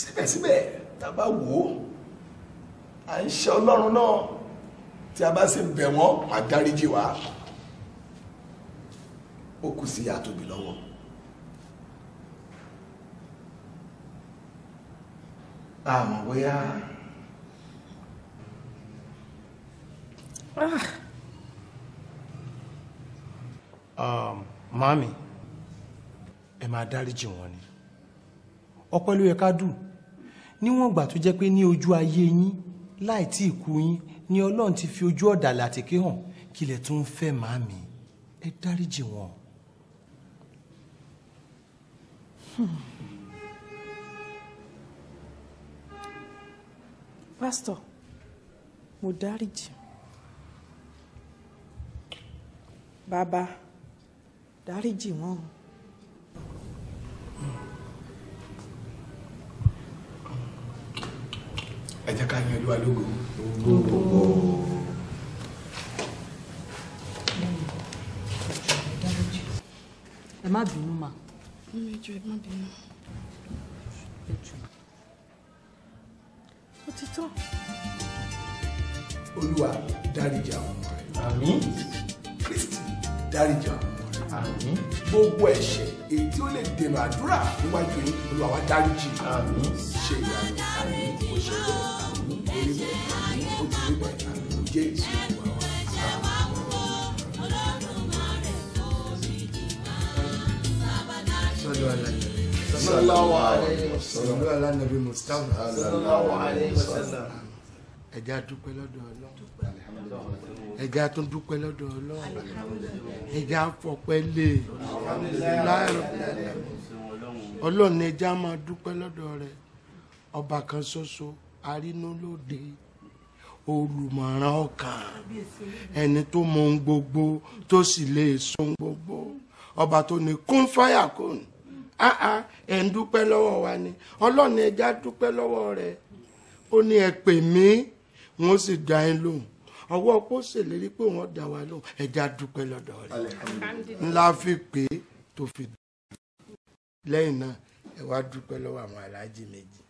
[SPEAKER 2] síbẹ̀síbẹ̀ tá a bá wò ó à ń ṣe ọlọ́run náà tí a bá sì bẹ̀ wọ́n wà dáríjì wá ó kù sí àtòbí lọ́wọ́
[SPEAKER 3] àmọ́ bóyá. Ah.
[SPEAKER 2] Um, màámi ẹ máa dáríjì wọn ni ọpẹ́ ló yẹ ká dù níwọ̀n ìgbà tó jẹ́ pé ní ojú ayé yín láì tí ì kú yín ni ọlọ́run ti fi ojú ọ̀dàlẹ̀ àtìké hàn kílẹ̀ tó ń fẹ́ màámi ẹ
[SPEAKER 4] dáríjì wọn. Hmm.
[SPEAKER 2] pásítọ̀ mo dáríjì bàbá dáríjì wọn o. ká yan olúwa lógo.
[SPEAKER 1] ẹ má bínú mà.
[SPEAKER 4] ẹjọ ẹ má bínú.
[SPEAKER 2] ó ti tán. olúwa dáríjì àwọn ọmọ rẹ. àmín. kristi dáríjì àwọn ọmọ rẹ. gbogbo ẹ̀ṣẹ̀ èyí tí lè dènà àdúrà níwájú olúwa wa dáríjì. ṣe ìyanu àmín kò ṣe bẹ́ẹ̀ sallallahu alayhi wa sallallahu alayhi wa sallam ẹjẹ adúpẹ́ lọ́dọ̀ Ọlọ́run ẹjẹ atún dúpẹ́ lọ́dọ̀ Ọlọ́run ẹjẹ afọpẹ́ lè Ọlọ́run ẹjẹ a máa lọ́dọ̀ rẹ̀ ọba kan ṣoṣo arínúlóde olùmọ̀ràn ọkàn ẹni tó mọ ohun gbogbo tó sì lè so ohun gbogbo ọba tó ní kún fáyà kún ẹ̀ ń dúpẹ́ lọ́wọ́ wa ni ọlọ́ọ̀ni ẹja dúpẹ́ lọ́wọ́ rẹ̀ ó ní ẹ pè mí wọ́n sì dá ẹ lóhùn ọwọ́ kó ṣèlérí pé wọ́n dá wa lóhùn ẹja dúpẹ́ lọ́dọ̀ rẹ̀ ńlá fi pé tó fi dùn lẹ́yìn náà ẹ wá dúpẹ́ lọ́wọ́ àwọn aláàjì méjì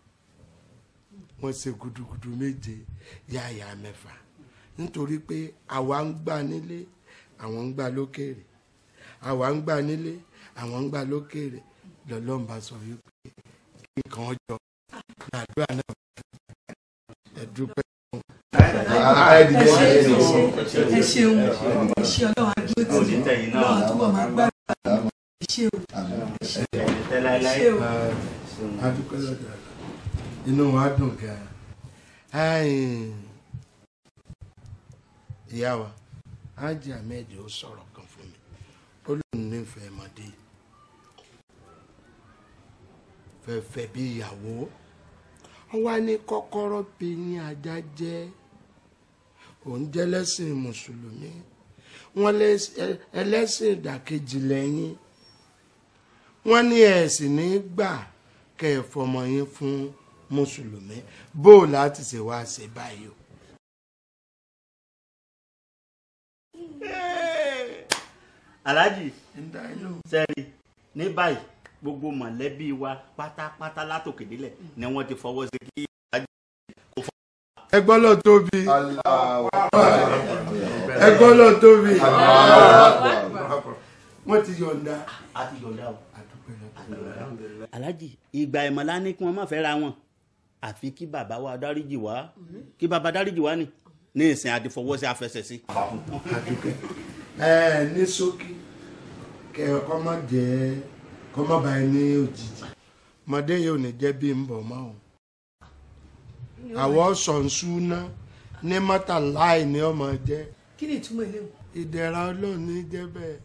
[SPEAKER 2] wọ́n ṣe gudugudu méje yáyà mẹ́fà nítorí pé àwa ń gbà nílé àwọn ń gbà lókèrè àwa ń gbà nílé àwọn ń gbà lókèrè lọ́lọ́run bá sọ wípé kí nǹkan
[SPEAKER 4] ọjọ́ nàdúrà náà ẹ dúpẹ́. ẹ ṣeun ẹ ṣe ọlọ́run adúró tì lọ́wọ́
[SPEAKER 3] túbọ̀ máa gbára ẹ ṣeun ẹ ṣeun
[SPEAKER 2] inú wa dùn gan-an ìyá wa ájì ahmed ó sọ̀rọ̀ kan fún mi ó lóun nífẹ̀ẹ́ ọmọdé fẹ̀fẹ̀ bí ìyàwó wọ́n wá ní kọ́kọ́rọ́ bí ní ajá jẹ́ òun jẹ́ lẹ́sìn mùsùlùmí wọ́n ẹlẹ́sìn ìdàkejì lẹ́yìn wọ́n ní ẹ̀sìn ní gbà fọmọ yín fún un mùsùlùmí bó o láti ṣe wá ṣe báyìí o. aláàjì sẹ́rí ní báyìí gbogbo mọ̀lẹ́bí wa pátápátá látòkè délẹ̀ ni wọ́n ti fọwọ́ sí kí aláàjì kò fọ́. ẹgbọ́n lọ tóbi ẹgbọ́n lọ tóbi
[SPEAKER 1] wọ́n ti yọ̀ǹda.
[SPEAKER 2] a ti yọ̀ǹda o. aláàjì ìgbà ìmọ̀lá ní kí wọ́n má fẹ́ ra wọn àfi kí bàbá wa dáríjì wá kí bàbá dáríjì wá ni ní ìsìn àdìfọwọ́sí afẹsẹ̀ sí.
[SPEAKER 4] ẹ ní ṣókí
[SPEAKER 2] kẹ ọkọ má jẹ kọ má bàa ní òjijì ọmọdé yìí ní jẹ bí n bọ mọ o àwọ sọǹsù ná ní mọtàláì ni ọmọ jẹ.
[SPEAKER 4] kí ni ìtumọ̀ eléwu. ìdẹ̀ra ọlọ́run ní jẹ́ bẹ́ẹ̀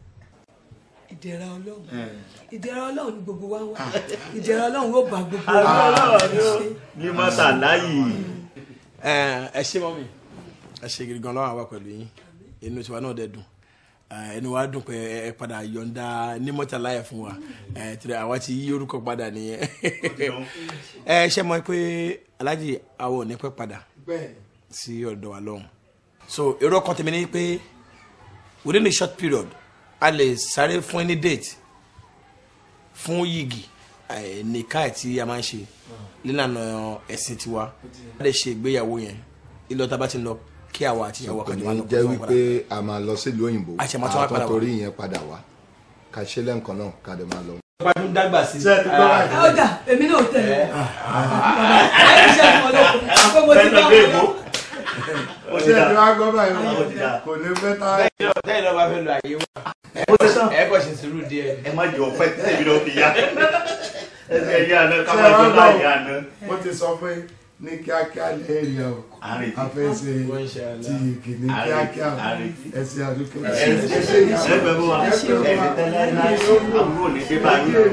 [SPEAKER 2] ìdẹ̀ra ọlọ́run ìdẹ̀ra ọlọ́run ni gbogbo wa ń wá ah. ìdẹ̀ra ọlọ́run ó bá gbogbo wa ṣe. ní mọ́tà láyì. ẹ ṣé mọ́mí ẹ ṣé gidi gan lọ́wọ́ àwa pẹ̀lú yín inú tiwa náà dẹ̀ dùn ẹni wa dùn pé ẹ padà yọ̀ǹda ní mọ́tà láyà fún wa tẹ̀lé àwa ti yí orúkọ padà nìyẹn ẹ ṣe mọ̀ pé aláàjì àwọn ò ní pẹ́ padà sí ọ̀dọ̀ wa lọ́hùn so èrò ọkàn tèmi ni pé within a short period a lè sáré fún any date fún yìgì eh, nìkan tí a máa ń ṣe nílànà ẹ̀sìn tiwa a lè ṣe ìgbéyàwó yẹn ìlọ tá a bá ti lọ kí àwa àti ìyàwó àkàtúntò máa lọ kó tó wọn padà. jẹ́ wípé a máa lọ sílùú òyìnbó àtọ́ torí ìyẹn padà wá ká ṣe lẹ́ǹkan náà ká dẹ̀ máa lọ. ìpàdé ń dàgbà sí. ṣé ẹ ti gbọ́ láti. ọjà èmi náà tẹ̀lé. Eh. àti ṣe àti ọlọ́kùnrin àkókò ti bá wọn lọ o ṣe ìlú agbọ́bà yìí kò ní pẹ́ tá a. bẹ́ẹ̀ lọ́ba fẹ́ lo àyè wa ẹ kò ṣe sùúrù díẹ̀. ẹ má jẹ ọ̀pẹ tẹ̀mí lọ fi ya ẹsẹ̀ yìí àná ká má jọ láàyè àná. mo ti sọ pé ní kíákíá lè rí ọ afẹsẹ ti kìíní kíákíá ẹsẹ àdúgbò ẹsẹ ẹsẹ ẹgbẹ mọ ẹsẹ
[SPEAKER 4] tẹlẹ náà àbúrò
[SPEAKER 2] ní débà yìí.